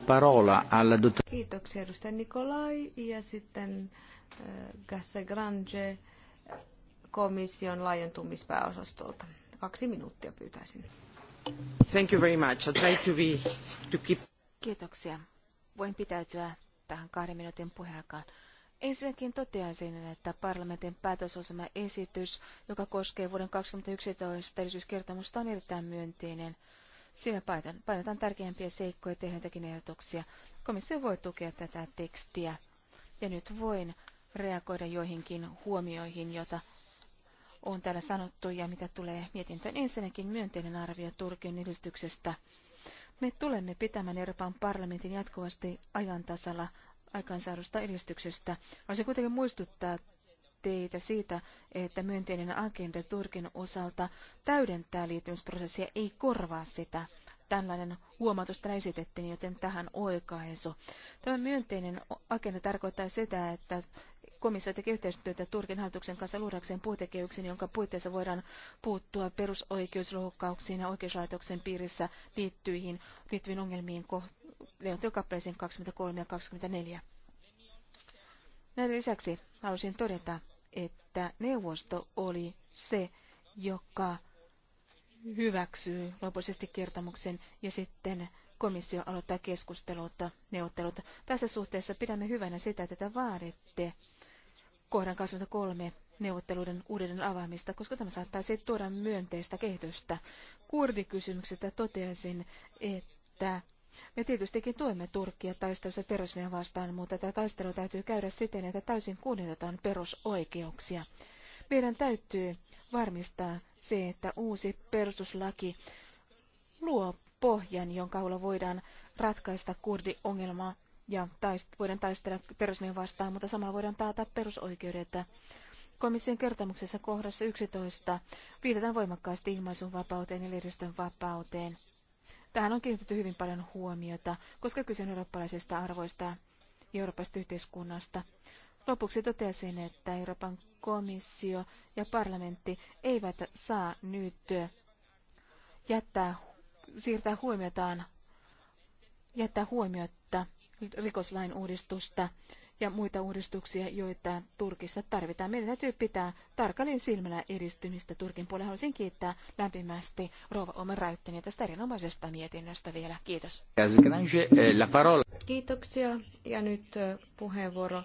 Parola alla Kiitoksia edustaja Nikolai ja sitten Gasse äh, Grange komission laajentumispääosastolta. Kaksi minuuttia pyytäisin. Thank you very much. I'll try to be, to keep... Kiitoksia. Voin pitäytyä tähän kahden minuutin puheenjohtajan. Ensinnäkin totean sen, että parlamentin päätösosama esitys, joka koskee vuoden 2011 erityiskertomusta, on erittäin myönteinen. Siinä painetaan, painetaan tärkeimpiä seikkoja ja tehdään ehdotuksia. Komissio voi tukea tätä tekstiä. Ja nyt voin reagoida joihinkin huomioihin, joita on täällä sanottu ja mitä tulee mietintöön. Ensinnäkin myönteinen arvio Turkin edistyksestä. Me tulemme pitämään Euroopan parlamentin jatkuvasti ajan tasalla – aikaansaadusta edistyksestä. Haluaisin kuitenkin muistuttaa teitä siitä, että myönteinen agenda Turkin osalta täydentää liittymisprosessia, ei korvaa sitä. Tällainen huomautus täällä esitettiin, joten tähän oikaisu. Tämä myönteinen agenda tarkoittaa sitä, että komissio tekee yhteistyötä Turkin hallituksen kanssa luodakseen puitekeyksen, jonka puitteissa voidaan puuttua perusoikeusloukkauksiin ja oikeuslaitoksen piirissä liittyihin, liittyviin ongelmiin neuvottelukappaleeseen 23 ja 24. Näiden lisäksi haluaisin todeta, että neuvosto oli se, joka hyväksyy lopullisesti kertomuksen ja sitten komissio aloittaa keskustelut, neuvottelut. Tässä suhteessa pidämme hyvänä sitä, että tätä vaaditte kohdan 23 neuvotteluiden uudelleen avaamista, koska tämä saattaisi tuoda myönteistä kehitystä. Kurdikysymyksestä toteaisin, että me tietystikin tuemme Turkkia taistelussa terrorismia vastaan, mutta tämä taistelu täytyy käydä siten, että täysin kunnioitetaan perusoikeuksia. Meidän täytyy varmistaa se, että uusi perustuslaki luo pohjan, jonka avulla voidaan ratkaista kurdiongelmaa ja taist- voidaan taistella terrorismia vastaan, mutta samalla voidaan taata perusoikeudet. Komission kertomuksessa kohdassa 11 viitataan voimakkaasti ilmaisunvapauteen ja lehdistön vapauteen. Tähän on kiinnitetty hyvin paljon huomiota, koska kyse on eurooppalaisista arvoista ja eurooppalaisesta yhteiskunnasta. Lopuksi toteaisin, että Euroopan komissio ja parlamentti eivät saa nyt jättää, siirtää huomiotaan, jättää huomiota rikoslain uudistusta ja muita uudistuksia, joita Turkissa tarvitaan. Meidän täytyy pitää tarkalleen silmällä edistymistä Turkin puolella. Haluaisin kiittää lämpimästi Rova Omen Räyttäniä tästä erinomaisesta mietinnöstä vielä. Kiitos. Kiitoksia. Ja nyt puheenvuoro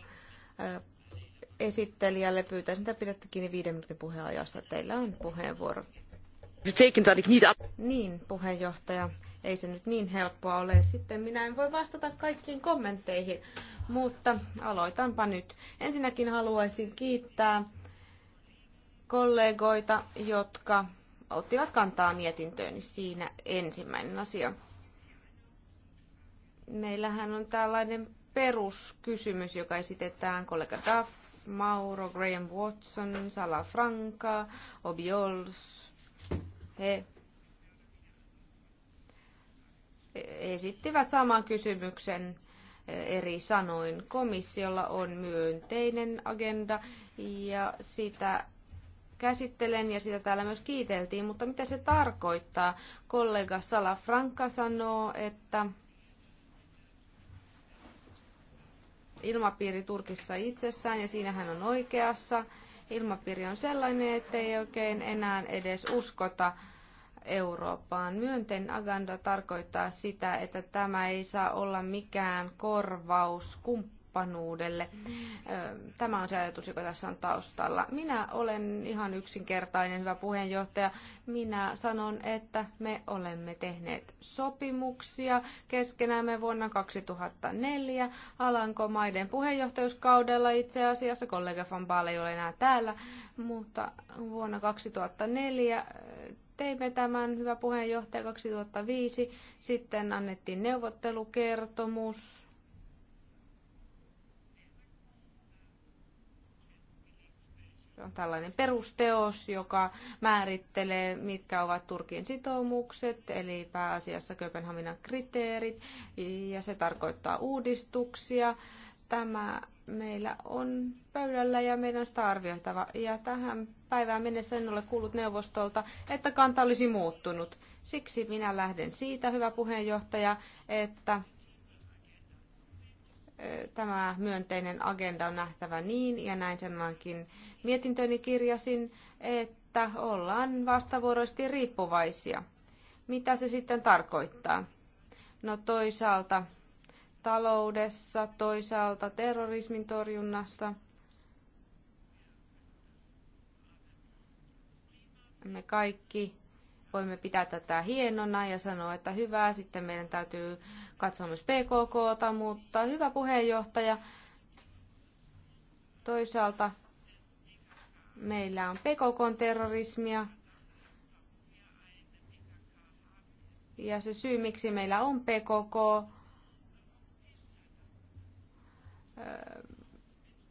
esittelijälle. Pyytäisin, että pidätte kiinni viiden minuutin puheenajasta. Teillä on puheenvuoro. Niin, puheenjohtaja. Ei se nyt niin helppoa ole. Sitten minä en voi vastata kaikkiin kommentteihin mutta aloitanpa nyt. Ensinnäkin haluaisin kiittää kollegoita, jotka ottivat kantaa mietintööni siinä ensimmäinen asia. Meillähän on tällainen peruskysymys, joka esitetään kollega Duff, Mauro, Graham Watson, Sala Franca, Obiols, he esittivät saman kysymyksen eri sanoin. Komissiolla on myönteinen agenda ja sitä käsittelen ja sitä täällä myös kiiteltiin, mutta mitä se tarkoittaa? Kollega Salafranca sanoo, että ilmapiiri Turkissa itsessään, ja siinä hän on oikeassa. Ilmapiiri on sellainen, ettei oikein enää edes uskota Eurooppaan. Myönteinen agenda tarkoittaa sitä, että tämä ei saa olla mikään korvaus kumppanuudelle. Tämä on se ajatus, joka tässä on taustalla. Minä olen ihan yksinkertainen, hyvä puheenjohtaja. Minä sanon, että me olemme tehneet sopimuksia keskenämme vuonna 2004 Alankomaiden puheenjohtajuuskaudella. Itse asiassa kollega Van Baal ei ole enää täällä, mutta vuonna 2004 teimme tämän, hyvä puheenjohtaja, 2005. Sitten annettiin neuvottelukertomus. Se on tällainen perusteos, joka määrittelee, mitkä ovat Turkin sitoumukset, eli pääasiassa Kööpenhaminan kriteerit, ja se tarkoittaa uudistuksia. Tämä meillä on pöydällä ja meidän on sitä arvioitava. Ja tähän päivään mennessä en ole kuullut neuvostolta, että kanta olisi muuttunut. Siksi minä lähden siitä, hyvä puheenjohtaja, että tämä myönteinen agenda on nähtävä niin, ja näin senkin mietintöni kirjasin, että ollaan vastavuoroisesti riippuvaisia. Mitä se sitten tarkoittaa? No toisaalta taloudessa, toisaalta terrorismin torjunnassa – me kaikki voimme pitää tätä hienona ja sanoa, että hyvä, sitten meidän täytyy katsoa myös PKK, mutta hyvä puheenjohtaja, toisaalta meillä on PKK-terrorismia, ja se syy, miksi meillä on PKK,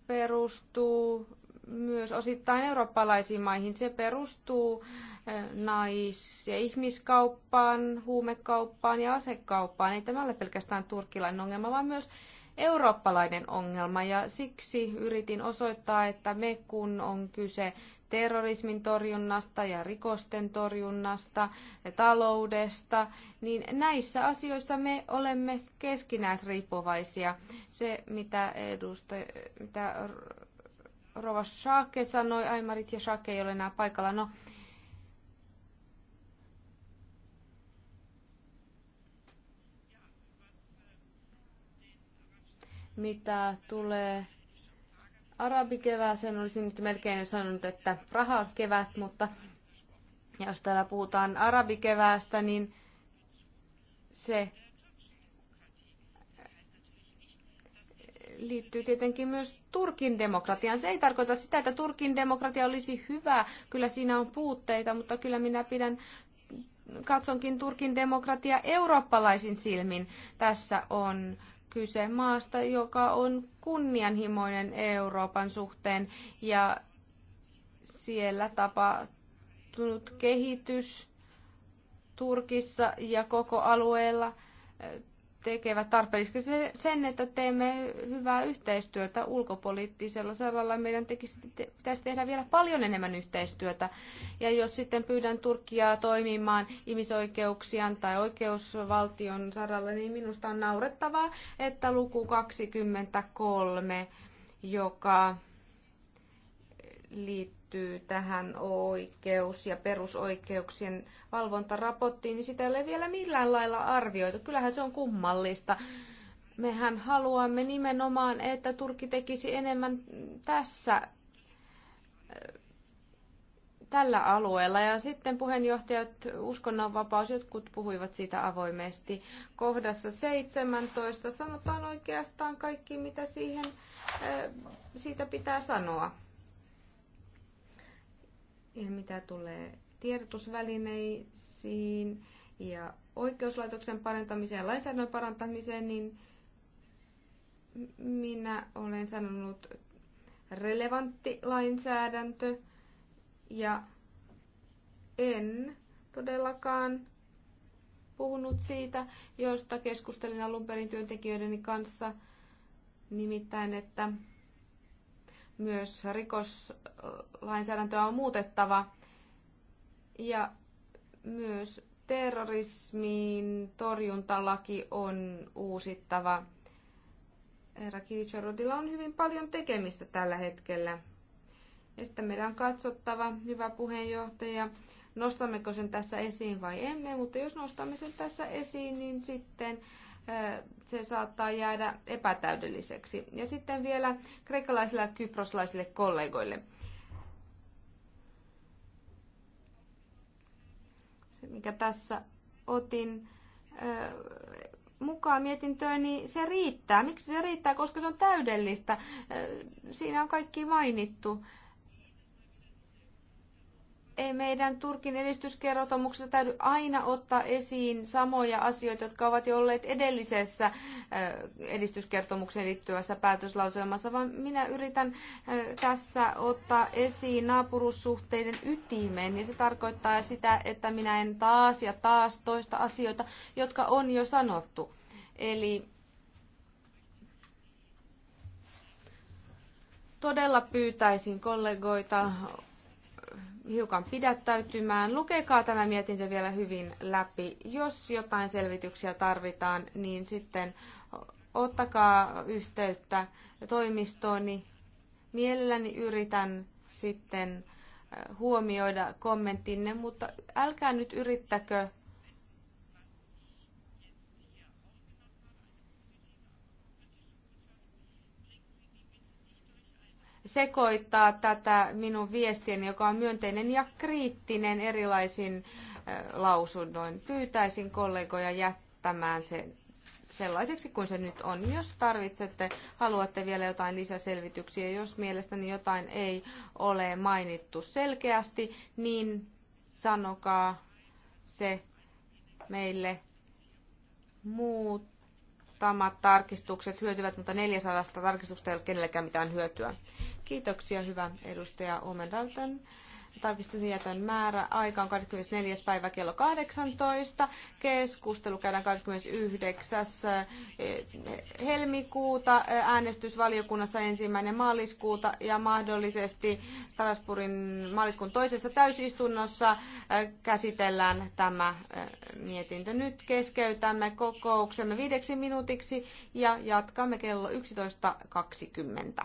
perustuu myös osittain eurooppalaisiin maihin. Se perustuu eh, nais- ja ihmiskauppaan, huumekauppaan ja asekauppaan. Ei tämä ole pelkästään turkkilainen ongelma, vaan myös eurooppalainen ongelma. Ja siksi yritin osoittaa, että me kun on kyse terrorismin torjunnasta ja rikosten torjunnasta ja taloudesta, niin näissä asioissa me olemme keskinäisriippuvaisia. Se, mitä, edustaja, mitä Rova Shake sanoi, Aimarit ja Shake ei ole enää paikalla. No, mitä tulee arabikevääseen, olisin nyt melkein jo sanonut, että kevät, mutta jos täällä puhutaan arabikeväästä, niin se liittyy tietenkin myös Turkin demokratiaan. Se ei tarkoita sitä, että Turkin demokratia olisi hyvä. Kyllä siinä on puutteita, mutta kyllä minä pidän katsonkin Turkin demokratia eurooppalaisin silmin. Tässä on kyse maasta, joka on kunnianhimoinen Euroopan suhteen ja siellä tapahtunut kehitys Turkissa ja koko alueella tekevät tarpeelliseksi sen, että teemme hyvää yhteistyötä ulkopoliittisella saralla. Meidän tekisi, te, pitäisi tehdä vielä paljon enemmän yhteistyötä. Ja jos sitten pyydän Turkia toimimaan ihmisoikeuksien tai oikeusvaltion saralla, niin minusta on naurettavaa, että luku 23, joka liittyy liittyy tähän oikeus- ja perusoikeuksien valvontaraporttiin, niin sitä ei ole vielä millään lailla arvioitu. Kyllähän se on kummallista. Mehän haluamme nimenomaan, että Turkki tekisi enemmän tässä äh, tällä alueella. Ja sitten puheenjohtajat uskonnonvapaus, jotkut puhuivat siitä avoimesti. Kohdassa 17 sanotaan oikeastaan kaikki, mitä siihen, äh, siitä pitää sanoa mitä tulee tiedotusvälineisiin ja oikeuslaitoksen parantamiseen ja lainsäädännön parantamiseen, niin minä olen sanonut relevantti lainsäädäntö ja en todellakaan puhunut siitä, josta keskustelin alun perin työntekijöideni kanssa, nimittäin että myös rikoslainsäädäntöä on muutettava ja myös terrorismin torjuntalaki on uusittava. Herra Kilicharodilla on hyvin paljon tekemistä tällä hetkellä. Ja sitten meidän on katsottava, hyvä puheenjohtaja, nostammeko sen tässä esiin vai emme, mutta jos nostamme sen tässä esiin, niin sitten se saattaa jäädä epätäydelliseksi. Ja sitten vielä kreikkalaisille ja kyproslaisille kollegoille. Se, mikä tässä otin mukaan mietintöön, niin se riittää. Miksi se riittää? Koska se on täydellistä. Siinä on kaikki mainittu ei meidän Turkin edistyskertomuksessa täydy aina ottaa esiin samoja asioita, jotka ovat jo olleet edellisessä edistyskertomukseen liittyvässä päätöslauselmassa, vaan minä yritän tässä ottaa esiin naapurussuhteiden ytimen, ja se tarkoittaa sitä, että minä en taas ja taas toista asioita, jotka on jo sanottu. Eli todella pyytäisin kollegoita hiukan pidättäytymään. Lukekaa tämä mietintö vielä hyvin läpi. Jos jotain selvityksiä tarvitaan, niin sitten ottakaa yhteyttä toimistooni. Mielelläni yritän sitten eh, huomioida kommenttinne, mutta älkää nyt yrittäkö sekoittaa tätä minun viestieni, joka on myönteinen ja kriittinen erilaisin lausunnoin. Pyytäisin kollegoja jättämään sen sellaiseksi kuin se nyt on. Jos tarvitsette, haluatte vielä jotain lisäselvityksiä, jos mielestäni jotain ei ole mainittu selkeästi, niin sanokaa se meille muutamat tarkistukset hyötyvät, mutta 400 tarkistuksesta ei ole kenellekään mitään hyötyä. Kiitoksia, hyvä edustaja Omenrauten. Tarkistin jätön määrä. Aika on 24. päivä kello 18. Keskustelu käydään 29. Eh, helmikuuta. Äänestysvaliokunnassa ensimmäinen maaliskuuta ja mahdollisesti Strasbourgin maaliskuun toisessa täysistunnossa eh, käsitellään tämä eh, mietintö. Nyt keskeytämme kokouksemme viideksi minuutiksi ja jatkamme kello 11.20.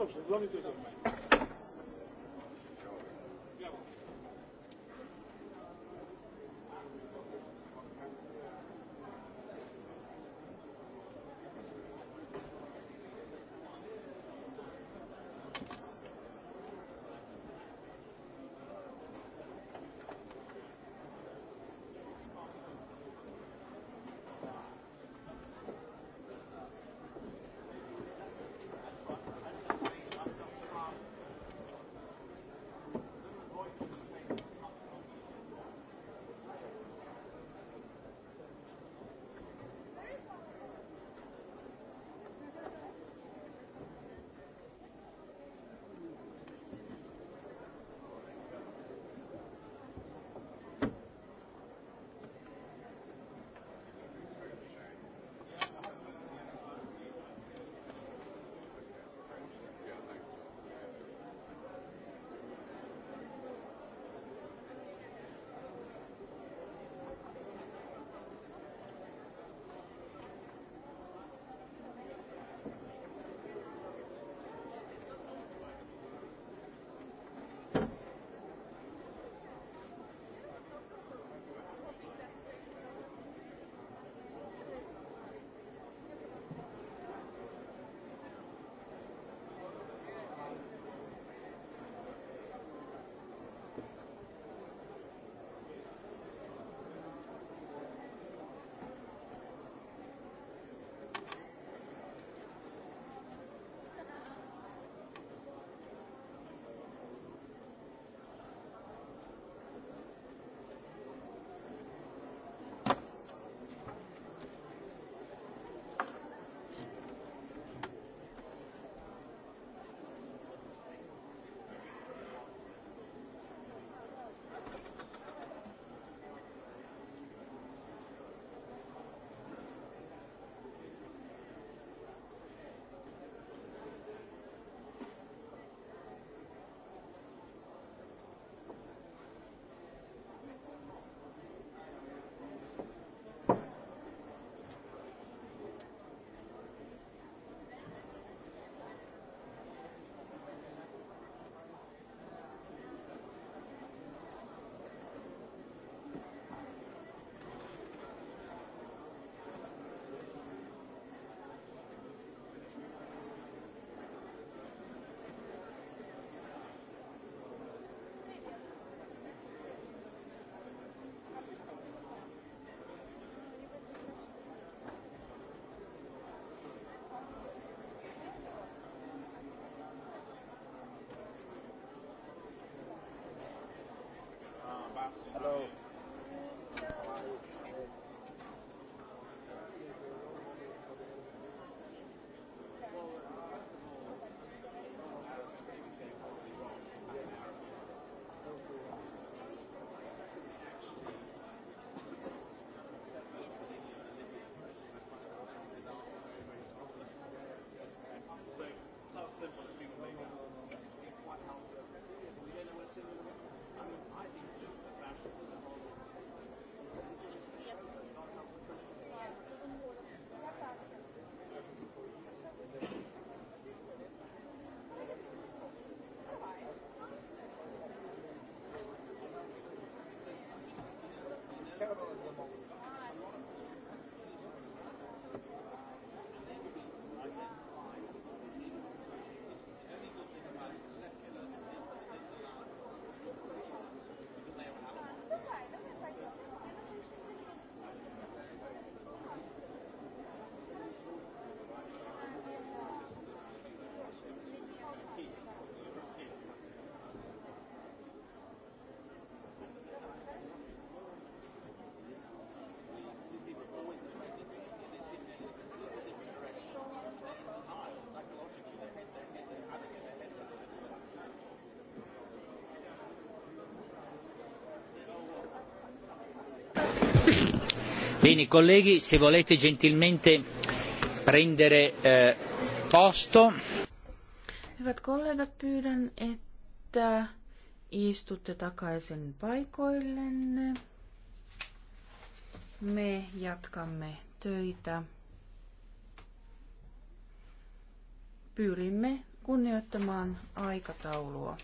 Dobrze, dla mnie też dobrze. Hello. terrible Bene, colleghi, se volete gentilmente prendere eh, posto. Hyvät kollegat, pyydän, että istutte takaisin paikoillenne. Me jatkamme töitä. Pyrimme kunnioittamaan aikataulua.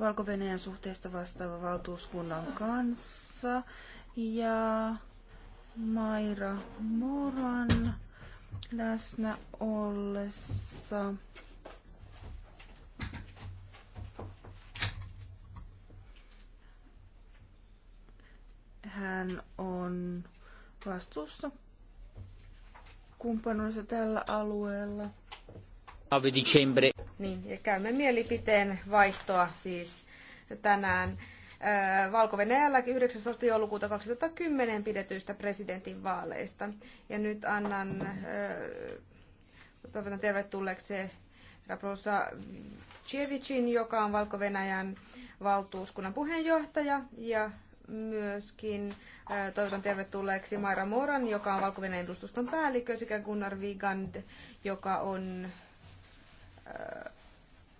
valko suhteesta vastaava valtuuskunnan kanssa. Ja Maira Moran läsnä ollessa. Hän on vastuussa kumppanuissa tällä alueella. 9 dicembre. Niin, ja käymme mielipiteen vaihtoa siis tänään. Valko-Venäjällä 19. joulukuuta 2010 pidetyistä presidentinvaaleista. Ja nyt annan, toivotan tervetulleeksi Raprosa Cievicin, joka on Valko-Venäjän valtuuskunnan puheenjohtaja ja myöskin toivotan tervetulleeksi Maira Moran, joka on valko edustuston päällikkö, sekä Gunnar Vigand, joka on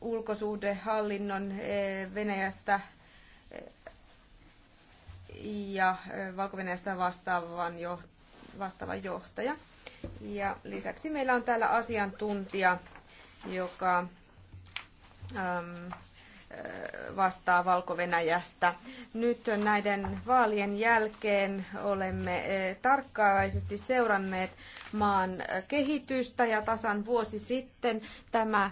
ulkosuhdehallinnon Venäjästä ja valko vastaavan jo, vastaava johtaja. Ja lisäksi meillä on täällä asiantuntija, joka vastaa valko -Venäjästä. Nyt näiden vaalien jälkeen olemme tarkkaavaisesti seuranneet maan kehitystä ja tasan vuosi sitten tämä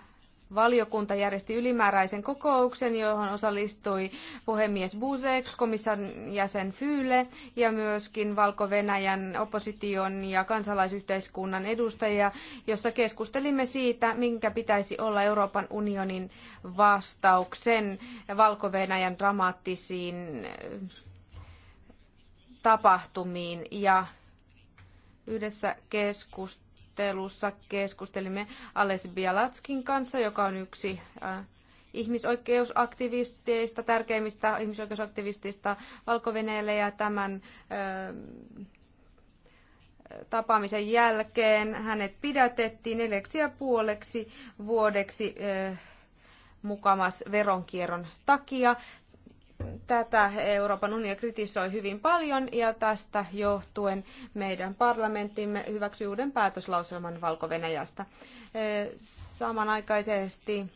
valiokunta järjesti ylimääräisen kokouksen, johon osallistui puhemies Buzek, komission jäsen Fyle ja myöskin Valko-Venäjän opposition ja kansalaisyhteiskunnan edustajia, jossa keskustelimme siitä, minkä pitäisi olla Euroopan unionin vastauksen Valko-Venäjän dramaattisiin äh, tapahtumiin ja yhdessä keskustelussa keskustelussa keskustelimme Ales Bialatskin kanssa, joka on yksi äh, ihmisoikeusaktivisteista, tärkeimmistä ihmisoikeusaktivisteista valko ja tämän äh, tapaamisen jälkeen hänet pidätettiin neljäksi ja puoleksi vuodeksi äh, mukamas veronkierron takia. Tätä Euroopan unio kritisoi hyvin paljon ja tästä johtuen meidän parlamenttimme hyväksyi uuden päätöslauselman Valko-Venäjästä. Samanaikaisesti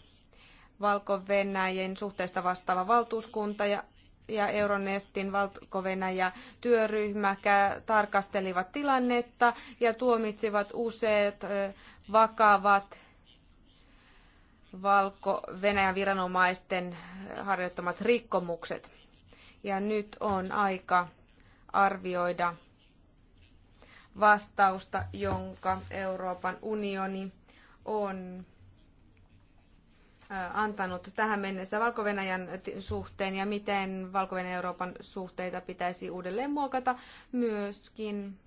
Valko-Venäjän suhteesta vastaava valtuuskunta ja ja Euronestin valko työryhmä tarkastelivat tilannetta ja tuomitsivat useat vakavat Valko-Venäjän viranomaisten harjoittamat rikkomukset. Ja nyt on aika arvioida vastausta, jonka Euroopan unioni on antanut tähän mennessä valko suhteen ja miten valko Euroopan suhteita pitäisi uudelleen muokata myöskin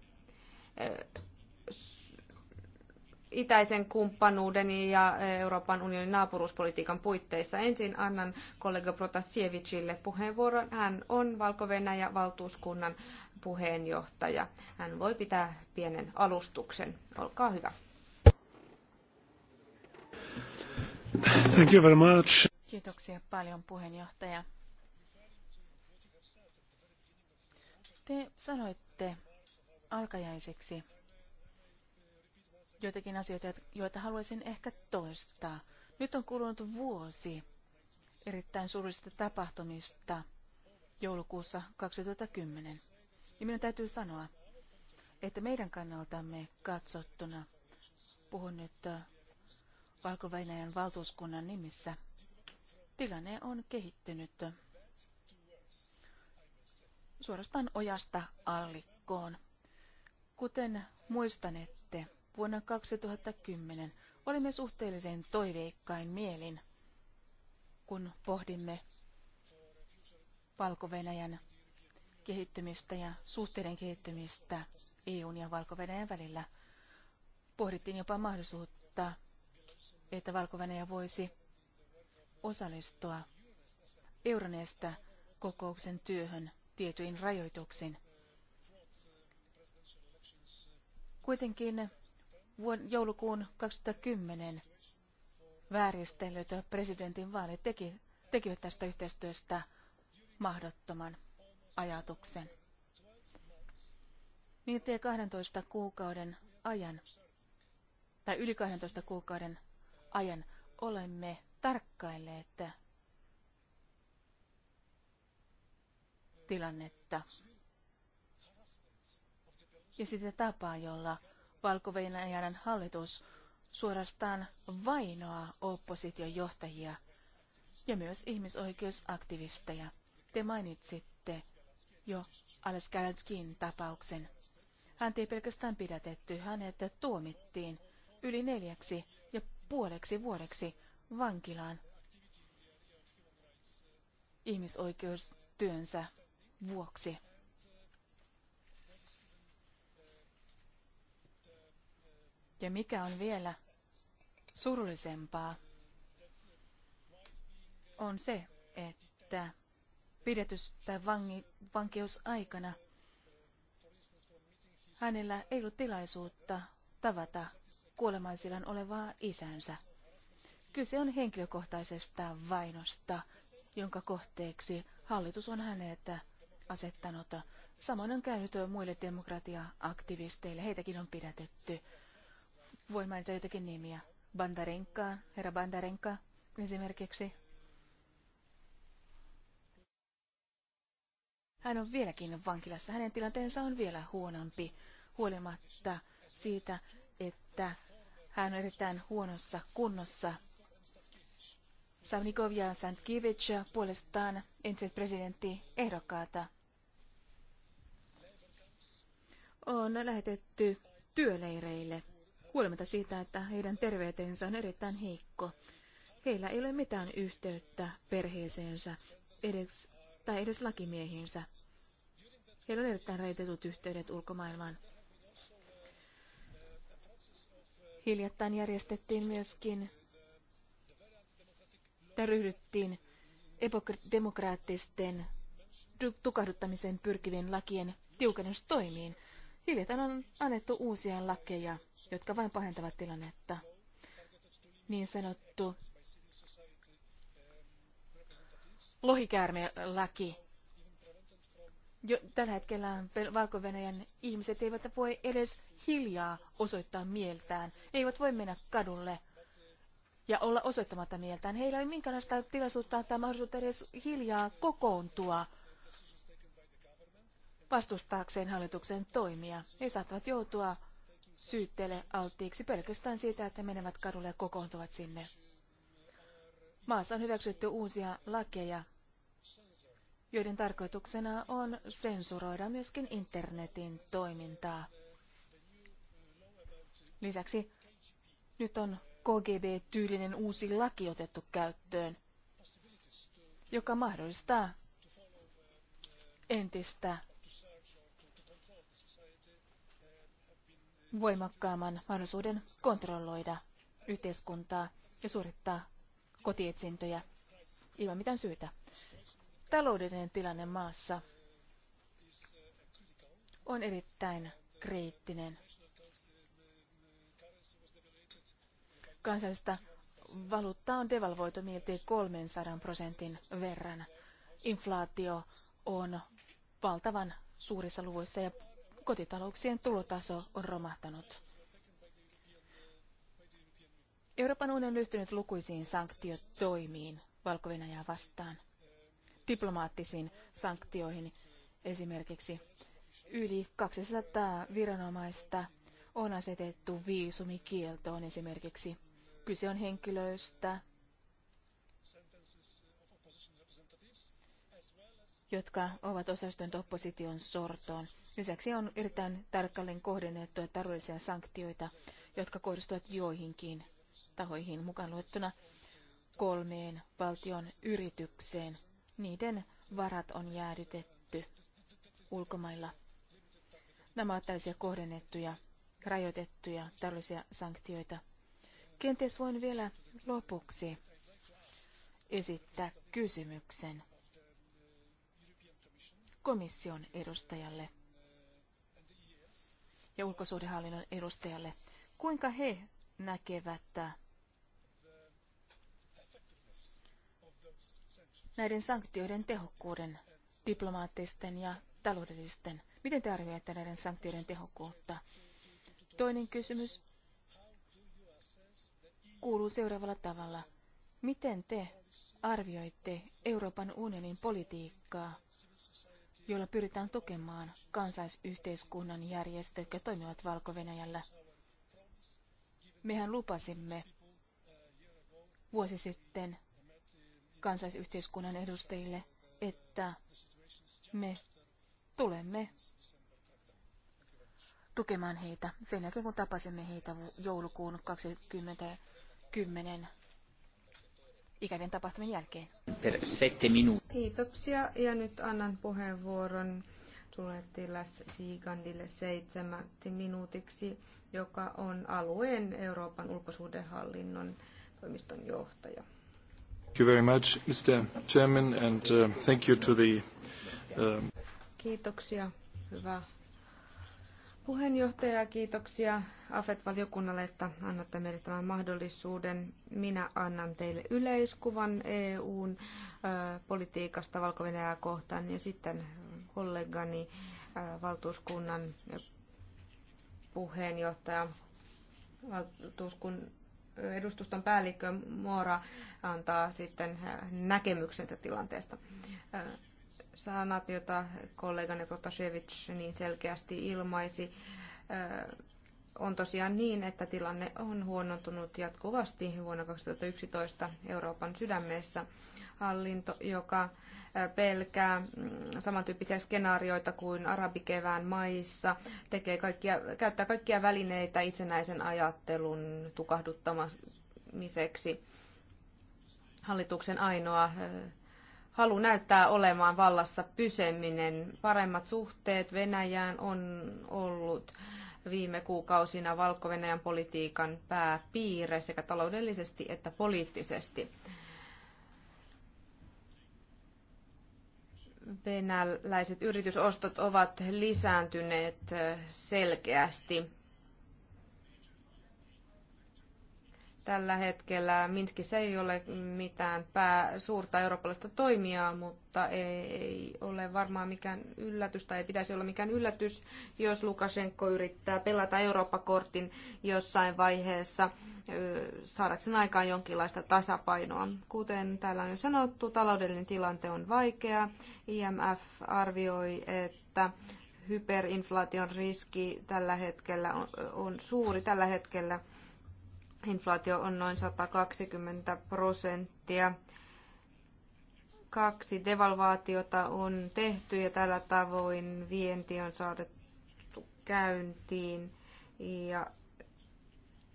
itäisen kumppanuuden ja Euroopan unionin naapuruuspolitiikan puitteissa. Ensin annan kollega Protasievicille puheenvuoron. Hän on valko valtuuskunnan puheenjohtaja. Hän voi pitää pienen alustuksen. Olkaa hyvä. Thank you very much. Kiitoksia paljon puheenjohtaja. Te sanoitte alkajaiseksi, joitakin asioita, joita haluaisin ehkä toistaa. Nyt on kulunut vuosi erittäin surullisista tapahtumista joulukuussa 2010. Ja minun täytyy sanoa, että meidän kannaltamme katsottuna, puhun nyt äh, valko valtuuskunnan nimissä, tilanne on kehittynyt äh, suorastaan ojasta allikkoon. Kuten muistanette, vuonna 2010 olimme suhteellisen toiveikkain mielin, kun pohdimme valko kehittymistä ja suhteiden kehittymistä EUn ja valko välillä. Pohdittiin jopa mahdollisuutta, että valko voisi osallistua Euroneesta kokouksen työhön tietyin rajoituksiin. Kuitenkin vuonna joulukuun 2010 vääristelyt presidentin vaalit teki, tekivät tästä yhteistyöstä mahdottoman ajatuksen. Miltei niin, 12 kuukauden ajan, tai yli 12 kuukauden ajan olemme tarkkailleet tilannetta ja sitä tapaa, jolla valko hallitus suorastaan vainoa opposition johtajia ja myös ihmisoikeusaktivisteja. Te mainitsitte jo Aleskalatskin tapauksen. Hän ei pelkästään pidätetty, hänet tuomittiin yli neljäksi ja puoleksi vuodeksi vankilaan ihmisoikeustyönsä vuoksi. Ja mikä on vielä surullisempaa, on se, että pidetys- tai vangi, vankeusaikana hänellä ei ollut tilaisuutta tavata kuolemaisillaan olevaa isänsä. Kyse on henkilökohtaisesta vainosta, jonka kohteeksi hallitus on hänet asettanut. Samoin on käynyt muille demokratia-aktivisteille, heitäkin on pidätetty. Voin mainita jotakin nimiä. Bandarenka, herra Bandarenka esimerkiksi. Hän on vieläkin vankilassa. Hänen tilanteensa on vielä huonompi, huolimatta siitä, että hän on erittäin huonossa kunnossa. Savnikov ja Santkiewicz puolestaan entiset presidentti ehdokkaata on lähetetty työleireille huolimatta siitä, että heidän terveytensä on erittäin heikko. Heillä ei ole mitään yhteyttä perheeseensä edes, tai edes lakimiehiinsä. Heillä on erittäin rajoitetut yhteydet ulkomaailmaan. Hiljattain järjestettiin myöskin, tai ryhdyttiin demokraattisten tukahduttamiseen pyrkivien lakien tiukennustoimiin. Hiljattain on annettu uusia lakeja, jotka vain pahentavat tilannetta. Niin sanottu lohikäärmelaki. Jo tällä hetkellä valko ihmiset eivät voi edes hiljaa osoittaa mieltään, eivät voi mennä kadulle ja olla osoittamatta mieltään. Heillä ei ole minkäänlaista tilaisuutta tai mahdollisuutta edes hiljaa kokoontua vastustaakseen hallituksen toimia. He saattavat joutua syytteelle alttiiksi pelkästään siitä, että menevät kadulle ja kokoontuvat sinne. Maassa on hyväksytty uusia lakeja, joiden tarkoituksena on sensuroida myöskin internetin toimintaa. Lisäksi nyt on KGB-tyylinen uusi laki otettu käyttöön, joka mahdollistaa entistä voimakkaamman mahdollisuuden kontrolloida yhteiskuntaa ja suorittaa kotietsintöjä ilman mitään syytä. Taloudellinen tilanne maassa on erittäin kriittinen. Kansallista valuuttaa on devalvoitu miltei 300 prosentin verran. Inflaatio on valtavan suurissa luvuissa ja kotitalouksien tulotaso on romahtanut. Euroopan unioni on ryhtynyt lukuisiin sanktiotoimiin valko vastaan, diplomaattisiin sanktioihin esimerkiksi. Yli 200 viranomaista on asetettu viisumikieltoon esimerkiksi. Kyse on henkilöistä, jotka ovat osastuneet opposition sortoon. Lisäksi on erittäin tarkalleen kohdennettuja tarvallisia sanktioita, jotka kohdistuvat joihinkin tahoihin mukaan luettuna kolmeen valtion yritykseen. Niiden varat on jäädytetty ulkomailla. Nämä ovat tällaisia kohdennettuja, rajoitettuja taloudellisia sanktioita. Kenties voin vielä lopuksi esittää kysymyksen komission edustajalle ja ulkosuhdehallinnon edustajalle, kuinka he näkevät näiden sanktioiden tehokkuuden diplomaattisten ja taloudellisten. Miten te arvioitte näiden sanktioiden tehokkuutta? Toinen kysymys kuuluu seuraavalla tavalla. Miten te arvioitte Euroopan unionin politiikkaa jolla pyritään tukemaan kansaisyhteiskunnan järjestöt, jotka toimivat valko -Venäjällä. Mehän lupasimme vuosi sitten kansaisyhteiskunnan edustajille, että me tulemme tukemaan heitä sen jälkeen, kun tapasimme heitä joulukuun 2010 ikävien tapahtumien jälkeen. Kiitoksia ja nyt annan puheenvuoron sulettilas Viigandille seitsemäksi minuutiksi, joka on alueen Euroopan ulkosuhdehallinnon toimiston johtaja. Thank you very much, Mr. Chairman, and uh, thank you to the... Uh, Kiitoksia, hyvä puheenjohtaja, kiitoksia AFET-valiokunnalle, että annatte meille tämän mahdollisuuden. Minä annan teille yleiskuvan EUn politiikasta valko kohtaan ja sitten kollegani valtuuskunnan puheenjohtaja, valtuuskun edustuston päällikkö Moora antaa sitten näkemyksensä tilanteesta sanat, joita kollegani Protasevich niin selkeästi ilmaisi. On tosiaan niin, että tilanne on huonontunut jatkuvasti vuonna 2011 Euroopan sydämessä. Hallinto, joka pelkää mm, samantyyppisiä skenaarioita kuin arabikevään maissa, tekee kaikkia, käyttää kaikkia välineitä itsenäisen ajattelun tukahduttamiseksi. Hallituksen ainoa halu näyttää olemaan vallassa pyseminen. Paremmat suhteet Venäjään on ollut viime kuukausina valko politiikan pääpiirre sekä taloudellisesti että poliittisesti. Venäläiset yritysostot ovat lisääntyneet selkeästi Tällä hetkellä Minskissä ei ole mitään pää, suurta eurooppalaista toimijaa, mutta ei ole varmaan mikään yllätys tai ei pitäisi olla mikään yllätys, jos Lukashenko yrittää pelata Eurooppa-kortin jossain vaiheessa saadakseen aikaan jonkinlaista tasapainoa. Kuten täällä on jo sanottu, taloudellinen tilante on vaikea. IMF arvioi, että hyperinflaation riski tällä hetkellä on, on suuri. Tällä hetkellä Inflaatio on noin 120 prosenttia. Kaksi devalvaatiota on tehty ja tällä tavoin vienti on saatettu käyntiin. Ja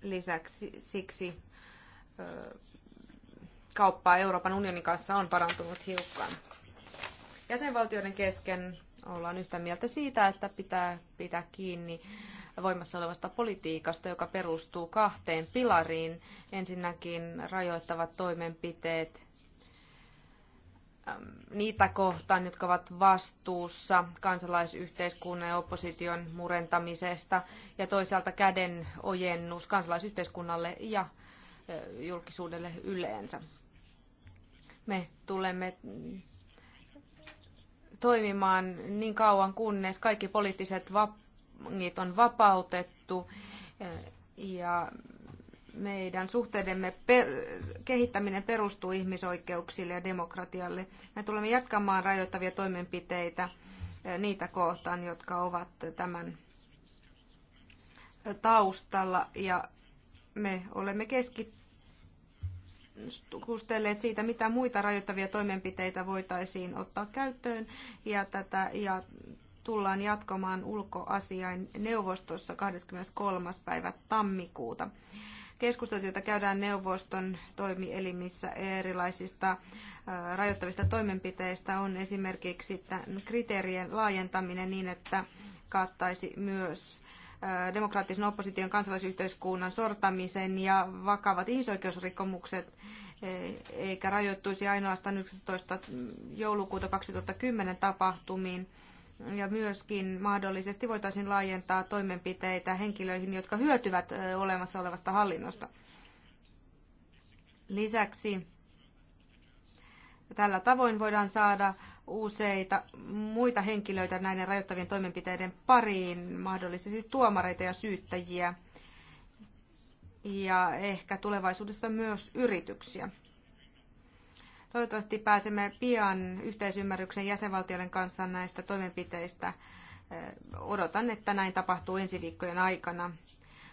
lisäksi siksi kauppa Euroopan unionin kanssa on parantunut hiukan. Jäsenvaltioiden kesken ollaan yhtä mieltä siitä, että pitää pitää kiinni voimassa olevasta politiikasta, joka perustuu kahteen pilariin. Ensinnäkin rajoittavat toimenpiteet niitä kohtaan, jotka ovat vastuussa kansalaisyhteiskunnan ja opposition murentamisesta ja toisaalta käden ojennus kansalaisyhteiskunnalle ja julkisuudelle yleensä. Me tulemme toimimaan niin kauan, kunnes kaikki poliittiset vap- vangit on vapautettu ja meidän suhteidemme per- kehittäminen perustuu ihmisoikeuksille ja demokratialle. Me tulemme jatkamaan rajoittavia toimenpiteitä eh, niitä kohtaan, jotka ovat tämän taustalla ja me olemme keskustelleet siitä, mitä muita rajoittavia toimenpiteitä voitaisiin ottaa käyttöön ja tätä ja tullaan jatkamaan ulkoasiain neuvostossa 23. päivä tammikuuta. Keskustelut, joita käydään neuvoston toimielimissä erilaisista rajoittavista toimenpiteistä, on esimerkiksi tämän kriteerien laajentaminen niin, että kattaisi myös demokraattisen opposition kansalaisyhteiskunnan sortamisen ja vakavat ihmisoikeusrikkomukset, e, eikä rajoittuisi ainoastaan 11. joulukuuta 2010 tapahtumiin, ja myöskin mahdollisesti voitaisiin laajentaa toimenpiteitä henkilöihin, jotka hyötyvät olemassa olevasta hallinnosta. Lisäksi tällä tavoin voidaan saada useita muita henkilöitä näiden rajoittavien toimenpiteiden pariin, mahdollisesti tuomareita ja syyttäjiä ja ehkä tulevaisuudessa myös yrityksiä. Toivottavasti pääsemme pian yhteisymmärryksen jäsenvaltioiden kanssa näistä toimenpiteistä. Odotan, että näin tapahtuu ensi viikkojen aikana.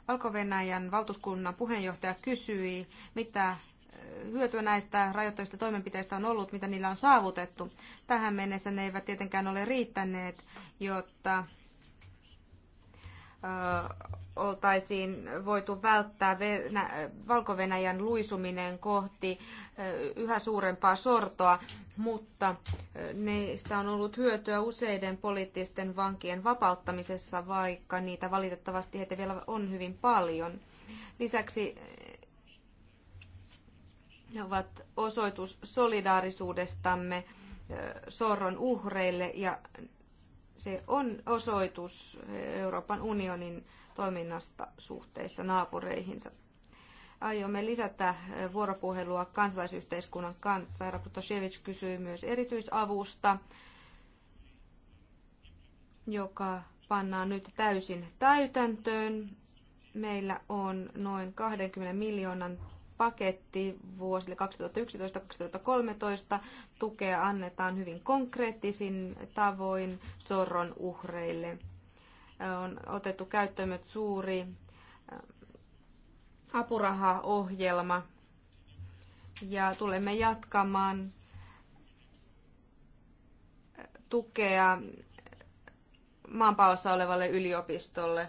Valko-Venäjän valtuuskunnan puheenjohtaja kysyi, mitä hyötyä näistä rajoittavista toimenpiteistä on ollut, mitä niillä on saavutettu. Tähän mennessä ne eivät tietenkään ole riittäneet, jotta oltaisiin voitu välttää Venä- Valko-Venäjän luisuminen kohti yhä suurempaa sortoa, mutta niistä on ollut hyötyä useiden poliittisten vankien vapauttamisessa, vaikka niitä valitettavasti heitä vielä on hyvin paljon. Lisäksi ne ovat osoitus solidaarisuudestamme sorron uhreille ja se on osoitus Euroopan unionin toiminnasta suhteissa naapureihinsa. Aiomme lisätä vuoropuhelua kansalaisyhteiskunnan kanssa. Saira Kutashevich kysyi myös erityisavusta, joka pannaan nyt täysin täytäntöön. Meillä on noin 20 miljoonan paketti vuosille 2011-2013. Tukea annetaan hyvin konkreettisin tavoin sorron uhreille on otettu käyttöön suuri apurahaohjelma ja tulemme jatkamaan tukea maanpaossa olevalle yliopistolle.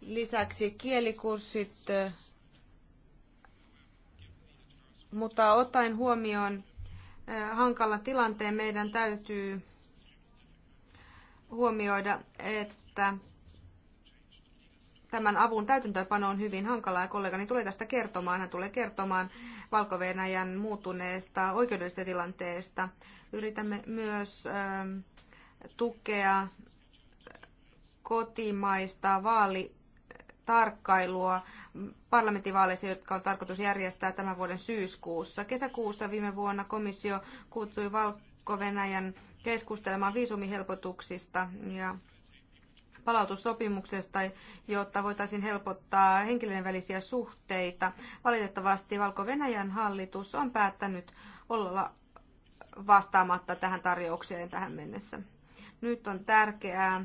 Lisäksi kielikurssit, mutta ottaen huomioon hankalan tilanteen meidän täytyy huomioida, että tämän avun täytäntöönpano on hyvin hankalaa. Kollegani tulee tästä kertomaan. Hän tulee kertomaan valko muuttuneesta oikeudellisesta tilanteesta. Yritämme myös ähm, tukea kotimaista tarkkailua parlamenttivaaleissa, jotka on tarkoitus järjestää tämän vuoden syyskuussa. Kesäkuussa viime vuonna komissio kuuttui Valko-Venäjän keskustelemaan viisumihelpotuksista ja palautussopimuksesta, jotta voitaisiin helpottaa henkilöiden välisiä suhteita. Valitettavasti Valko-Venäjän hallitus on päättänyt olla vastaamatta tähän tarjoukseen tähän mennessä. Nyt on tärkeää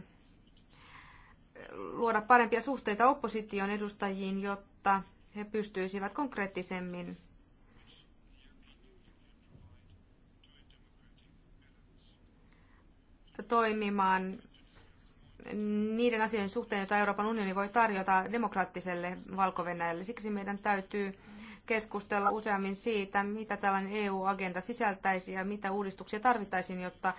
luoda parempia suhteita opposition edustajiin, jotta he pystyisivät konkreettisemmin toimimaan niiden asioiden suhteen, joita Euroopan unioni voi tarjota demokraattiselle valko -Venäjälle. Siksi meidän täytyy keskustella useammin siitä, mitä tällainen EU-agenda sisältäisi ja mitä uudistuksia tarvittaisiin, jotta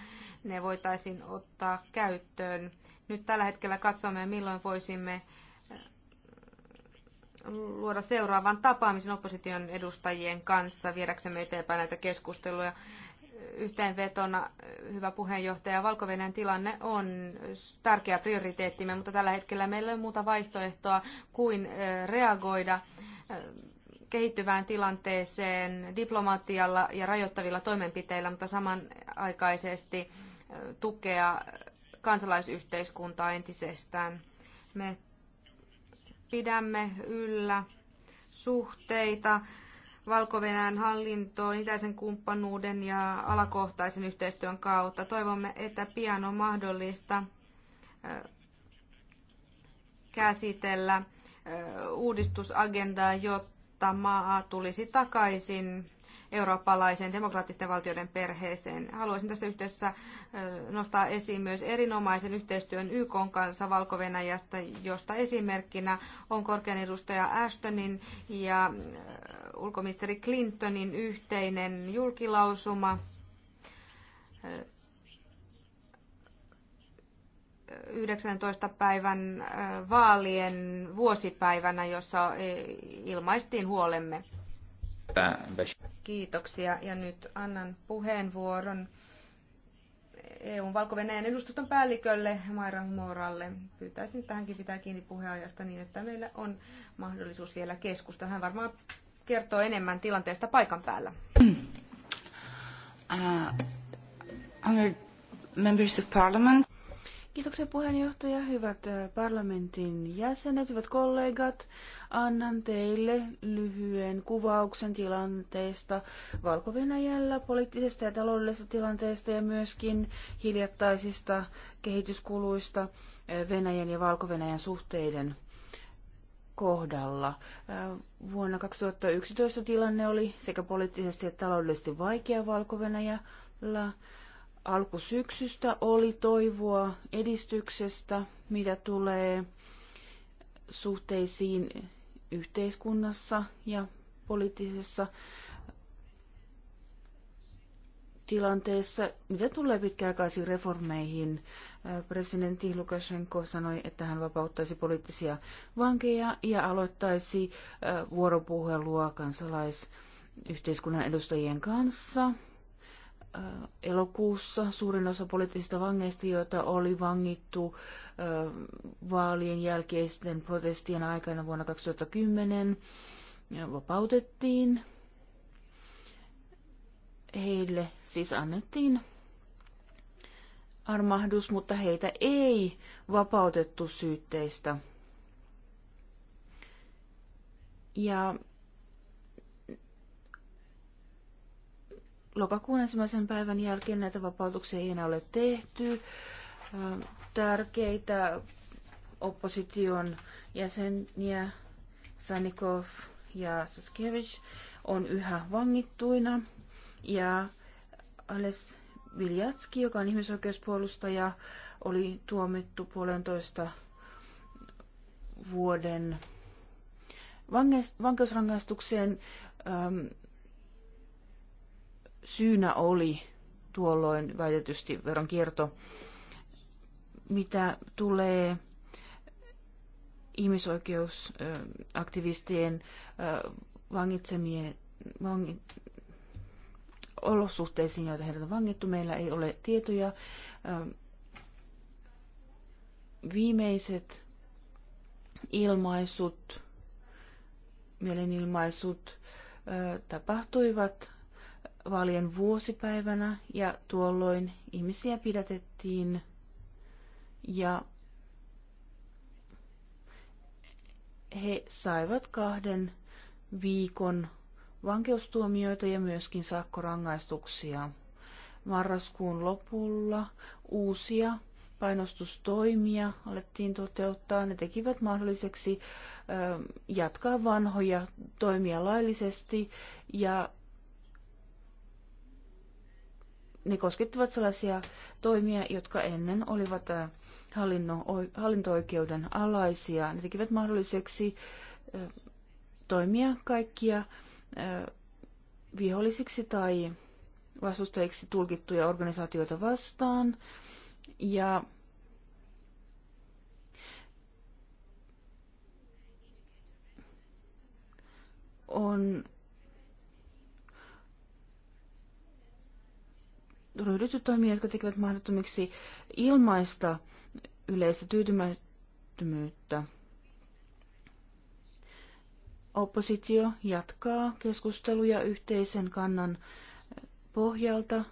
ne voitaisiin ottaa käyttöön. Nyt tällä hetkellä katsomme, milloin voisimme äh, luoda seuraavan tapaamisen opposition edustajien kanssa viedäksemme eteenpäin näitä keskusteluja yhteenvetona, hyvä puheenjohtaja, valko tilanne on tärkeä prioriteettimme, mutta tällä hetkellä meillä ei ole muuta vaihtoehtoa kuin reagoida kehittyvään tilanteeseen diplomatialla ja rajoittavilla toimenpiteillä, mutta samanaikaisesti tukea kansalaisyhteiskuntaa entisestään. Me pidämme yllä suhteita valko hallintoon itäisen kumppanuuden ja alakohtaisen yhteistyön kautta. Toivomme, että pian on mahdollista käsitellä uudistusagendaa, jotta maa tulisi takaisin eurooppalaiseen demokraattisten valtioiden perheeseen. Haluaisin tässä yhteydessä nostaa esiin myös erinomaisen yhteistyön YK kanssa valko josta esimerkkinä on korkean edustaja Ashtonin ja ulkoministeri Clintonin yhteinen julkilausuma Yhdeksäntoista päivän vaalien vuosipäivänä, jossa ilmaistiin huolemme. Kiitoksia ja nyt annan puheenvuoron EUn valko edustuston päällikölle Maira Humoralle. Pyytäisin, että hänkin pitää kiinni puheenajasta niin, että meillä on mahdollisuus vielä keskustella. Hän varmaan kertoo enemmän tilanteesta paikan päällä. Uh, uh members of parliament. Kiitoksia puheenjohtaja, hyvät uh, parlamentin jäsenet, hyvät kollegat. Annan teille lyhyen kuvauksen tilanteesta Valko-Venäjällä, poliittisesta ja taloudellisesta tilanteesta ja myöskin hiljattaisista kehityskuluista eh, Venäjän ja Valko-Venäjän suhteiden kohdalla. Eh, vuonna 2011 tilanne oli sekä poliittisesti että taloudellisesti vaikea valko -Venäjällä. Alkusyksystä oli toivoa edistyksestä, mitä tulee suhteisiin yhteiskunnassa ja poliittisessa tilanteessa, mitä tulee pitkäaikaisiin reformeihin, äh, presidentti Lukashenko sanoi, että hän vapauttaisi poliittisia vankeja ja aloittaisi äh, vuoropuhelua kansalaisyhteiskunnan edustajien kanssa. Äh, elokuussa suurin osa poliittisista vangeista, joita oli vangittu äh, vaalien jälkeisten protestien aikana vuonna 2010, äh, vapautettiin. Heille siis annettiin armahdus, mutta heitä ei vapautettu syytteistä. Ja lokakuun ensimmäisen päivän jälkeen näitä vapautuksia ei enää ole tehty. Tärkeitä opposition jäseniä Sanikov ja Saskevich on yhä vangittuina ja Ales Viljatski, joka on ihmisoikeuspuolustaja, oli tuomittu puolentoista vuoden vankeusrangaistukseen syynä oli tuolloin väitetysti veronkierto, mitä tulee ihmisoikeusaktivistien vangitsemien olosuhteisiin, joita heidät on vangittu. Meillä ei ole tietoja. Viimeiset ilmaisut, mielenilmaisut tapahtuivat vaalien vuosipäivänä ja tuolloin ihmisiä pidätettiin ja he saivat kahden viikon vankeustuomioita ja myöskin sakkorangaistuksia. Marraskuun lopulla uusia painostustoimia alettiin toteuttaa. Ne tekivät mahdolliseksi jatkaa vanhoja toimia laillisesti ja ne koskettivat sellaisia toimia, jotka ennen olivat äh, hallinto-oikeuden alaisia. Ne tekivät mahdolliseksi äh, toimia kaikkia äh, vihollisiksi tai vastustajiksi tulkittuja organisaatioita vastaan. Ja on ryhdytty toimia, jotka tekevät mahdottomiksi ilmaista yleistä tyytymättömyyttä. Oppositio jatkaa keskusteluja yhteisen kannan pohjalta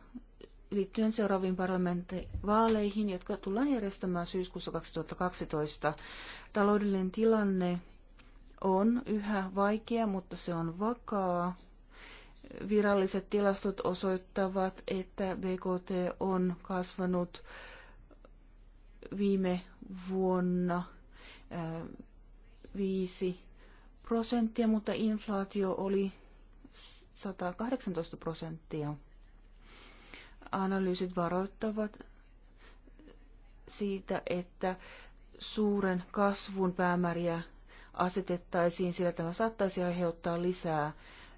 liittyen seuraaviin parlamenttivaaleihin, jotka tullaan järjestämään syyskuussa 2012. Taloudellinen tilanne on yhä vaikea, mutta se on vakaa. Viralliset tilastot osoittavat, että BKT on kasvanut viime vuonna 5 äh, prosenttia, mutta inflaatio oli 118 prosenttia. Analyysit varoittavat siitä, että suuren kasvun päämääriä asetettaisiin, sillä tämä saattaisi aiheuttaa lisää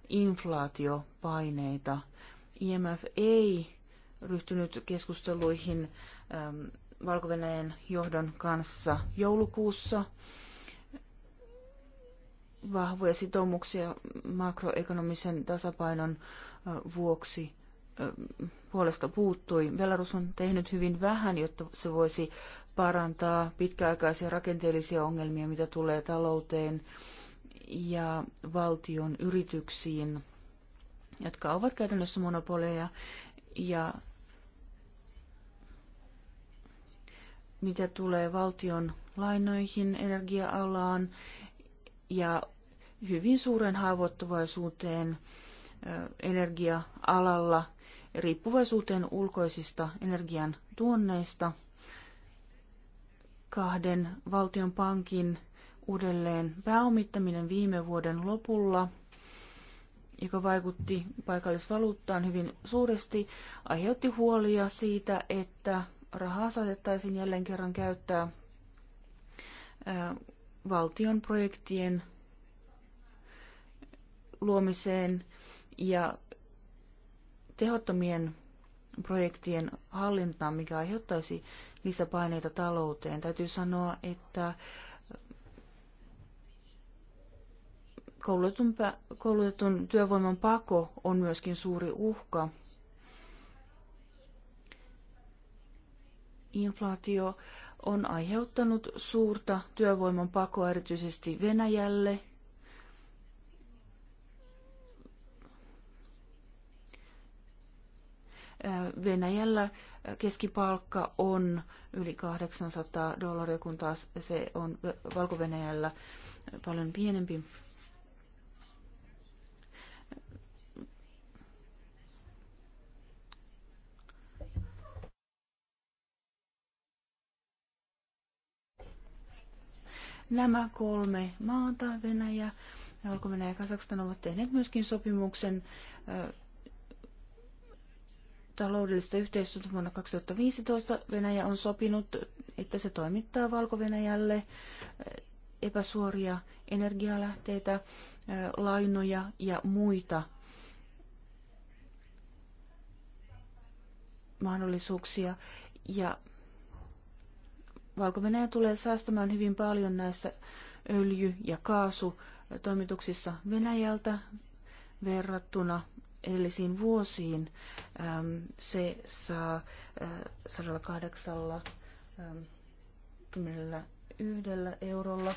inflaatiopaineita. IMF ei ryhtynyt keskusteluihin ähm, valko johdon kanssa joulukuussa. Vahvoja sitoumuksia makroekonomisen tasapainon äh, vuoksi ähm, puolesta puuttui. Belarus on tehnyt hyvin vähän, jotta se voisi parantaa pitkäaikaisia rakenteellisia ongelmia, mitä tulee talouteen ja valtion yrityksiin, jotka ovat käytännössä monopoleja. Ja mitä tulee valtion lainoihin, energia-alaan ja hyvin suuren haavoittuvaisuuteen energia-alalla, riippuvaisuuteen ulkoisista energian tuonneista, kahden valtion pankin uudelleen pääomittaminen viime vuoden lopulla, joka vaikutti paikallisvaluuttaan hyvin suuresti, aiheutti huolia siitä, että rahaa saatettaisiin jälleen kerran käyttää valtion projektien luomiseen ja tehottomien projektien hallintaan, mikä aiheuttaisi lisäpaineita talouteen. Täytyy sanoa, että koulutetun, koulutetun työvoiman pako on myöskin suuri uhka. Inflaatio on aiheuttanut suurta työvoiman pakoa erityisesti Venäjälle. Äh, Venäjällä keskipalkka on yli 800 dollaria, kun taas se on Valko-Venäjällä paljon pienempi. Nämä kolme maata, Venäjä, valko ja Kazakstan, ovat tehneet myöskin sopimuksen taloudellista yhteistyötä vuonna 2015. Venäjä on sopinut, että se toimittaa Valko-Venäjälle epäsuoria energialähteitä, lainoja ja muita mahdollisuuksia. Ja valko tulee säästämään hyvin paljon näissä öljy- ja kaasutoimituksissa Venäjältä verrattuna edellisiin vuosiin. Se saa 181 äh, eurolla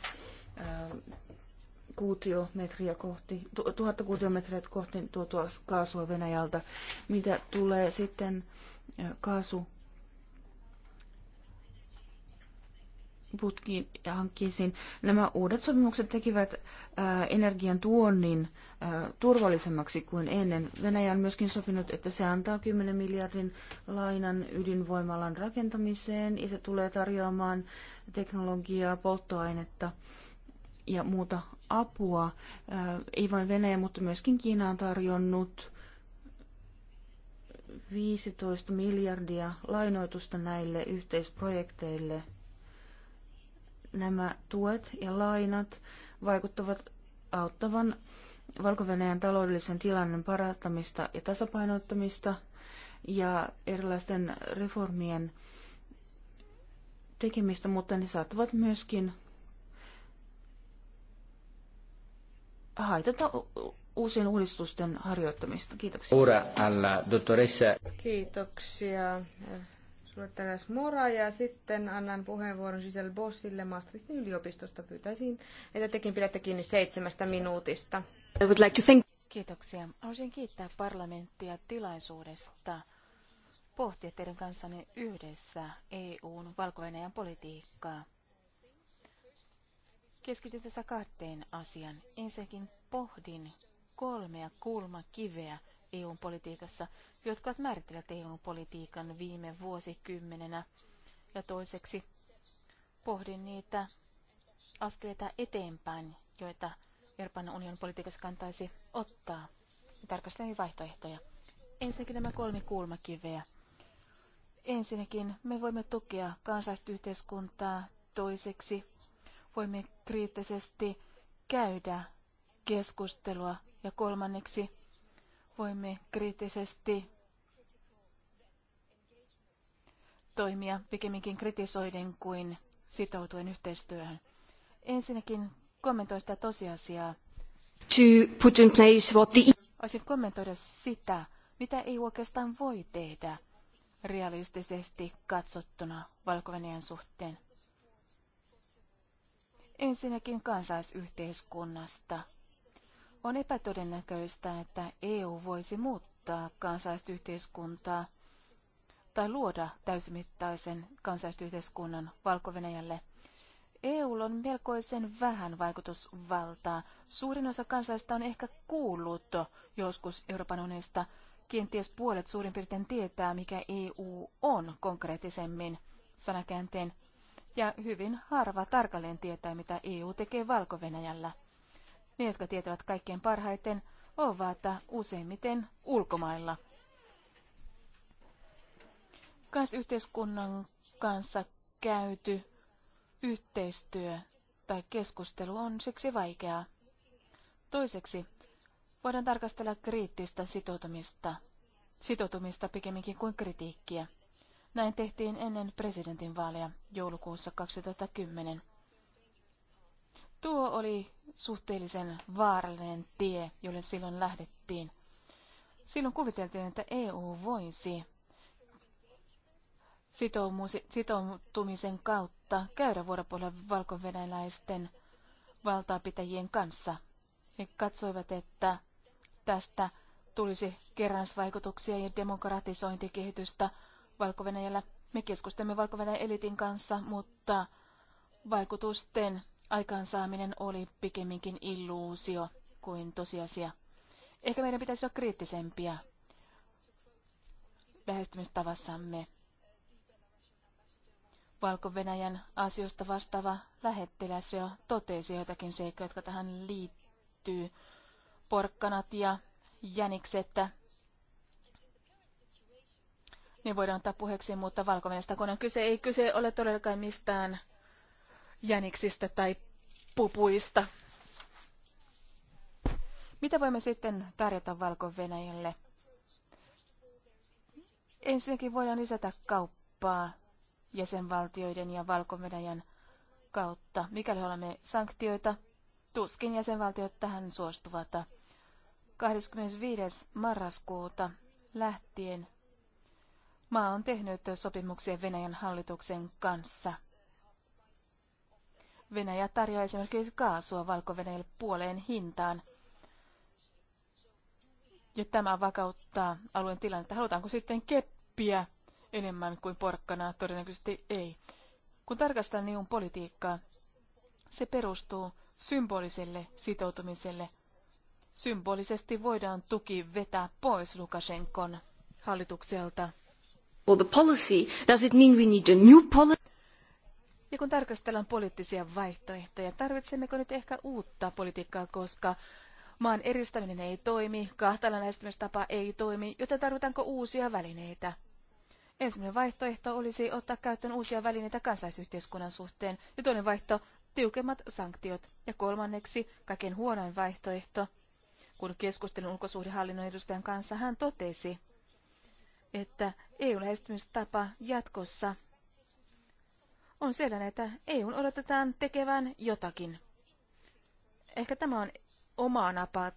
kuutiometriä kohti, tuhatta kuutiometriä kohti tuotua kaasua Venäjältä. Mitä tulee sitten äh, kaasu putkihankkeisiin. Nämä uudet sopimukset tekivät äh, energian tuonnin äh, turvallisemmaksi kuin ennen. Venäjä on myöskin sopinut, että se antaa 10 miljardin lainan ydinvoimalan rakentamiseen ja se tulee tarjoamaan teknologiaa, polttoainetta ja muuta apua. Äh, ei vain Venäjä, mutta myöskin Kiina on tarjonnut 15 miljardia lainoitusta näille yhteisprojekteille – nämä tuet ja lainat vaikuttavat auttavan valko taloudellisen tilannen parantamista ja tasapainottamista ja erilaisten reformien tekemistä, mutta ne saattavat myöskin haitata uusien uudistusten harjoittamista. Kiitoksia. Ora alla dottoressa. Kiitoksia Suletteres Mora ja sitten annan puheenvuoron Giselle Bossille Maastrichtin yliopistosta. Pyytäisin, että tekin pidätte kiinni seitsemästä minuutista. I would like to thank... Kiitoksia. Haluaisin kiittää parlamenttia tilaisuudesta pohtia teidän kanssanne yhdessä EUn valko politiikkaa. Keskityn tässä kahteen asian. Ensinnäkin pohdin kolmea kulmakiveä, EUn politiikassa, jotka ovat määritelleet EUn politiikan viime vuosikymmenenä. Ja toiseksi pohdin niitä askeleita eteenpäin, joita Euroopan unionin politiikassa kantaisi ottaa. Tarkastelin vaihtoehtoja. Ensinnäkin nämä kolme kulmakiveä. Ensinnäkin me voimme tukea kansalaisyhteiskuntaa. Toiseksi voimme kriittisesti käydä keskustelua. Ja kolmanneksi voimme kriittisesti toimia pikemminkin kritisoiden kuin sitoutuen yhteistyöhön. Ensinnäkin kommentoin sitä tosiasiaa. To put in place what the... Voisin e kommentoida sitä, mitä ei oikeastaan voi tehdä realistisesti katsottuna valko suhteen. Ensinnäkin kansaisyhteiskunnasta – on epätodennäköistä, että EU voisi muuttaa kansainvälistä tai luoda täysimittaisen kansainvälisyhteiskunnan valko -Venäjälle. E on melkoisen vähän vaikutusvaltaa. Suurin osa kansalaisista on ehkä kuullut joskus Euroopan unionista. Kenties puolet suurin piirtein tietää, mikä EU on konkreettisemmin sanakäänteen. Ja hyvin harva tarkalleen tietää, mitä EU tekee valko -Venäjällä. Ne, jotka tietävät kaikkein parhaiten, ovat useimmiten ulkomailla. yhteiskunnan kanssa käyty yhteistyö tai keskustelu on siksi vaikeaa. Toiseksi voidaan tarkastella kriittistä sitoutumista, sitoutumista pikemminkin kuin kritiikkiä. Näin tehtiin ennen presidentinvaaleja joulukuussa 2010. Tuo oli suhteellisen vaarallinen tie, jolle silloin lähdettiin. Silloin kuviteltiin, että EU voisi sitoutumisen kautta käydä vuoropuolella valkovenäläisten valtaapitäjien kanssa. He katsoivat, että tästä tulisi kerransvaikutuksia ja demokratisointikehitystä valko -Venäjällä. Me keskustelimme valko elitin kanssa, mutta vaikutusten aikaansaaminen oli pikemminkin illuusio kuin tosiasia. Ehkä meidän pitäisi olla kriittisempiä lähestymistavassamme. Valko-Venäjän asioista vastaava lähettiläs jo totesi joitakin seikkoja, jotka tähän liittyy. Porkkanat ja jänikset? Ne voidaan ottaa puheeksi, mutta valko kun on kyse, ei kyse ole todellakaan mistään jäniksistä tai pupuista. Mitä voimme sitten tarjota Valko-Venäjälle? Ensinnäkin voidaan lisätä kauppaa jäsenvaltioiden ja valko kautta. Mikäli olemme sanktioita, tuskin jäsenvaltiot tähän suostuvat. 25. marraskuuta lähtien maa on tehnyt sopimuksia Venäjän hallituksen kanssa – Venäjä tarjoaa esimerkiksi kaasua valko puoleen hintaan. Ja tämä vakauttaa alueen tilannetta. Halutaanko sitten keppiä enemmän kuin porkkanaa? Todennäköisesti ei. Kun tarkastan EUn politiikkaa, se perustuu symboliselle sitoutumiselle. Symbolisesti voidaan tuki vetää pois Lukashenkon hallitukselta. Well, the policy, does it mean we need a new policy? Ja kun tarkastellaan poliittisia vaihtoehtoja, tarvitsemmeko nyt ehkä uutta politiikkaa, koska maan eristäminen ei toimi, kahtalan lähestymistapa ei toimi, joten tarvitaanko uusia välineitä? Ensimmäinen vaihtoehto olisi ottaa käyttöön uusia välineitä kansaisyhteiskunnan suhteen, ja toinen vaihto tiukemmat sanktiot, ja kolmanneksi kaiken huonoin vaihtoehto. Kun keskustelin ulkosuhdehallinnon edustajan kanssa, hän totesi, että EU-lähestymistapa jatkossa on sellainen, että EUn odotetaan tekevän jotakin. Ehkä tämä on omaa napaa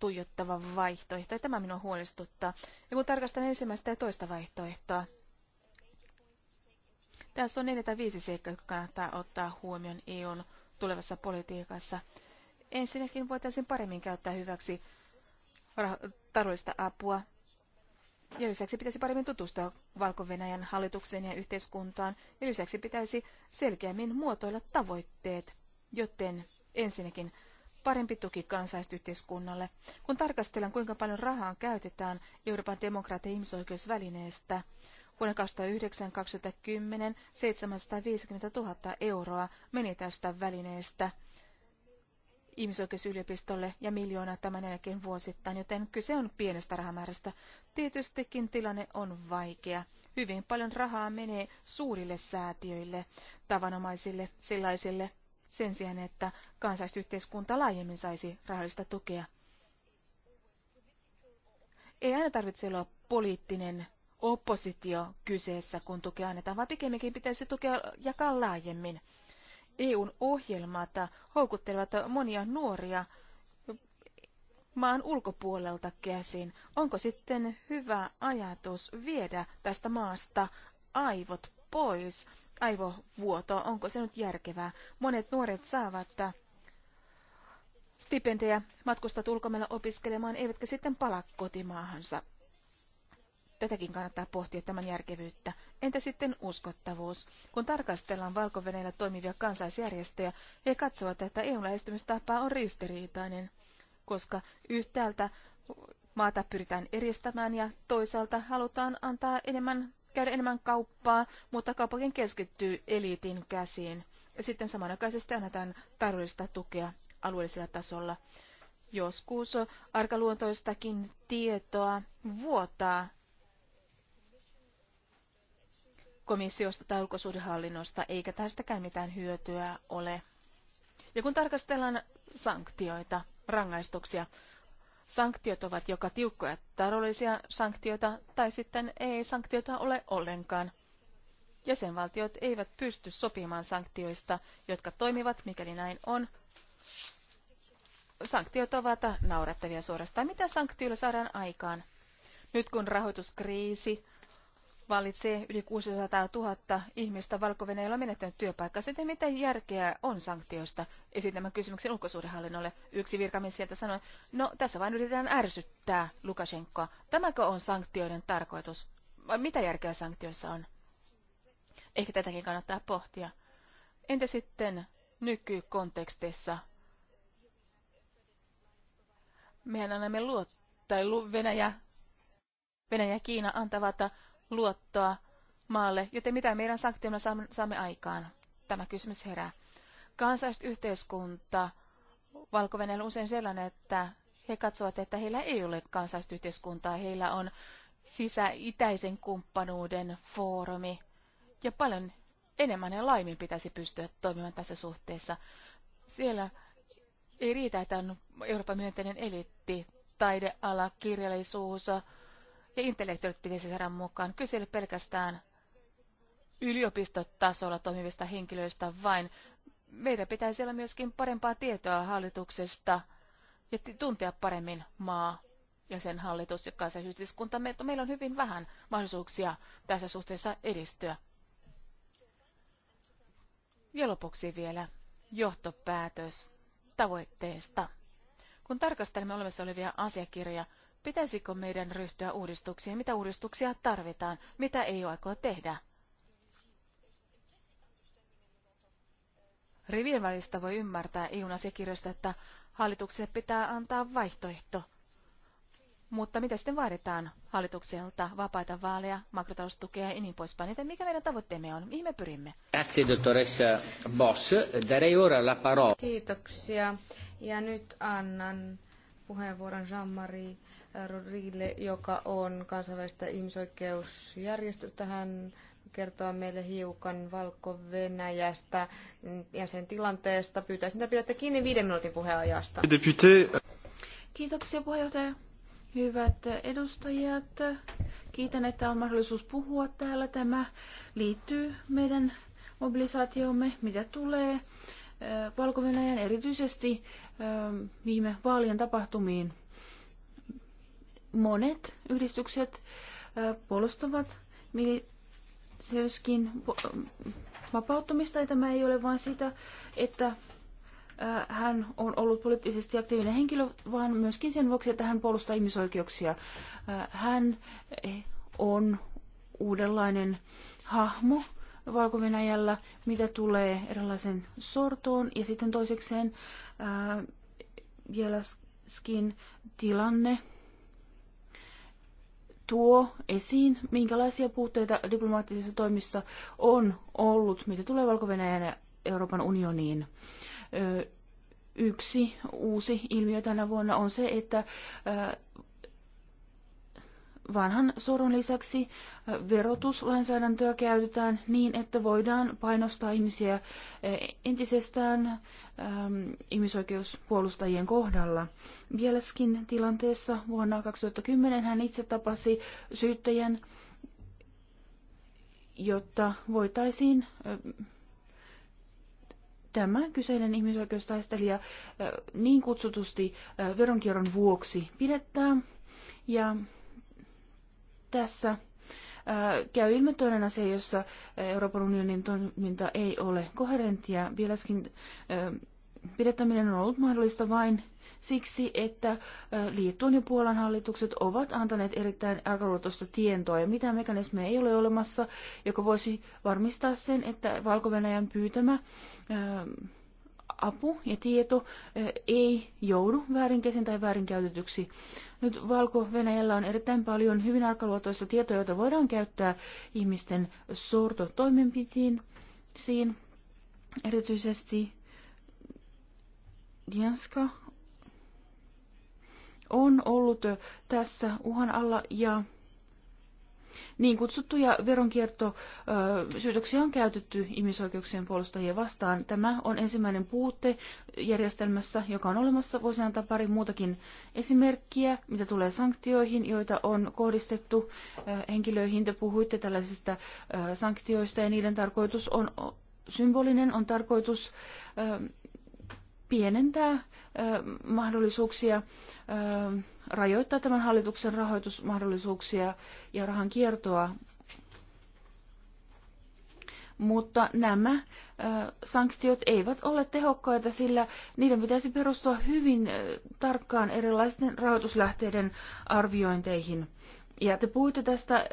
tuijottava vaihtoehto, ja tämä minua huolestuttaa. Ja kun tarkastan ensimmäistä ja toista vaihtoehtoa, tässä on neljä tai viisi seikkaa, jotka kannattaa ottaa huomioon EUn tulevassa politiikassa. Ensinnäkin voitaisiin paremmin käyttää hyväksi taloudellista apua ja lisäksi pitäisi paremmin tutustua valko hallitukseen ja yhteiskuntaan. Ja lisäksi pitäisi selkeämmin muotoilla tavoitteet, joten ensinnäkin parempi tuki kansaisyhteiskunnalle. Kun tarkastellaan, kuinka paljon rahaa käytetään Euroopan demokratia- ja ihmisoikeusvälineestä, vuonna 2009-2010 750 000 euroa meni tästä välineestä – ihmisoikeusyliopistolle ja miljoonaa tämän jälkeen vuosittain, joten kyse on pienestä rahamäärästä. Tietystikin tilanne on vaikea. Hyvin paljon rahaa menee suurille säätiöille, tavanomaisille sellaisille, sen sijaan, että kansalaisyhteiskunta laajemmin saisi rahallista tukea. Ei aina tarvitse olla poliittinen oppositio kyseessä, kun tukea annetaan, vaan pikemminkin pitäisi tukea jakaa laajemmin. EUn ohjelmat houkuttelevat monia nuoria maan ulkopuolelta käsin. Onko sitten hyvä ajatus viedä tästä maasta aivot pois? Aivovuoto, onko se nyt järkevää? Monet nuoret saavat stipendejä matkustat ulkomailla opiskelemaan, eivätkä sitten palaa kotimaahansa. Tätäkin kannattaa pohtia tämän järkevyyttä. Entä sitten uskottavuus? Kun tarkastellaan valko toimivia kansaisjärjestöjä, he katsovat, että EU-lähestymistapa on ristiriitainen, koska yhtäältä maata pyritään eristämään ja toisaalta halutaan antaa enemmän, käydä enemmän kauppaa, mutta kaupakin keskittyy eliitin käsiin. Ja sitten samanaikaisesti annetaan taloudellista tukea alueellisella tasolla. Joskus arkaluontoistakin tietoa vuotaa komissiosta tai ulkosuhdehallinnosta, eikä tästäkään mitään hyötyä ole. Ja kun tarkastellaan sanktioita, rangaistuksia, sanktiot ovat joka tiukkoja taloudellisia sanktioita tai sitten ei sanktiota ole ollenkaan. Jäsenvaltiot eivät pysty sopimaan sanktioista, jotka toimivat, mikäli näin on. Sanktiot ovat naurettavia suorastaan. Mitä sanktioilla saadaan aikaan? Nyt kun rahoituskriisi valitsee yli 600 000 ihmistä valko on menettänyt työpaikkaa. Sitten mitä järkeä on sanktioista? Esitin tämän kysymyksen ulkosuhdehallinnolle Yksi virkamies sieltä sanoi, no tässä vain yritetään ärsyttää Lukashenkoa. Tämäkö on sanktioiden tarkoitus? Vai mitä järkeä sanktioissa on? Ehkä tätäkin kannattaa pohtia. Entä sitten nykykontekstissa? Mehän annamme luot, tai Venäjä Venäjä ja Kiina antavat luottoa maalle, joten mitä meidän sanktioilla saamme aikaan? Tämä kysymys herää. yhteiskunta valko on usein sellainen, että he katsovat, että heillä ei ole yhteiskuntaa. heillä on sisäitäisen kumppanuuden foorumi ja paljon enemmän ja laimin pitäisi pystyä toimimaan tässä suhteessa. Siellä ei riitä, että on Euroopan myönteinen elitti taideala, kirjallisuus, ja intellektuaalit pitäisi saada mukaan. Kyse ei ole pelkästään yliopistotasolla toimivista henkilöistä vain. Meidän pitäisi olla myöskin parempaa tietoa hallituksesta ja tuntea paremmin maa ja sen hallitus ja kansallisyhteiskunta. Meillä on hyvin vähän mahdollisuuksia tässä suhteessa edistyä. Ja lopuksi vielä johtopäätös tavoitteesta. Kun tarkastelemme olemassa olevia asiakirjoja, Pitäisikö meidän ryhtyä uudistuksiin? Mitä uudistuksia tarvitaan? Mitä ei aikoa tehdä? Rivien välistä voi ymmärtää EUn asiakirjoista, että hallitukselle pitää antaa vaihtoehto. Mutta mitä sitten vaaditaan hallitukselta? Vapaita vaaleja, makrotaloustukea ja niin poispäin. Joten mikä meidän tavoitteemme on? Mihin me pyrimme? Grazie, dottoressa Boss. Darei ora la parola. Kiitoksia. Ja nyt annan puheenvuoron Jean-Marie Rodrigille, joka on kansainvälistä ihmisoikeusjärjestöstä. Hän kertoo meille hiukan Valko-Venäjästä ja sen tilanteesta. Pyytäisin, että pidätte kiinni viiden minuutin puheajasta. Deputy. Kiitoksia puheenjohtaja. Hyvät edustajat, kiitän, että on mahdollisuus puhua täällä. Tämä liittyy meidän mobilisaatiomme, mitä tulee eh, valko erityisesti eh, viime vaalien tapahtumiin monet yhdistykset puolustavat myöskin vapauttamista. Ja tämä ei ole vain sitä, että hän on ollut poliittisesti aktiivinen henkilö, vaan myöskin sen vuoksi, että hän puolustaa ihmisoikeuksia. Hän eh, on uudenlainen hahmo valko mitä tulee erilaisen sortoon. Ja sitten toisekseen Bielanskin tilanne tuo esiin, minkälaisia puutteita diplomaattisissa toimissa on ollut, mitä tulee valko ja Euroopan unioniin. Yksi uusi ilmiö tänä vuonna on se, että vanhan sorun lisäksi verotuslainsäädäntöä käytetään niin, että voidaan painostaa ihmisiä entisestään ihmisoikeuspuolustajien kohdalla. vieläskin tilanteessa vuonna 2010 hän itse tapasi syyttäjän, jotta voitaisiin tämä kyseinen ihmisoikeustaistelija niin kutsutusti veronkierron vuoksi pidettää. Ja tässä käy ilmi toinen asia, jossa Euroopan unionin toiminta ei ole koherenttia. Vieläskin pidettäminen on ollut mahdollista vain siksi, että Liettuan ja Puolan hallitukset ovat antaneet erittäin arkaluotoista tietoa ja mitään mekanismeja ei ole olemassa, joka voisi varmistaa sen, että valko pyytämä apu ja tieto ei joudu väärinkäsin tai väärinkäytetyksi. Nyt Valko-Venäjällä on erittäin paljon hyvin arkaluotoista tietoa, joita voidaan käyttää ihmisten sortotoimenpiteisiin. Erityisesti Dianska on ollut tässä uhan alla ja niin kutsuttuja veronkiertosyytöksiä on käytetty ihmisoikeuksien puolustajia vastaan. Tämä on ensimmäinen puute järjestelmässä, joka on olemassa. Voisin antaa pari muutakin esimerkkiä, mitä tulee sanktioihin, joita on kohdistettu henkilöihin. Te puhuitte tällaisista sanktioista ja niiden tarkoitus on symbolinen, on tarkoitus pienentää mahdollisuuksia rajoittaa tämän hallituksen rahoitusmahdollisuuksia ja rahan kiertoa. Mutta nämä sanktiot eivät ole tehokkaita, sillä niiden pitäisi perustua hyvin tarkkaan erilaisten rahoituslähteiden arviointeihin. Ja te puhuitte tästä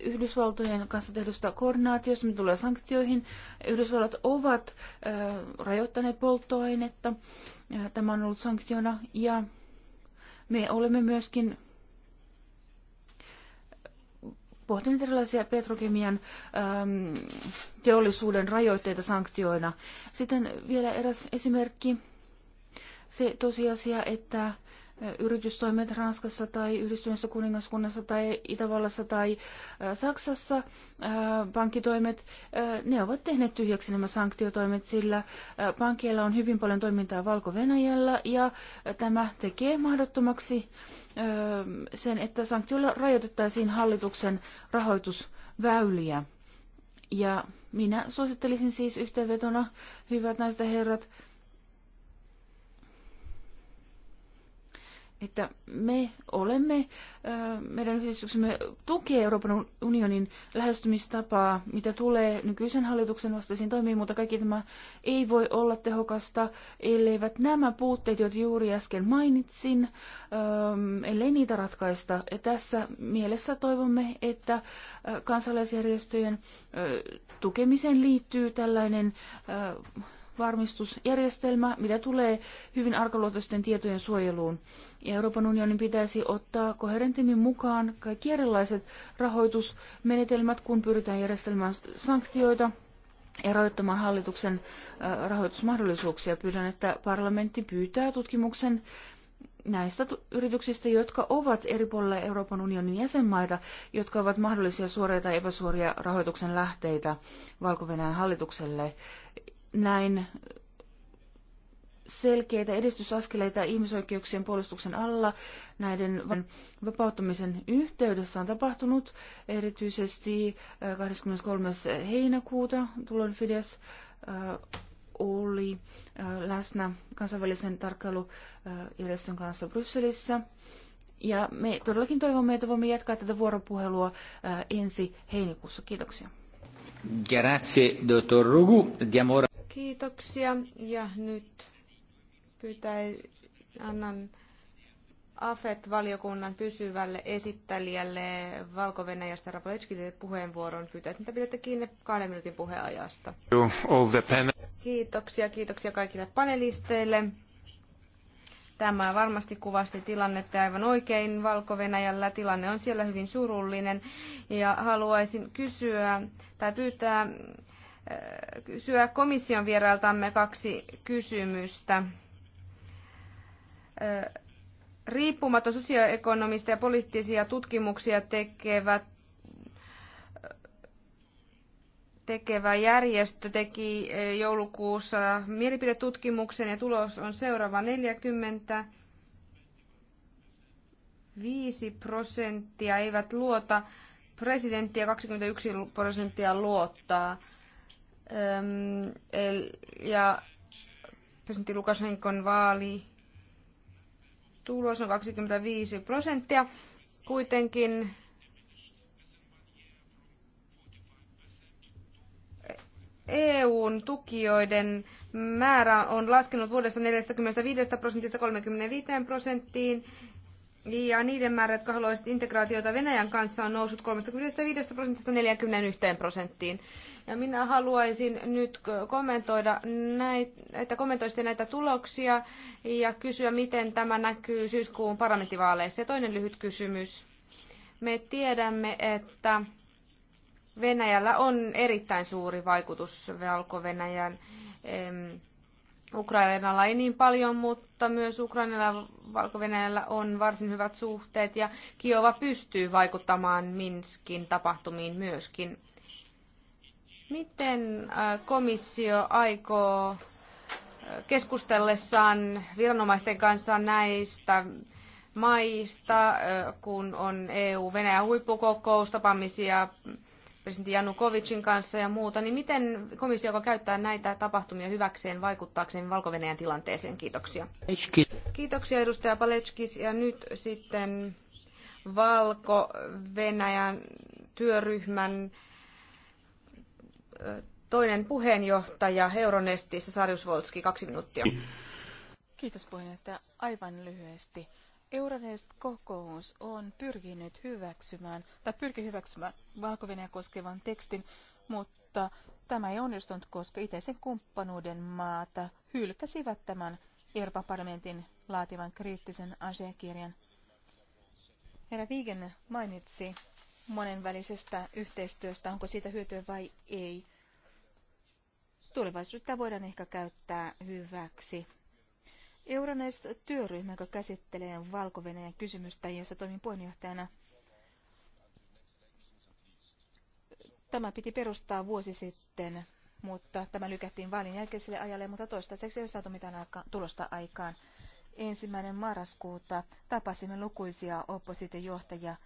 Yhdysvaltojen kanssa tehdystä koordinaatiosta, mitä tulee sanktioihin. Yhdysvallat ovat rajoittaneet polttoainetta. Tämä on ollut sanktiona ja me olemme myöskin pohtineet erilaisia petrokemian ähm, teollisuuden rajoitteita sanktioina. Sitten vielä eräs esimerkki. Se tosiasia, että yritystoimet Ranskassa tai Yhdistyneessä kuningaskunnassa tai Itävallassa tai Saksassa, pankkitoimet, ne ovat tehneet tyhjäksi nämä sanktiotoimet, sillä pankeilla on hyvin paljon toimintaa Valko-Venäjällä ja tämä tekee mahdottomaksi sen, että sanktioilla rajoitettaisiin hallituksen rahoitusväyliä. Ja minä suosittelisin siis yhteenvetona, hyvät naiset ja herrat, että me olemme, meidän yhdistyksemme tukee Euroopan unionin lähestymistapaa, mitä tulee nykyisen hallituksen vastaisiin toimiin, mutta kaikki tämä ei voi olla tehokasta, elleivät nämä puutteet, joita juuri äsken mainitsin, ellei niitä ratkaista. Ja tässä mielessä toivomme, että kansalaisjärjestöjen tukemiseen liittyy tällainen varmistusjärjestelmä, mitä tulee hyvin arkaluontoisten tietojen suojeluun. Ja Euroopan unionin pitäisi ottaa koherentimmin mukaan kaikki erilaiset rahoitusmenetelmät, kun pyritään järjestelmään sanktioita ja rajoittamaan hallituksen rahoitusmahdollisuuksia. Pyydän, että parlamentti pyytää tutkimuksen näistä yrityksistä, jotka ovat eri puolilla Euroopan unionin jäsenmaita, jotka ovat mahdollisia suoria tai epäsuoria rahoituksen lähteitä valko hallitukselle näin selkeitä edistysaskeleita ihmisoikeuksien puolustuksen alla näiden vapauttamisen yhteydessä on tapahtunut. Erityisesti 23. Äh, heinäkuuta tulon Fides äh, oli äh, läsnä kansainvälisen tarkkailujärjestön kanssa Brysselissä. Ja me todellakin toivomme, että voimme jatkaa tätä vuoropuhelua ensi heinäkuussa. Kiitoksia. Grazie, dottor Rugu. diamora Kiitoksia. Ja nyt pyytää, annan AFET-valiokunnan pysyvälle esittelijälle Valko-Venäjästä Rapoletskille puheenvuoron. Pyytäisin, että pidätte kiinni kahden minuutin puheajasta. Kiitoksia, kiitoksia kaikille panelisteille. Tämä varmasti kuvasti tilannetta aivan oikein Valko-Venäjällä. Tilanne on siellä hyvin surullinen ja haluaisin kysyä tai pyytää kysyä komission vierailtamme kaksi kysymystä. Riippumaton sosioekonomista ja poliittisia tutkimuksia tekevät tekevä järjestö teki joulukuussa mielipidetutkimuksen ja tulos on seuraava 45 prosenttia eivät luota presidenttiä, 21 prosenttia luottaa ja presidentti Lukashenkon vaali tulos on 25 prosenttia. Kuitenkin EUn e tukijoiden määrä on laskenut vuodesta 45 prosentista 35 prosenttiin. Ja niiden määrä, jotka haluaisivat integraatiota Venäjän kanssa, on noussut 35 prosentista 41 prosenttiin. Ja minä haluaisin nyt kommentoida näitä, että kommentoisitte näitä tuloksia ja kysyä, miten tämä näkyy syyskuun parlamenttivaaleissa. Ja toinen lyhyt kysymys. Me tiedämme, että Venäjällä on erittäin suuri vaikutus Valko-Venäjän Ukrainalla ei niin paljon, mutta myös Ukrainalla ja valko on varsin hyvät suhteet ja Kiova pystyy vaikuttamaan Minskin tapahtumiin myöskin. Miten äh, komissio aikoo äh, keskustellessaan viranomaisten kanssa näistä maista, äh, kun on EU-Venäjä huippukokous, tapaamisia presidentti Janukovicin kanssa ja muuta, niin miten komissio, joka käyttää näitä tapahtumia hyväkseen vaikuttaakseen valko tilanteeseen? Kiitoksia. Kiitoksia edustaja Palechkis ja nyt sitten Valko-Venäjän työryhmän toinen puheenjohtaja Euronestissä, Sarjus Volski, kaksi minuuttia. Kiitos puheenjohtaja. Aivan lyhyesti. Euronest-kokous on pyrkinyt hyväksymään, tai pyrki hyväksymään valko koskevan tekstin, mutta tämä ei onnistunut, koska itäisen kumppanuuden maata hylkäsivät tämän Euroopan parlamentin laativan kriittisen asiakirjan. Herra Viigen mainitsi monenvälisestä yhteistyöstä, onko siitä hyötyä vai ei. Tulevaisuutta voidaan ehkä käyttää hyväksi. Euronest-työryhmä, joka käsittelee valko kysymystä, jossa toimin puheenjohtajana, Tämä piti perustaa vuosi sitten, mutta tämä lykättiin vaalin jälkeiselle ajalle, mutta toistaiseksi ei saatu mitään aika, tulosta aikaan. Ensimmäinen marraskuuta tapasimme lukuisia oppositiojohtajia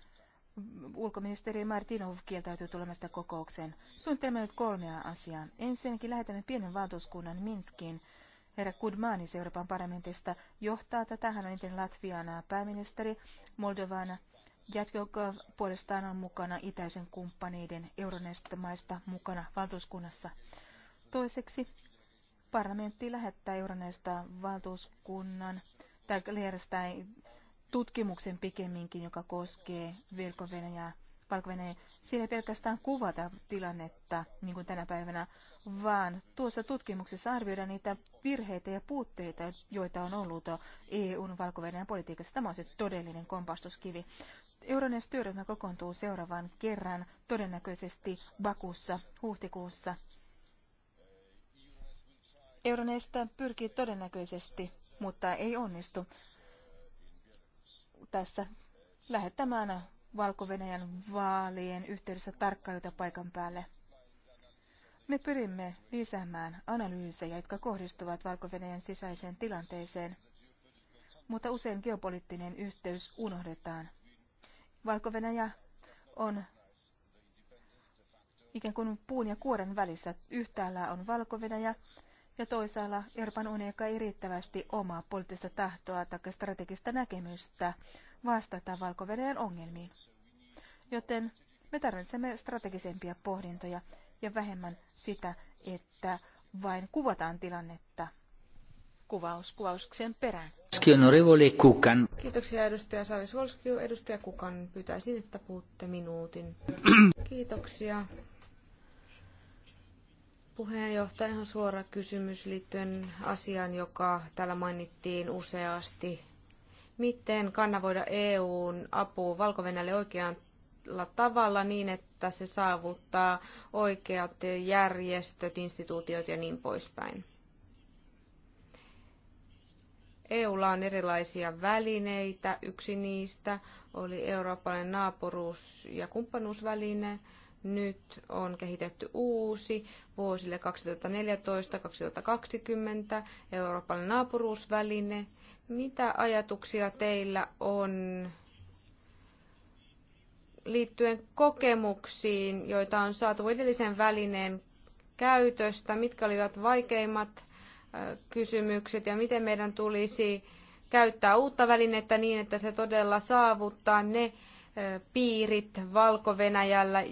ulkoministeri Martinov kieltäytyy tulemasta kokoukseen. Suunnitelma nyt kolmea asiaa. Ensinnäkin lähetämme pienen valtuuskunnan Minskiin. Herra Kudmanis Euroopan parlamentista johtaa tätä. Hän on entinen Latviana pääministeri Moldovana. Jatkokov puolestaan on mukana itäisen kumppaneiden euroneista maista mukana valtuuskunnassa. Toiseksi parlamentti lähettää euroneista valtuuskunnan tai järjestää tutkimuksen pikemminkin, joka koskee velko valko Siellä ei pelkästään kuvata tilannetta, niin kuin tänä päivänä, vaan tuossa tutkimuksessa arvioidaan niitä virheitä ja puutteita, joita on ollut EUn valko politiikassa. Tämä on se todellinen kompastuskivi. Euronest-työryhmä kokoontuu seuraavan kerran todennäköisesti Bakussa huhtikuussa. Euronesta pyrkii todennäköisesti, mutta ei onnistu tässä lähettämään valko vaalien yhteydessä tarkkailuja paikan päälle. Me pyrimme lisäämään analyysejä, jotka kohdistuvat valko sisäiseen tilanteeseen, mutta usein geopoliittinen yhteys unohdetaan. valko on ikään kuin puun ja kuoren välissä. Yhtäällä on valko ja toisaalla Euroopan unionika ei riittävästi omaa poliittista tahtoa tai strategista näkemystä vastata valko ongelmiin. Joten me tarvitsemme strategisempia pohdintoja ja vähemmän sitä, että vain kuvataan tilannetta kuvaus kuvauksen perään. Kukan. Kiitoksia edustaja Salis Edustaja Kukan, pyytäisin, että puhutte minuutin. Kiitoksia Puheenjohtaja, ihan suora kysymys liittyen asiaan, joka täällä mainittiin useasti. Miten kannavoida EUn apu valko oikealla tavalla niin, että se saavuttaa oikeat järjestöt, instituutiot ja niin poispäin? EUlla on erilaisia välineitä. Yksi niistä oli eurooppalainen naapuruus- ja kumppanuusväline – nyt on kehitetty uusi vuosille 2014-2020 Euroopan naapuruusväline. Mitä ajatuksia teillä on liittyen kokemuksiin, joita on saatu edellisen välineen käytöstä? Mitkä olivat vaikeimmat kysymykset ja miten meidän tulisi käyttää uutta välinettä niin, että se todella saavuttaa ne piirit valko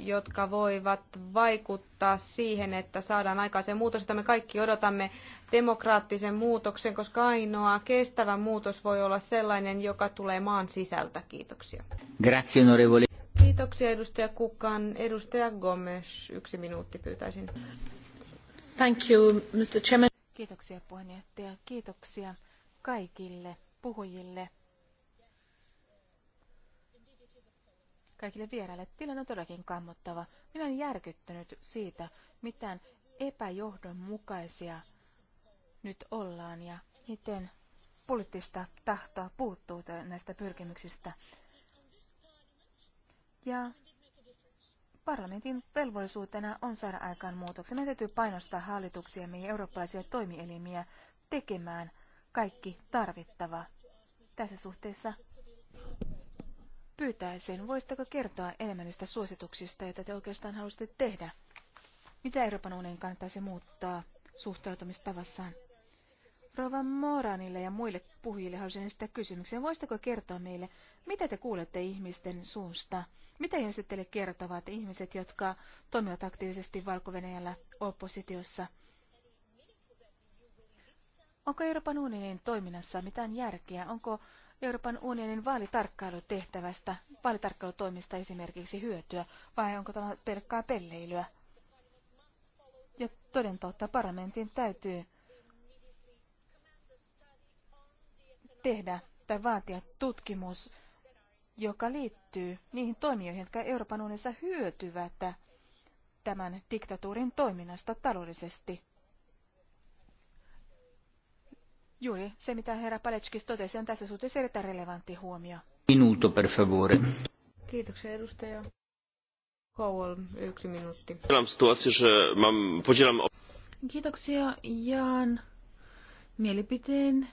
jotka voivat vaikuttaa siihen, että saadaan aikaisen muutos, jota me kaikki odotamme demokraattisen muutoksen, koska ainoa kestävä muutos voi olla sellainen, joka tulee maan sisältä. Kiitoksia. Grazie, onorevoli. Kiitoksia edustaja Kukan. Edustaja Gomes, yksi minuutti pyytäisin. Thank you, Mr. Chairman. Kiitoksia puheenjohtaja. Kiitoksia kaikille puhujille kaikille vieraille. Tilanne on todellakin kammottava. Minä olen järkyttynyt siitä, mitään epäjohdonmukaisia nyt ollaan ja miten poliittista tahtoa puuttuu näistä pyrkimyksistä. Ja parlamentin velvollisuutena on saada aikaan muutoksia. Meidän täytyy painostaa hallituksia ja eurooppalaisia toimielimiä tekemään kaikki tarvittava. Tässä suhteessa pyytäisin, voisitteko kertoa enemmän niistä suosituksista, joita te oikeastaan haluaisitte tehdä? Mitä Euroopan unionin kannattaisi muuttaa suhtautumistavassaan? Rova Moranille ja muille puhujille haluaisin esittää kysymyksen. Voisitteko kertoa meille, mitä te kuulette ihmisten suusta? Mitä ihmiset teille kertovat, ihmiset, jotka toimivat aktiivisesti valko oppositiossa? Onko Euroopan unionin toiminnassa mitään järkeä? Onko Euroopan unionin vaalitarkkailutehtävästä, vaalitarkkailutoimista esimerkiksi hyötyä, vai onko tämä pelkkää pelleilyä? Ja toden totta parlamentin täytyy tehdä tai vaatia tutkimus, joka liittyy niihin toimijoihin, jotka Euroopan unionissa hyötyvät tämän diktatuurin toiminnasta taloudellisesti. Juuri se, mitä herra Paletskis totesi, on tässä suhteessa erittäin relevantti huomio. Minuutto per favore. Kiitoksia edustaja. Howell, yksi minuutti. Kiitoksia, Jaan. Mielipiteen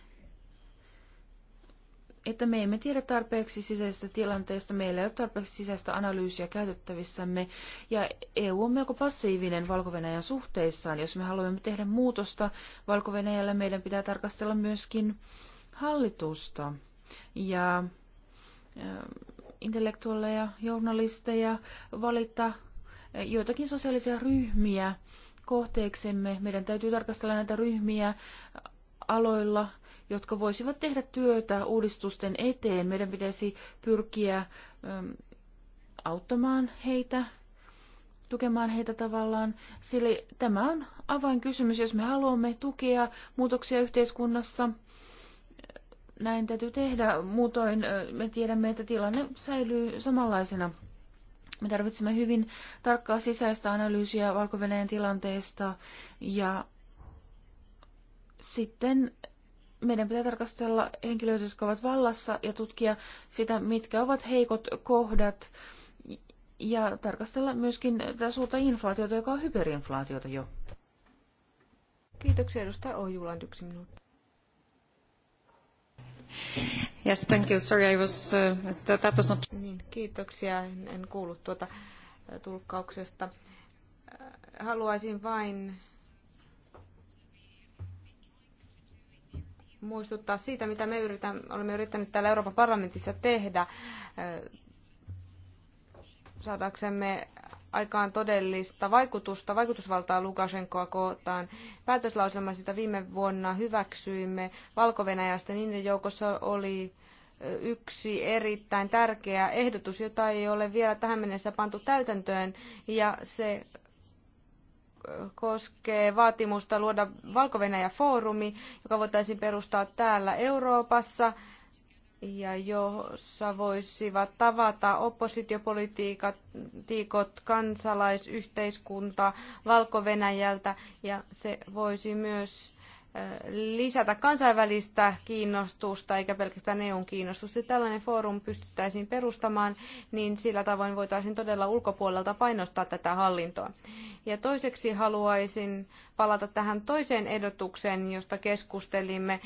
että me emme tiedä tarpeeksi sisäisestä tilanteesta, meillä ei ole tarpeeksi sisäistä analyysiä käytettävissämme, ja EU on melko passiivinen valko suhteissaan. Jos me haluamme tehdä muutosta valko meidän pitää tarkastella myöskin hallitusta ja äh, intellektuaaleja, journalisteja, valita äh, joitakin sosiaalisia ryhmiä kohteeksemme. Meidän täytyy tarkastella näitä ryhmiä aloilla, jotka voisivat tehdä työtä uudistusten eteen. Meidän pitäisi pyrkiä ähm, auttamaan heitä, tukemaan heitä tavallaan, sillä tämä on avainkysymys, jos me haluamme tukea muutoksia yhteiskunnassa. Näin täytyy tehdä, muutoin äh, me tiedämme, että tilanne säilyy samanlaisena. Me tarvitsemme hyvin tarkkaa sisäistä analyysiä valko tilanteesta ja sitten meidän pitää tarkastella henkilöitä, jotka ovat vallassa ja tutkia sitä, mitkä ovat heikot kohdat ja tarkastella myöskin tätä suurta inflaatiota, joka on hyperinflaatiota jo. Kiitoksia edustaja Ojuland, yksi minuutti. Yes, thank you. Sorry, I was, uh, that was not... niin, kiitoksia, en, en kuullut tuota äh, tulkkauksesta. Äh, haluaisin vain muistuttaa siitä, mitä me yritämme, olemme yrittäneet täällä Euroopan parlamentissa tehdä eh, saadaksemme aikaan todellista vaikutusta, vaikutusvaltaa Lukashenkoa kohtaan. Päätöslauselma, sitä viime vuonna hyväksyimme valko niiden joukossa oli eh, yksi erittäin tärkeä ehdotus, jota ei ole vielä tähän mennessä pantu täytäntöön, ja se koskee vaatimusta luoda valko foorumi joka voitaisiin perustaa täällä Euroopassa ja jossa voisivat tavata oppositiopolitiikot, kansalaisyhteiskunta valko -Venäjältä ja se voisi myös lisätä kansainvälistä kiinnostusta eikä pelkästään EUn kiinnostusta. Tällainen foorum pystyttäisiin perustamaan, niin sillä tavoin voitaisiin todella ulkopuolelta painostaa tätä hallintoa. Ja toiseksi haluaisin palata tähän toiseen ehdotukseen, josta keskustelimme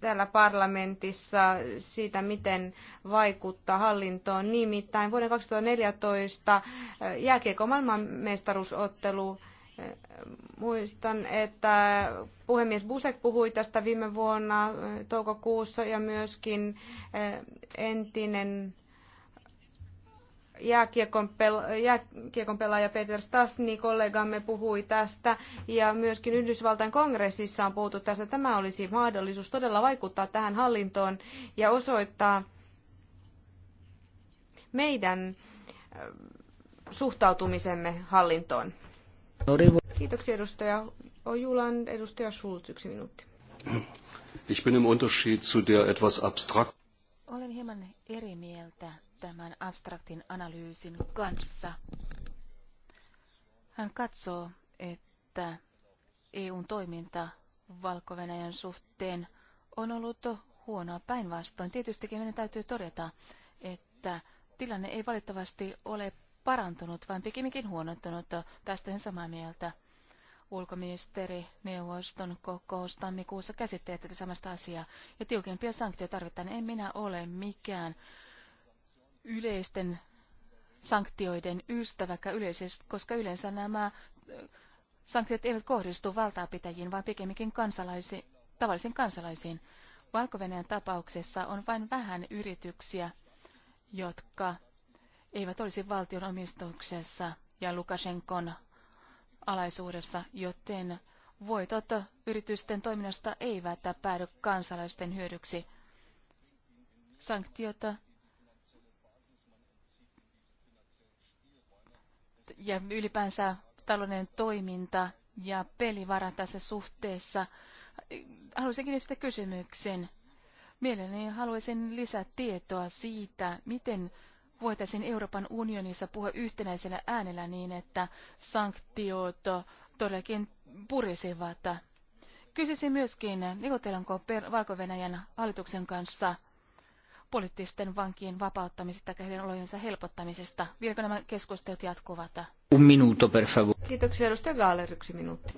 täällä parlamentissa siitä, miten vaikuttaa hallintoon. Nimittäin vuoden 2014 jääkiekon maailmanmestaruusottelu Muistan, että puhemies Busek puhui tästä viime vuonna toukokuussa ja myöskin eh, entinen jääkiekon, pel- jääkiekon pelaaja Peter Stasni kollegamme, puhui tästä ja myöskin Yhdysvaltain kongressissa on puhuttu tästä. Tämä olisi mahdollisuus todella vaikuttaa tähän hallintoon ja osoittaa meidän eh, suhtautumisemme hallintoon. Kiitoksia edustaja Ojulan. Edustaja Schulz, yksi minuutti. Ich bin im Unterschied zu etwas abstrakt. Olen hieman eri mieltä tämän abstraktin analyysin kanssa. Hän katsoo, että EUn toiminta valko suhteen on ollut huonoa päinvastoin. Tietystikin meidän täytyy todeta, että tilanne ei valitettavasti ole parantunut, vaan pikemminkin huonontunut. Tästä en samaa mieltä. Ulkoministerineuvoston kokous tammikuussa käsitteli tätä samasta asiaa, ja tiukempia sanktioita tarvitaan. En minä ole mikään yleisten sanktioiden ystävä, koska yleensä nämä sanktiot eivät kohdistu valtaapitäjiin, vaan pikemminkin kansalaisi, tavallisiin kansalaisiin. valko tapauksessa on vain vähän yrityksiä, jotka eivät olisi valtion omistuksessa ja Lukashenkon alaisuudessa, joten voitot yritysten toiminnasta eivät päädy kansalaisten hyödyksi. Sanktiota ja ylipäänsä talouden toiminta ja pelivara tässä suhteessa. Haluaisinkin sitä kysymyksen. Mielelläni haluaisin lisätietoa siitä, miten voitaisiin Euroopan unionissa puhua yhtenäisellä äänellä niin, että sanktiot todellakin purisivat. Kysyisin myöskin, neuvotellaanko valko hallituksen kanssa poliittisten vankien vapauttamisesta ja heidän olojensa helpottamisesta. Vieläkö nämä keskustelut jatkuvat? Un minuto, per favor. Kiitoksia, edustaja Gaaler, yksi minuutti.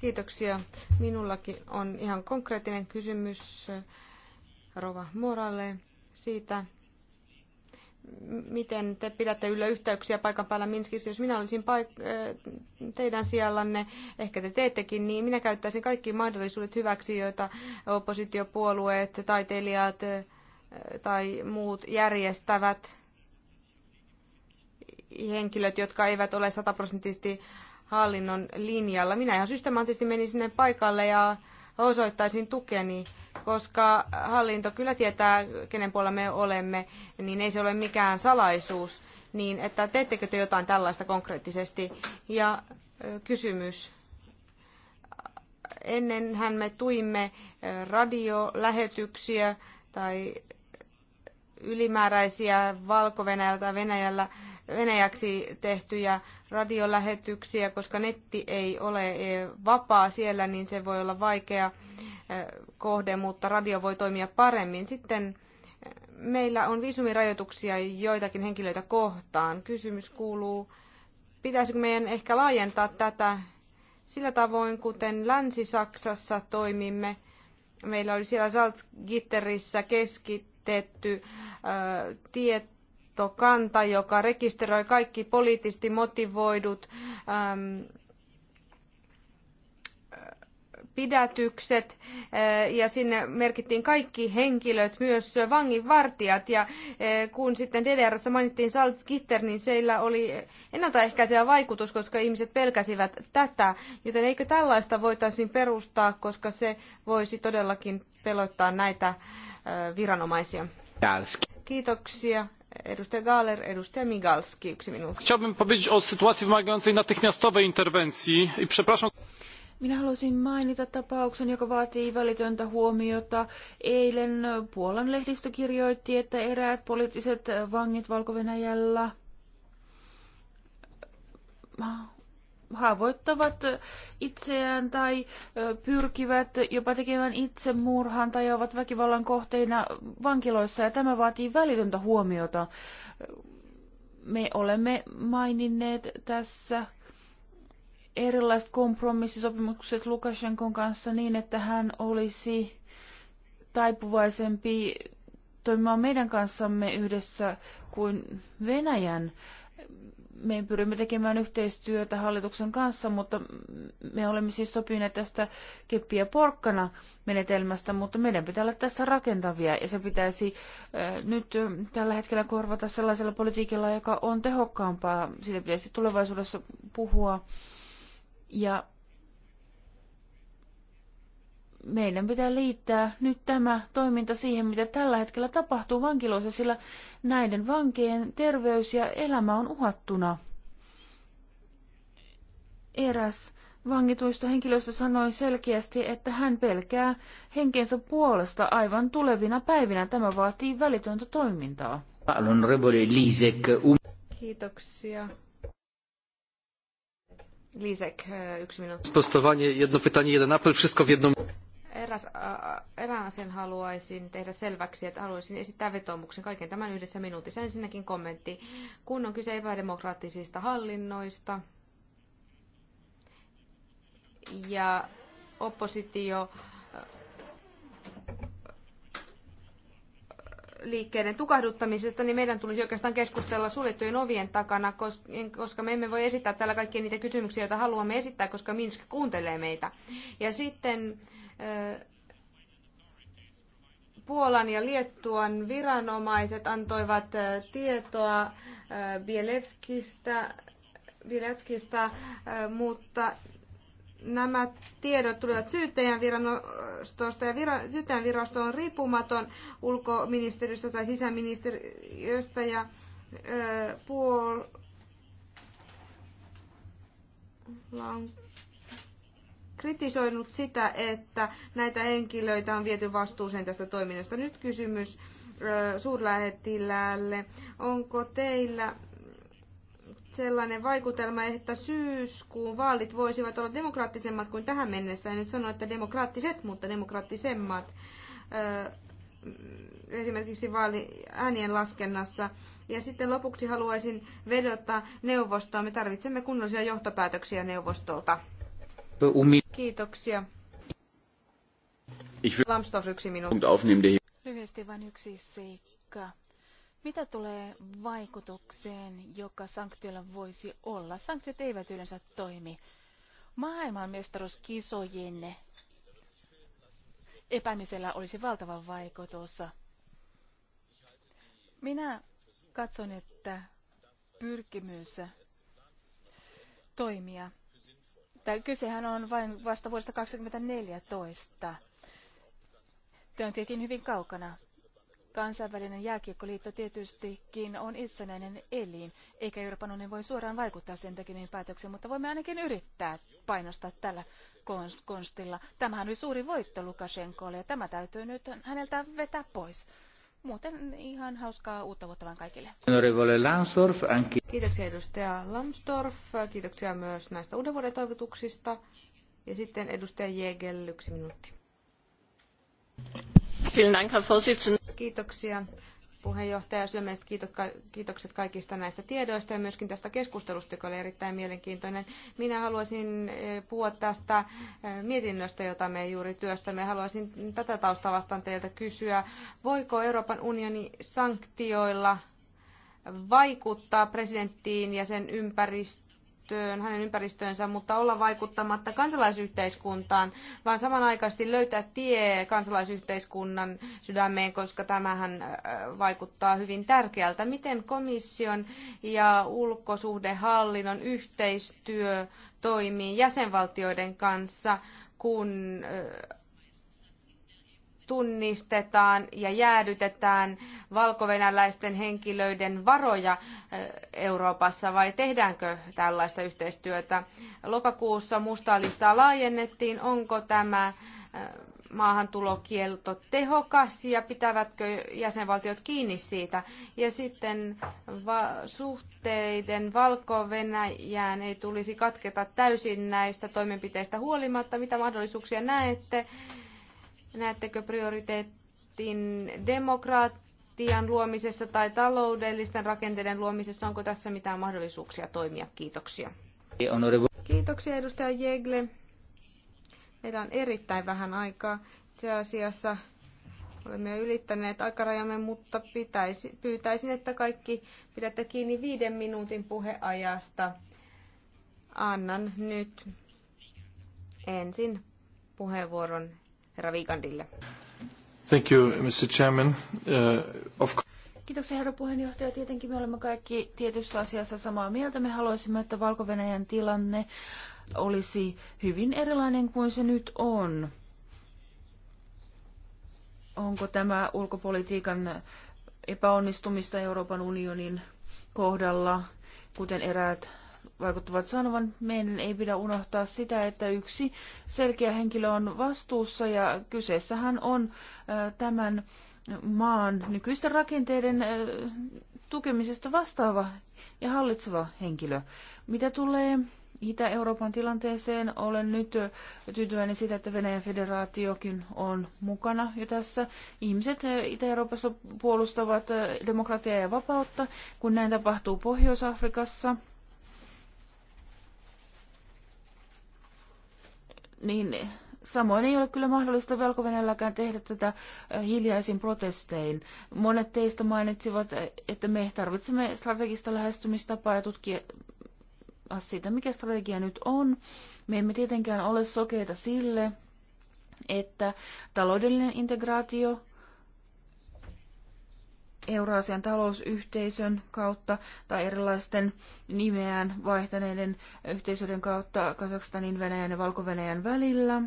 Kiitoksia. Minullakin on ihan konkreettinen kysymys Rova Moralle siitä, miten te pidätte yllä yhteyksiä paikan päällä Minskissä. Jos minä olisin paik- äh, teidän sijallanne, ehkä te teettekin, niin minä käyttäisin kaikki mahdollisuudet hyväksi, joita oppositiopuolueet, taiteilijat äh, tai muut järjestävät henkilöt, jotka eivät ole sataprosenttisesti hallinnon linjalla. Minä ihan systemaattisesti menin sinne paikalle ja osoittaisin tukeni, koska hallinto kyllä tietää, kenen puolella me olemme, niin ei se ole mikään salaisuus, niin että teettekö te jotain tällaista konkreettisesti? Ja kysymys ennenhän me tuimme radiolähetyksiä tai ylimääräisiä valko Venäjällä, Venäjäksi tehtyjä radiolähetyksiä, koska netti ei ole e, vapaa siellä, niin se voi olla vaikea e, kohde, mutta radio voi toimia paremmin. Sitten e, meillä on viisumirajoituksia joitakin henkilöitä kohtaan. Kysymys kuuluu, pitäisikö meidän ehkä laajentaa tätä sillä tavoin, kuten Länsi-Saksassa toimimme. Meillä oli siellä Salzgitterissä keskitetty ö, tiet, tietokanta, joka rekisteröi kaikki poliittisesti motivoidut äm, pidätykset äh, ja sinne merkittiin kaikki henkilöt, myös vanginvartijat. Ja äh, kun sitten DDRssä mainittiin Salzgitter, niin seillä oli ennaltaehkäisevä vaikutus, koska ihmiset pelkäsivät tätä. Joten eikö tällaista voitaisiin perustaa, koska se voisi todellakin pelottaa näitä äh, viranomaisia? Kiitoksia. Edustaja edustaja Migalski, yksi minuutti. Chciałbym powiedzieć o sytuacji wymagającej natychmiastowej interwencji i przepraszam. Minä haluaisin mainita tapauksen, joka vaatii välitöntä huomiota. Eilen Puolan lehdistö kirjoitti, että eräät poliittiset vangit Valko-Venäjällä haavoittavat itseään tai pyrkivät jopa tekemään itsemurhan tai ovat väkivallan kohteina vankiloissa ja tämä vaatii välitöntä huomiota. Me olemme maininneet tässä erilaiset kompromissisopimukset Lukashenkon kanssa niin, että hän olisi taipuvaisempi toimimaan meidän kanssamme yhdessä kuin Venäjän me pyrimme tekemään yhteistyötä hallituksen kanssa, mutta me olemme siis sopineet tästä keppiä porkkana menetelmästä, mutta meidän pitää olla tässä rakentavia ja se pitäisi nyt tällä hetkellä korvata sellaisella politiikalla, joka on tehokkaampaa. Siitä pitäisi tulevaisuudessa puhua ja meidän pitää liittää nyt tämä toiminta siihen, mitä tällä hetkellä tapahtuu vankiloissa, sillä näiden vankien terveys ja elämä on uhattuna. Eräs vangituista henkilöistä sanoi selkeästi, että hän pelkää henkensä puolesta aivan tulevina päivinä. Tämä vaatii välitöntä toimintaa. Kiitoksia. Lisek, yksi minuutti. jedno pytanie, jeden apel, wszystko w jedną eräs, erään asian haluaisin tehdä selväksi, että haluaisin esittää vetoomuksen kaiken tämän yhdessä minuutissa. Ensinnäkin kommentti. Kun on kyse epädemokraattisista hallinnoista ja oppositio liikkeiden tukahduttamisesta, niin meidän tulisi oikeastaan keskustella suljettujen ovien takana, koska me emme voi esittää täällä kaikkia niitä kysymyksiä, joita haluamme esittää, koska Minsk kuuntelee meitä. Ja sitten äh, Puolan ja Liettuan viranomaiset antoivat tietoa Bielewskistä, Bielewskistä mutta nämä tiedot tulevat syyttäjän virastosta ja vira, syyttäjän virasto on riippumaton ulkoministeriöstä tai sisäministeriöstä ja ö, puol... Lank- kritisoinut sitä, että näitä henkilöitä on viety vastuuseen tästä toiminnasta. Nyt kysymys suurlähettiläälle. Onko teillä sellainen vaikutelma, että syyskuun vaalit voisivat olla demokraattisemmat kuin tähän mennessä. En nyt sano, että demokraattiset, mutta demokraattisemmat esimerkiksi vaali äänien laskennassa. Ja sitten lopuksi haluaisin vedota neuvostoa, Me tarvitsemme kunnollisia johtopäätöksiä neuvostolta. Kiitoksia. Ich will Lambsdorff yksi minuutti. Lyhyesti vain yksi seikka. Mitä tulee vaikutukseen, joka sanktiolla voisi olla? Sanktiot eivät yleensä toimi. Maailmanmestaruuskisojen epämisellä olisi valtava vaikutus. Minä katson, että pyrkimys toimia että kysehän on vain vasta vuodesta 2014. Tämä on tietenkin hyvin kaukana. Kansainvälinen jääkiekkoliitto tietystikin on itsenäinen elin, eikä Euroopan unioni voi suoraan vaikuttaa sen tekemiin päätöksiin, mutta voimme ainakin yrittää painostaa tällä konstilla. Tämähän oli suuri voitto Lukashenkolle ja tämä täytyy nyt häneltä vetää pois. Muuten ihan hauskaa uutta vuotta vaan kaikille. Kiitoksia edustaja Lansdorf. Kiitoksia myös näistä uuden vuoden toivotuksista. Ja sitten edustaja Jägel yksi minuutti. Kiitoksia puheenjohtaja. Sydämelliset kiitokset kaikista näistä tiedoista ja myöskin tästä keskustelusta, joka oli erittäin mielenkiintoinen. Minä haluaisin eh, puhua tästä eh, mietinnöstä, jota me juuri työstämme. Haluaisin tätä taustaa vastaan teiltä kysyä. Voiko Euroopan unioni sanktioilla vaikuttaa presidenttiin ja sen ympäristöön? ympäristöön, hänen ympäristöönsä, mutta olla vaikuttamatta kansalaisyhteiskuntaan, vaan samanaikaisesti löytää tie kansalaisyhteiskunnan sydämeen, koska tämähän äh, vaikuttaa hyvin tärkeältä. Miten komission ja ulkosuhdehallinnon yhteistyö toimii jäsenvaltioiden kanssa, kun äh, tunnistetaan ja jäädytetään valkovenäläisten henkilöiden varoja eh, Euroopassa vai tehdäänkö tällaista yhteistyötä? Lokakuussa mustaa listaa laajennettiin. Onko tämä eh, maahantulokielto tehokas ja pitävätkö jäsenvaltiot kiinni siitä? Ja sitten va- suhteiden Valko-Venäjään ei tulisi katketa täysin näistä toimenpiteistä huolimatta. Mitä mahdollisuuksia näette? Näettekö prioriteetin demokratian luomisessa tai taloudellisten rakenteiden luomisessa? Onko tässä mitään mahdollisuuksia toimia? Kiitoksia. Kiitoksia edustaja Jegle. Meillä on erittäin vähän aikaa. Itse asiassa olemme jo ylittäneet aikarajamme, mutta pitäisi, pyytäisin, että kaikki pidätte kiinni viiden minuutin puheajasta. Annan nyt ensin puheenvuoron herra Viikandille. Thank you, Mr. Chairman. Uh, of... Kiitoksia herra puheenjohtaja. Tietenkin me olemme kaikki tietyssä asiassa samaa mieltä. Me haluaisimme, että valko tilanne olisi hyvin erilainen kuin se nyt on. Onko tämä ulkopolitiikan epäonnistumista Euroopan unionin kohdalla, kuten eräät vaikuttavat sanovan, meidän ei pidä unohtaa sitä, että yksi selkeä henkilö on vastuussa ja kyseessähän on tämän maan nykyisten rakenteiden tukemisesta vastaava ja hallitseva henkilö. Mitä tulee Itä-Euroopan tilanteeseen, olen nyt tyytyväinen sitä, että Venäjän federaatiokin on mukana jo tässä. Ihmiset Itä-Euroopassa puolustavat demokratiaa ja vapautta, kun näin tapahtuu Pohjois-Afrikassa – niin samoin ei ole kyllä mahdollista valko tehdä tätä äh, hiljaisin protestein. Monet teistä mainitsivat, että me tarvitsemme strategista lähestymistapaa ja tutkia äh, sitä, mikä strategia nyt on. Me emme tietenkään ole sokeita sille, että taloudellinen integraatio Euraasian talousyhteisön kautta tai erilaisten nimeään vaihtaneiden yhteisöiden kautta Kazakstanin, Venäjän ja valko -Venäjän välillä.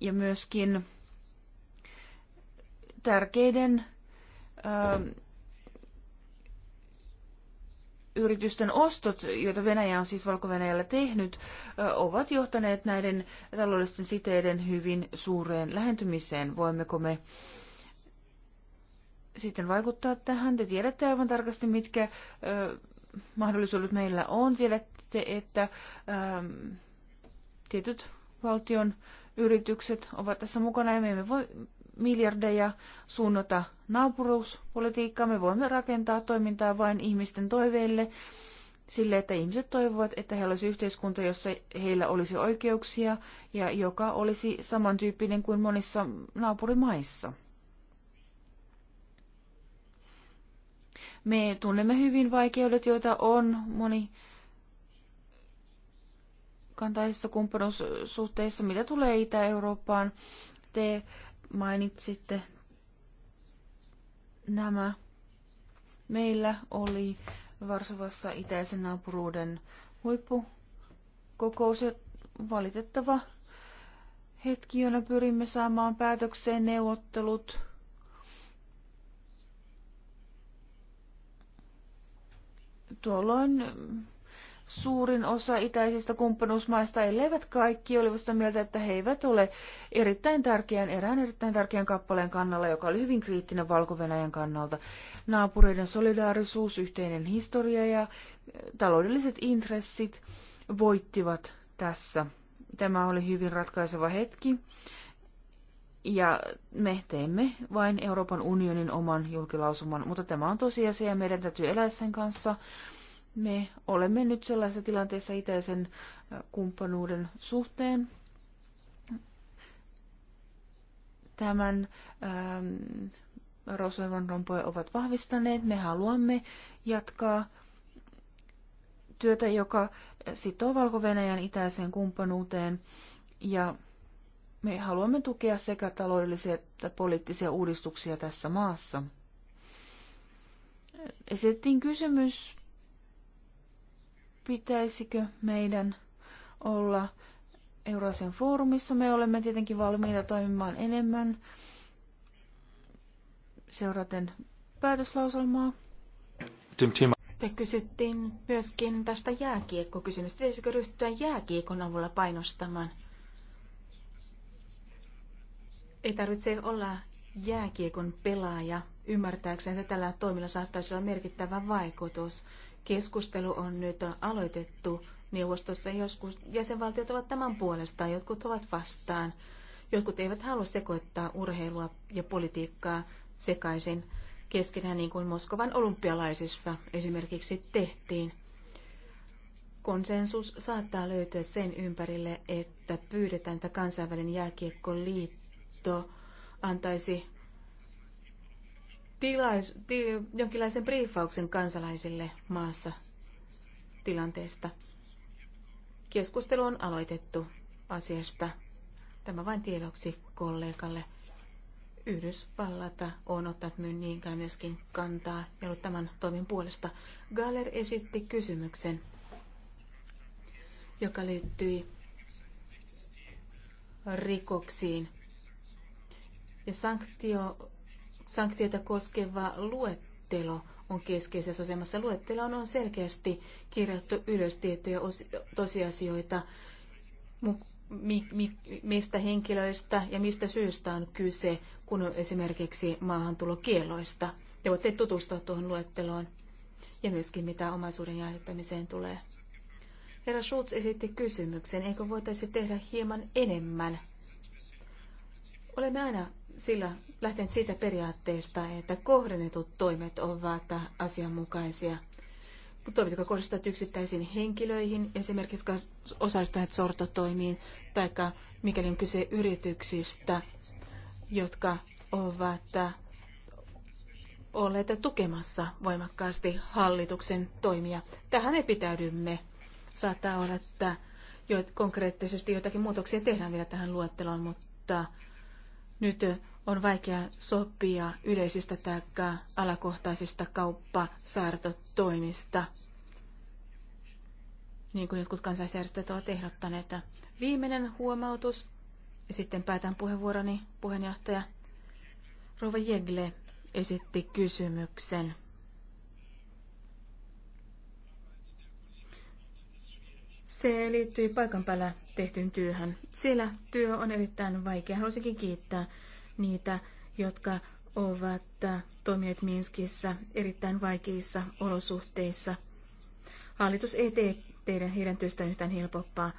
Ja myöskin tärkeiden ö, ähm, yritysten ostot, joita Venäjä on siis valko tehnyt, ö, äh, ovat johtaneet näiden taloudellisten siteiden hyvin suureen lähentymiseen. Voimmeko me sitten vaikuttaa tähän. Te tiedätte aivan tarkasti, mitkä ö, mahdollisuudet meillä on. Tiedätte, että ö, ähm, tietyt valtion yritykset ovat tässä mukana ja me emme voi miljardeja suunnata naapuruuspolitiikkaan. Me voimme rakentaa toimintaa vain ihmisten toiveille sille, että ihmiset toivovat, että heillä olisi yhteiskunta, jossa heillä olisi oikeuksia ja joka olisi samantyyppinen kuin monissa naapurimaissa. Me tunnemme hyvin vaikeudet, joita on moni kantaisissa kumppanuussuhteissa, mitä tulee Itä-Eurooppaan. Te mainitsitte nämä. Meillä oli Varsovassa itäisen naapuruuden huippukokous ja valitettava hetki, jona pyrimme saamaan päätökseen neuvottelut – Tuolloin suurin osa itäisistä kumppanuusmaista, elleivät kaikki, olivat sitä mieltä, että he eivät ole erittäin tärkeän, erään erittäin tärkeän kappaleen kannalla, joka oli hyvin kriittinen valko kannalta. Naapureiden solidaarisuus, yhteinen historia ja eh, taloudelliset intressit voittivat tässä. Tämä oli hyvin ratkaiseva hetki. Ja me teemme vain Euroopan unionin oman julkilausuman, mutta tämä on tosiasia ja meidän täytyy elää sen kanssa. Me olemme nyt sellaisessa tilanteessa itäisen äh, kumppanuuden suhteen. Tämän ähm, rompoja ovat vahvistaneet. Me haluamme jatkaa työtä, joka sitoo valko itäiseen kumppanuuteen ja me haluamme tukea sekä taloudellisia että poliittisia uudistuksia tässä maassa. Esitettiin kysymys, pitäisikö meidän olla Euroasian foorumissa. Me olemme tietenkin valmiita toimimaan enemmän seuraten päätöslauselmaa. Te kysyttiin myöskin tästä jääkiekkokysymystä. Pitäisikö ryhtyä jääkiekon avulla painostamaan? Ei tarvitse olla jääkiekon pelaaja Ymmärtääkseni, että tällä toimilla saattaisi olla merkittävä vaikutus. Keskustelu on nyt aloitettu neuvostossa. Joskus jäsenvaltiot ovat tämän puolesta, jotkut ovat vastaan. Jotkut eivät halua sekoittaa urheilua ja politiikkaa sekaisin keskenään, niin kuin Moskovan olympialaisissa esimerkiksi tehtiin. Konsensus saattaa löytyä sen ympärille, että pyydetään, että kansainvälinen liittyy neuvosto antaisi tilais, ti, jonkinlaisen briefauksen kansalaisille maassa tilanteesta. Keskustelu on aloitettu asiasta. Tämä vain tiedoksi kollegalle. Yhdysvallata on ottanut niinkään myöskin kantaa ja ollut tämän toimin puolesta. Galler esitti kysymyksen, joka liittyi rikoksiin ja sanktio, sanktiota koskeva luettelo on keskeisessä asemassa. Luettelo on selkeästi kirjattu ylös tiettyjä tosiasioita, mi, mi, mistä henkilöistä ja mistä syystä on kyse, kun on esimerkiksi maahantulokieloista. Te voitte tutustua tuohon luetteloon ja myöskin mitä omaisuuden jäädyttämiseen tulee. Herra Schulz esitti kysymyksen, eikö voitaisi tehdä hieman enemmän. Olemme aina sillä lähten siitä periaatteesta, että kohdennetut toimet ovat asianmukaisia. Toimet, jotka kohdistuvat yksittäisiin henkilöihin, esimerkiksi jotka osallistuvat sortotoimiin, tai mikäli on kyse yrityksistä, jotka ovat olleet tukemassa voimakkaasti hallituksen toimia. Tähän me pitäydymme. Saattaa olla, että konkreettisesti jotakin muutoksia tehdään vielä tähän luetteloon, mutta nyt on vaikea sopia yleisistä tai alakohtaisista kauppasaartotoimista, niin kuin jotkut kansalaisjärjestöt ovat ehdottaneet. Viimeinen huomautus, ja sitten päätän puheenvuoroni, puheenjohtaja. Rova Jegle esitti kysymyksen. Se liittyy paikan päällä tehtyyn työhön. Siellä työ on erittäin vaikea. Haluaisinkin kiittää niitä, jotka ovat toimineet Minskissä erittäin vaikeissa olosuhteissa. Hallitus ei tee teidän heidän työstään yhtään helpompaa.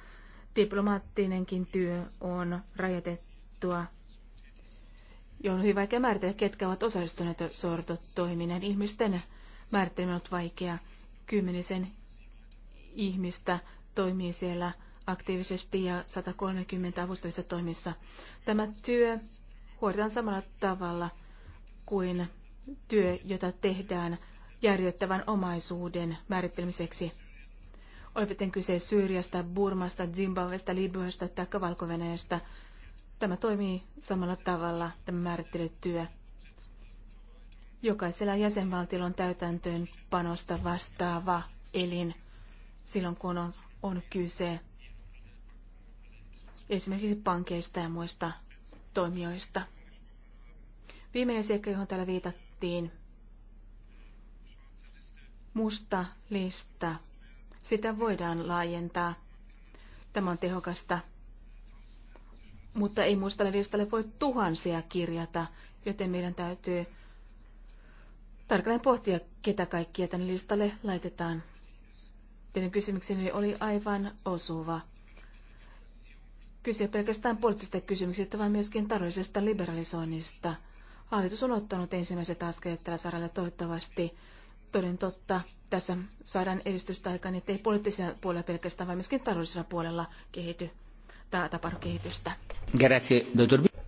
Diplomaattinenkin työ on rajoitettua. Ja on hyvin vaikea määritellä, ketkä ovat osallistuneet sortotoiminnan. Ihmisten määritteleminen on vaikea. Kymmenisen ihmistä toimii siellä aktiivisesti ja 130 avustavissa toimissa. Tämä työ huolitaan samalla tavalla kuin työ, jota tehdään järjettävän omaisuuden määrittelemiseksi. Olipa kyse Syyriasta, Burmasta, Zimbabwesta, Libyasta tai valko -Venäjästä. Tämä toimii samalla tavalla, tämä määrittelytyö. Jokaisella jäsenvaltiolla on täytäntöön panosta vastaava elin silloin, kun on on kyse esimerkiksi pankeista ja muista toimijoista. Viimeinen seikka, johon täällä viitattiin, musta lista. Sitä voidaan laajentaa. Tämä on tehokasta. Mutta ei mustalle listalle voi tuhansia kirjata, joten meidän täytyy tarkalleen pohtia, ketä kaikkia tänne listalle laitetaan. Teidän kysymykseni oli aivan osuva. Kyse pelkästään poliittisista kysymyksistä, vaan myöskin taloudellisesta liberalisoinnista. Hallitus on ottanut ensimmäiset askeleet tällä saralla toivottavasti. Toden totta, tässä saadaan edistystä aikaan, niin ettei poliittisella puolella pelkästään, vaan myöskin taloudellisella puolella kehity tai tapahdu kehitystä. Grazie,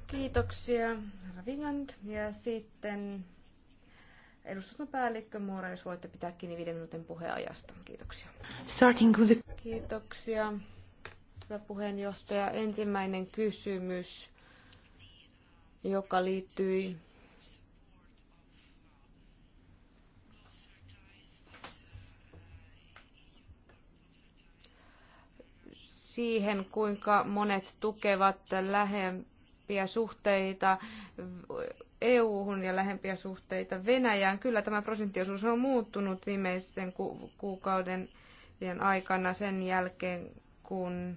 Kiitoksia, Ravinand. Ja sitten edustuston päällikkö Moora, jos voitte pitää kiinni viiden minuutin puheajasta. Kiitoksia. Starting with the... Kiitoksia. Hyvä puheenjohtaja. Ensimmäinen kysymys, joka liittyi siihen, kuinka monet tukevat lähempää lähempiä suhteita EU-hun ja lähempiä suhteita Venäjään. Kyllä tämä prosenttiosuus on muuttunut viimeisten ku- kuukauden aikana sen jälkeen, kun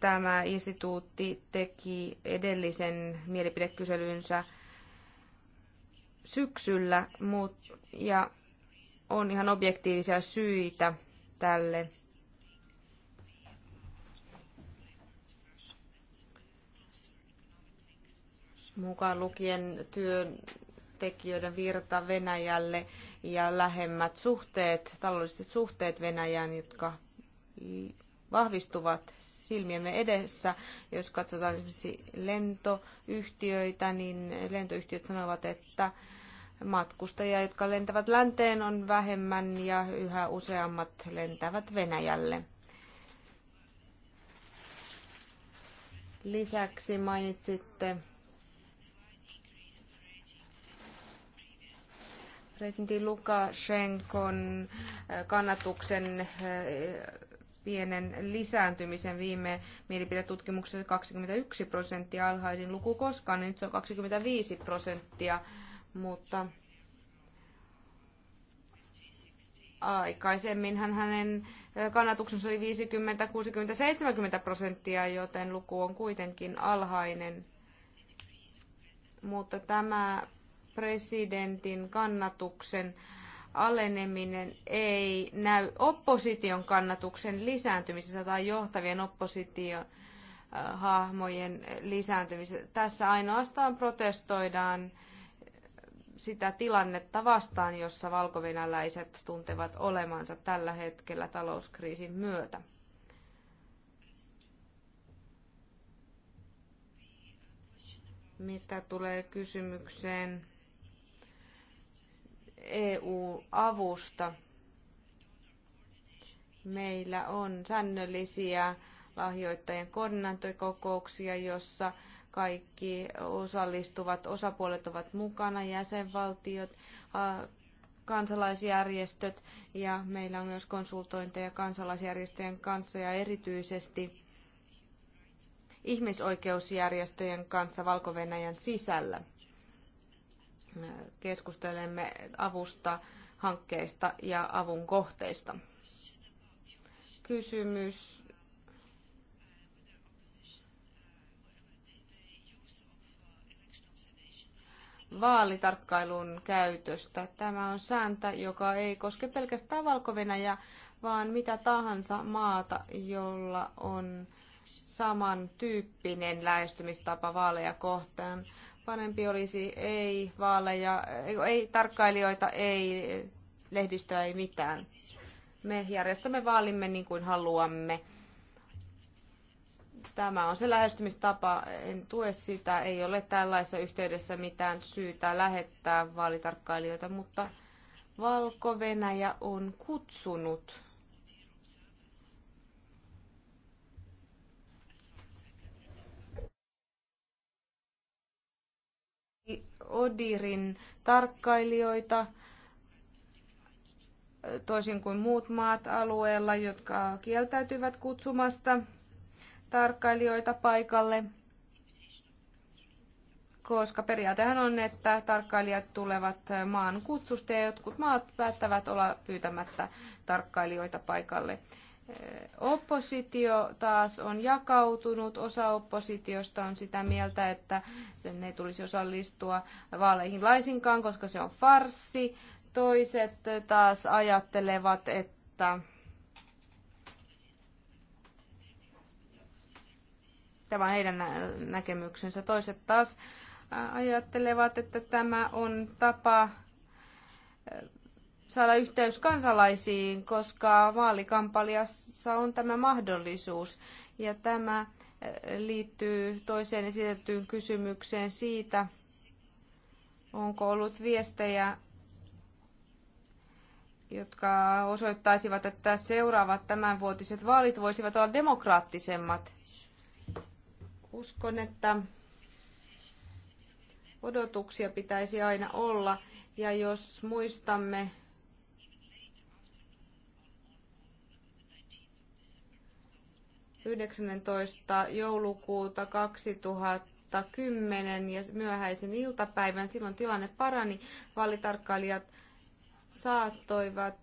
tämä instituutti teki edellisen mielipidekyselynsä syksyllä, mut, ja on ihan objektiivisia syitä tälle mukaan lukien työntekijöiden virta Venäjälle ja lähemmät suhteet, taloudelliset suhteet Venäjään, jotka vahvistuvat silmiemme edessä. Jos katsotaan esimerkiksi lentoyhtiöitä, niin lentoyhtiöt sanovat, että matkustajia, jotka lentävät länteen, on vähemmän ja yhä useammat lentävät Venäjälle. Lisäksi mainitsitte presidentti Lukashenkon äh, kannatuksen äh, pienen lisääntymisen viime mielipidetutkimuksessa 21 prosenttia alhaisin luku koskaan, niin nyt se on 25 prosenttia, mutta aikaisemmin hänen kannatuksensa oli 50, 60, 70 prosenttia, joten luku on kuitenkin alhainen. Mutta tämä presidentin kannatuksen aleneminen ei näy opposition kannatuksen lisääntymisessä tai johtavien opposition hahmojen lisääntymisessä. Tässä ainoastaan protestoidaan sitä tilannetta vastaan, jossa valkovenäläiset tuntevat olemansa tällä hetkellä talouskriisin myötä. Mitä tulee kysymykseen EU-avusta. Meillä on säännöllisiä lahjoittajien koordinaatiokokouksia, jossa kaikki osallistuvat osapuolet ovat mukana, jäsenvaltiot, kansalaisjärjestöt ja meillä on myös konsultointeja kansalaisjärjestöjen kanssa ja erityisesti ihmisoikeusjärjestöjen kanssa valko sisällä keskustelemme avusta, hankkeista ja avun kohteista. Kysymys vaalitarkkailun käytöstä. Tämä on sääntö, joka ei koske pelkästään valko vaan mitä tahansa maata, jolla on samantyyppinen lähestymistapa vaaleja kohtaan. Parempi olisi ei vaaleja, ei tarkkailijoita, ei lehdistöä, ei mitään. Me järjestämme vaalimme niin kuin haluamme. Tämä on se lähestymistapa. En tue sitä. Ei ole tällaisessa yhteydessä mitään syytä lähettää vaalitarkkailijoita, mutta Valko-Venäjä on kutsunut Odirin tarkkailijoita, toisin kuin muut maat alueella, jotka kieltäytyvät kutsumasta tarkkailijoita paikalle, koska periaatehan on, että tarkkailijat tulevat maan kutsusta ja jotkut maat päättävät olla pyytämättä tarkkailijoita paikalle. Oppositio taas on jakautunut. Osa oppositiosta on sitä mieltä, että sen ei tulisi osallistua vaaleihin laisinkaan, koska se on farsi. Toiset taas ajattelevat, että tämä on heidän näkemyksensä. Toiset taas ajattelevat, että tämä on tapa saada yhteys kansalaisiin, koska vaalikampaliassa on tämä mahdollisuus. Ja tämä eh, liittyy toiseen esitettyyn kysymykseen siitä, onko ollut viestejä, jotka osoittaisivat, että seuraavat tämänvuotiset vaalit voisivat olla demokraattisemmat. Uskon, että odotuksia pitäisi aina olla. Ja jos muistamme 19. joulukuuta 2010 ja myöhäisen iltapäivän. Silloin tilanne parani. Vaalitarkkailijat saattoivat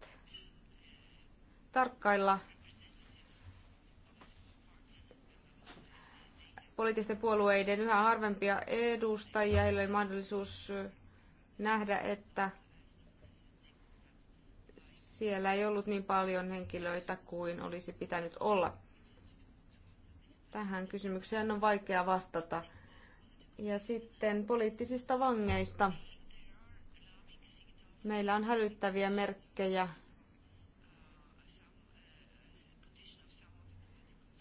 tarkkailla poliittisten puolueiden yhä harvempia edustajia. Heillä oli mahdollisuus nähdä, että siellä ei ollut niin paljon henkilöitä kuin olisi pitänyt olla. Tähän kysymykseen on vaikea vastata. Ja sitten poliittisista vangeista. Meillä on hälyttäviä merkkejä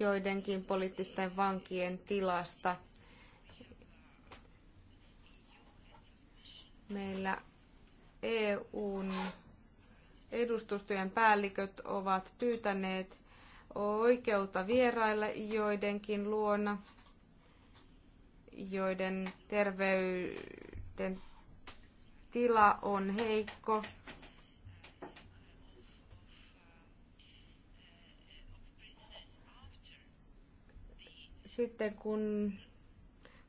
joidenkin poliittisten vankien tilasta. Meillä EUn edustustojen päälliköt ovat pyytäneet oikeutta vierailla joidenkin luona, joiden terveyden tila on heikko. Sitten kun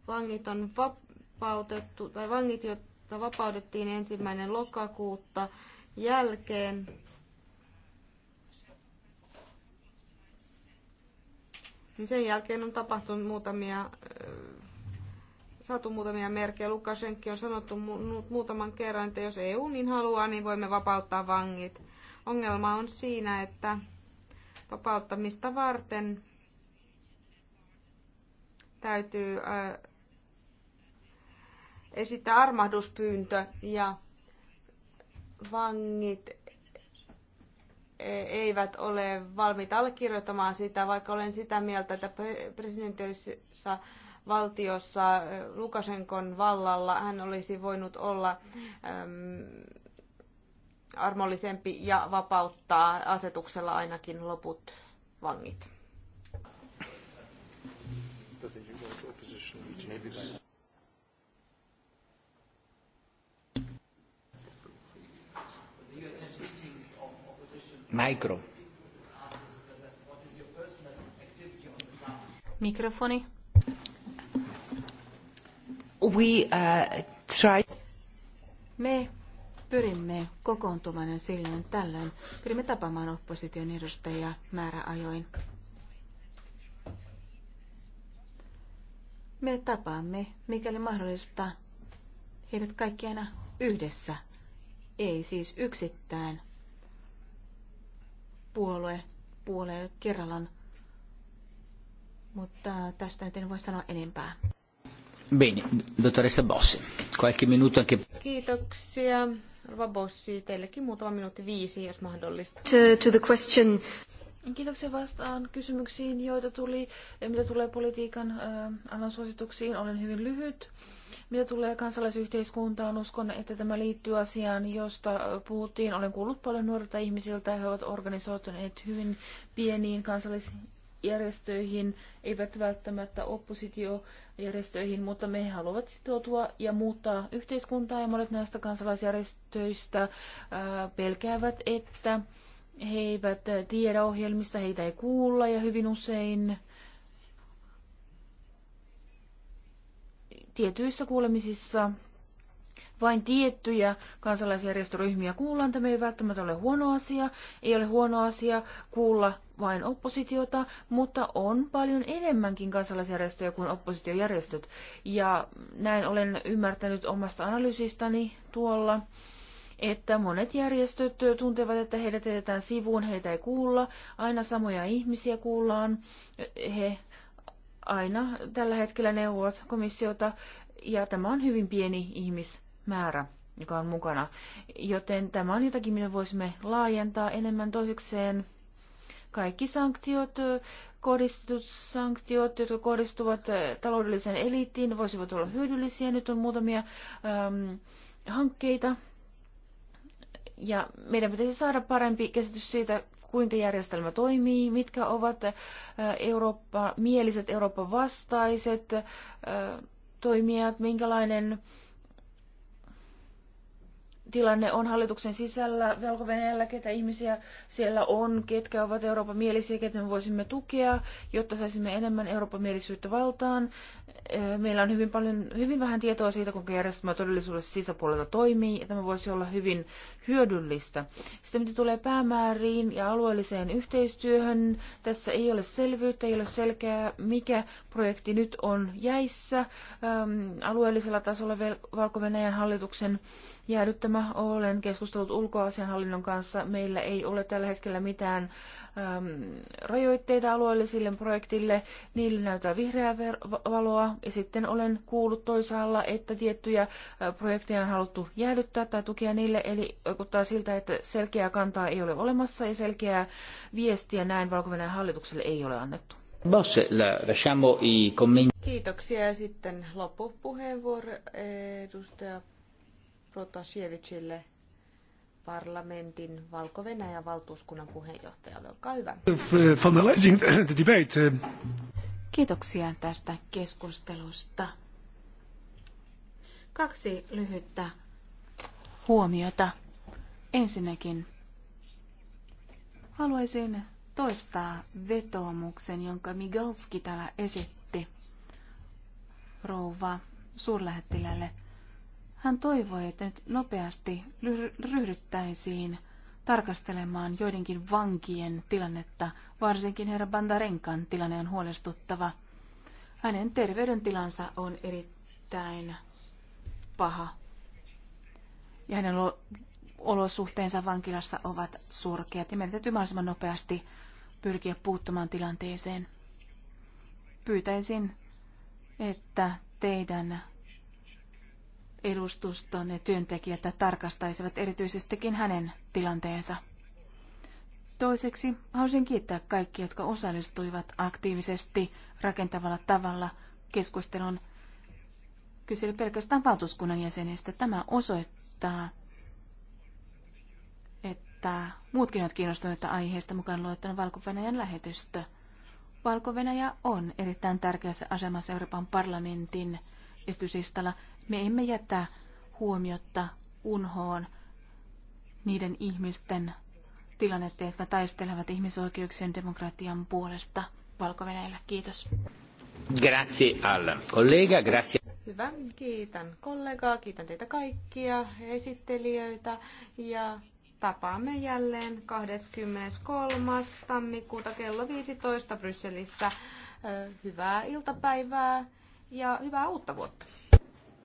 vangit on vapautettu, tai vangit, jotka vapautettiin ensimmäinen lokakuutta jälkeen, niin sen jälkeen on tapahtunut muutamia, saatu muutamia merkkejä. Lukashenki on sanottu mu- muutaman kerran, että jos EU niin haluaa, niin voimme vapauttaa vangit. Ongelma on siinä, että vapauttamista varten täytyy ää, esittää armahduspyyntö ja vangit eivät ole valmiita allekirjoittamaan sitä, vaikka olen sitä mieltä, että presidentillisessä valtiossa Lukashenkon vallalla hän olisi voinut olla äm, armollisempi ja vapauttaa asetuksella ainakin loput vangit. Micro. Mikrofoni. We, uh, try... Me pyrimme kokoontumaan ja silloin tällöin. Pyrimme tapaamaan opposition edustajia määräajoin. Me tapaamme, mikäli mahdollista, heidät kaikki aina yhdessä, ei siis yksittäin puolue, puolue kerrallaan. Mutta tästä nyt en voi sanoa enempää. Bene, dottoressa Bossi, qualche minuto anche... Kiitoksia. Rova Bossi, teillekin muutama minuutti viisi, jos mahdollista. To, to the question. Kiitoksia vastaan kysymyksiin, joita tuli, mitä tulee politiikan äh, alan suosituksiin. Olen hyvin lyhyt. Mitä tulee kansalaisyhteiskuntaan, uskon, että tämä liittyy asiaan, josta puhuttiin. Olen kuullut paljon nuorilta ihmisiltä, he ovat organisoituneet hyvin pieniin kansalaisjärjestöihin, eivät välttämättä oppositiojärjestöihin, mutta me haluavat sitoutua ja muuttaa yhteiskuntaa. Ja monet näistä kansalaisjärjestöistä pelkäävät, että he eivät tiedä ohjelmista, heitä ei kuulla ja hyvin usein tietyissä kuulemisissa vain tiettyjä kansalaisjärjestöryhmiä kuullaan. Tämä ei välttämättä ole huono asia. Ei ole huono asia kuulla vain oppositiota, mutta on paljon enemmänkin kansalaisjärjestöjä kuin oppositiojärjestöt. Ja näin olen ymmärtänyt omasta analyysistani tuolla että monet järjestöt tuntevat, että heidät jätetään sivuun, heitä ei kuulla, aina samoja ihmisiä kuullaan, he aina tällä hetkellä neuvot komissiota, ja tämä on hyvin pieni ihmismäärä, joka on mukana. Joten tämä on jotakin, mitä voisimme laajentaa enemmän toisekseen. Kaikki sanktiot, kohdistetut sanktiot, jotka kohdistuvat taloudelliseen eliittiin, voisivat olla hyödyllisiä. Nyt on muutamia ähm, hankkeita, ja meidän pitäisi saada parempi käsitys siitä, kuinka järjestelmä toimii, mitkä ovat äh, Eurooppa, mieliset Euroopan vastaiset äh, toimijat, minkälainen tilanne on hallituksen sisällä valko ketä ihmisiä siellä on, ketkä ovat Euroopan mielisiä, ketä me voisimme tukea, jotta saisimme enemmän Euroopan mielisyyttä valtaan. Meillä on hyvin, paljon, hyvin vähän tietoa siitä, kuinka järjestelmä todellisuudessa sisäpuolelta toimii, ja tämä voisi olla hyvin hyödyllistä. Sitten mitä tulee päämääriin ja alueelliseen yhteistyöhön, tässä ei ole selvyyttä, ei ole selkeää, mikä projekti nyt on jäissä alueellisella tasolla valko hallituksen jäädyttämä. Olen keskustellut ulkoasianhallinnon kanssa. Meillä ei ole tällä hetkellä mitään äm, rajoitteita alueellisille projektille. Niille näyttää vihreää valoa. Ja sitten olen kuullut toisaalla, että tiettyjä äh, projekteja on haluttu jäädyttää tai tukea niille. Eli vaikuttaa siltä, että selkeää kantaa ei ole olemassa ja selkeää viestiä näin valko hallitukselle ei ole annettu. Kiitoksia. Ja sitten loppupuheenvuoro edustaja Protasevicille parlamentin valko valtuuskunnan puheenjohtajalle. Olkaa hyvä. the debate. Kiitoksia tästä keskustelusta. Kaksi lyhyttä huomiota. Ensinnäkin haluaisin toistaa vetoomuksen, jonka Migalski täällä esitti rouva suurlähettilälle – hän toivoi, että nyt nopeasti ryhdyttäisiin tarkastelemaan joidenkin vankien tilannetta. Varsinkin herra Bandarenkan tilanne on huolestuttava. Hänen terveydentilansa on erittäin paha. Ja hänen olosuhteensa vankilassa ovat surkeat. Ja meidän täytyy mahdollisimman nopeasti pyrkiä puuttumaan tilanteeseen. Pyytäisin, että teidän edustustonne työntekijät tarkastaisivat erityisestikin hänen tilanteensa. Toiseksi haluaisin kiittää kaikki, jotka osallistuivat aktiivisesti rakentavalla tavalla keskustelun. kysely pelkästään valtuuskunnan jäsenistä. Tämä osoittaa, että muutkin ovat kiinnostuneita aiheesta mukaan luettuna valko lähetystö. valko on erittäin tärkeässä asemassa Euroopan parlamentin esityslistalla me emme jätä huomiotta unhoon niiden ihmisten tilannetta, jotka taistelevat ihmisoikeuksien demokratian puolesta valko -Venäjällä. Kiitos. Grazie al collega, grazie. Hyvä, kiitän kollegaa, kiitän teitä kaikkia esittelijöitä ja tapaamme jälleen 23. tammikuuta kello 15 Brysselissä. Hyvää iltapäivää ja hyvää uutta vuotta.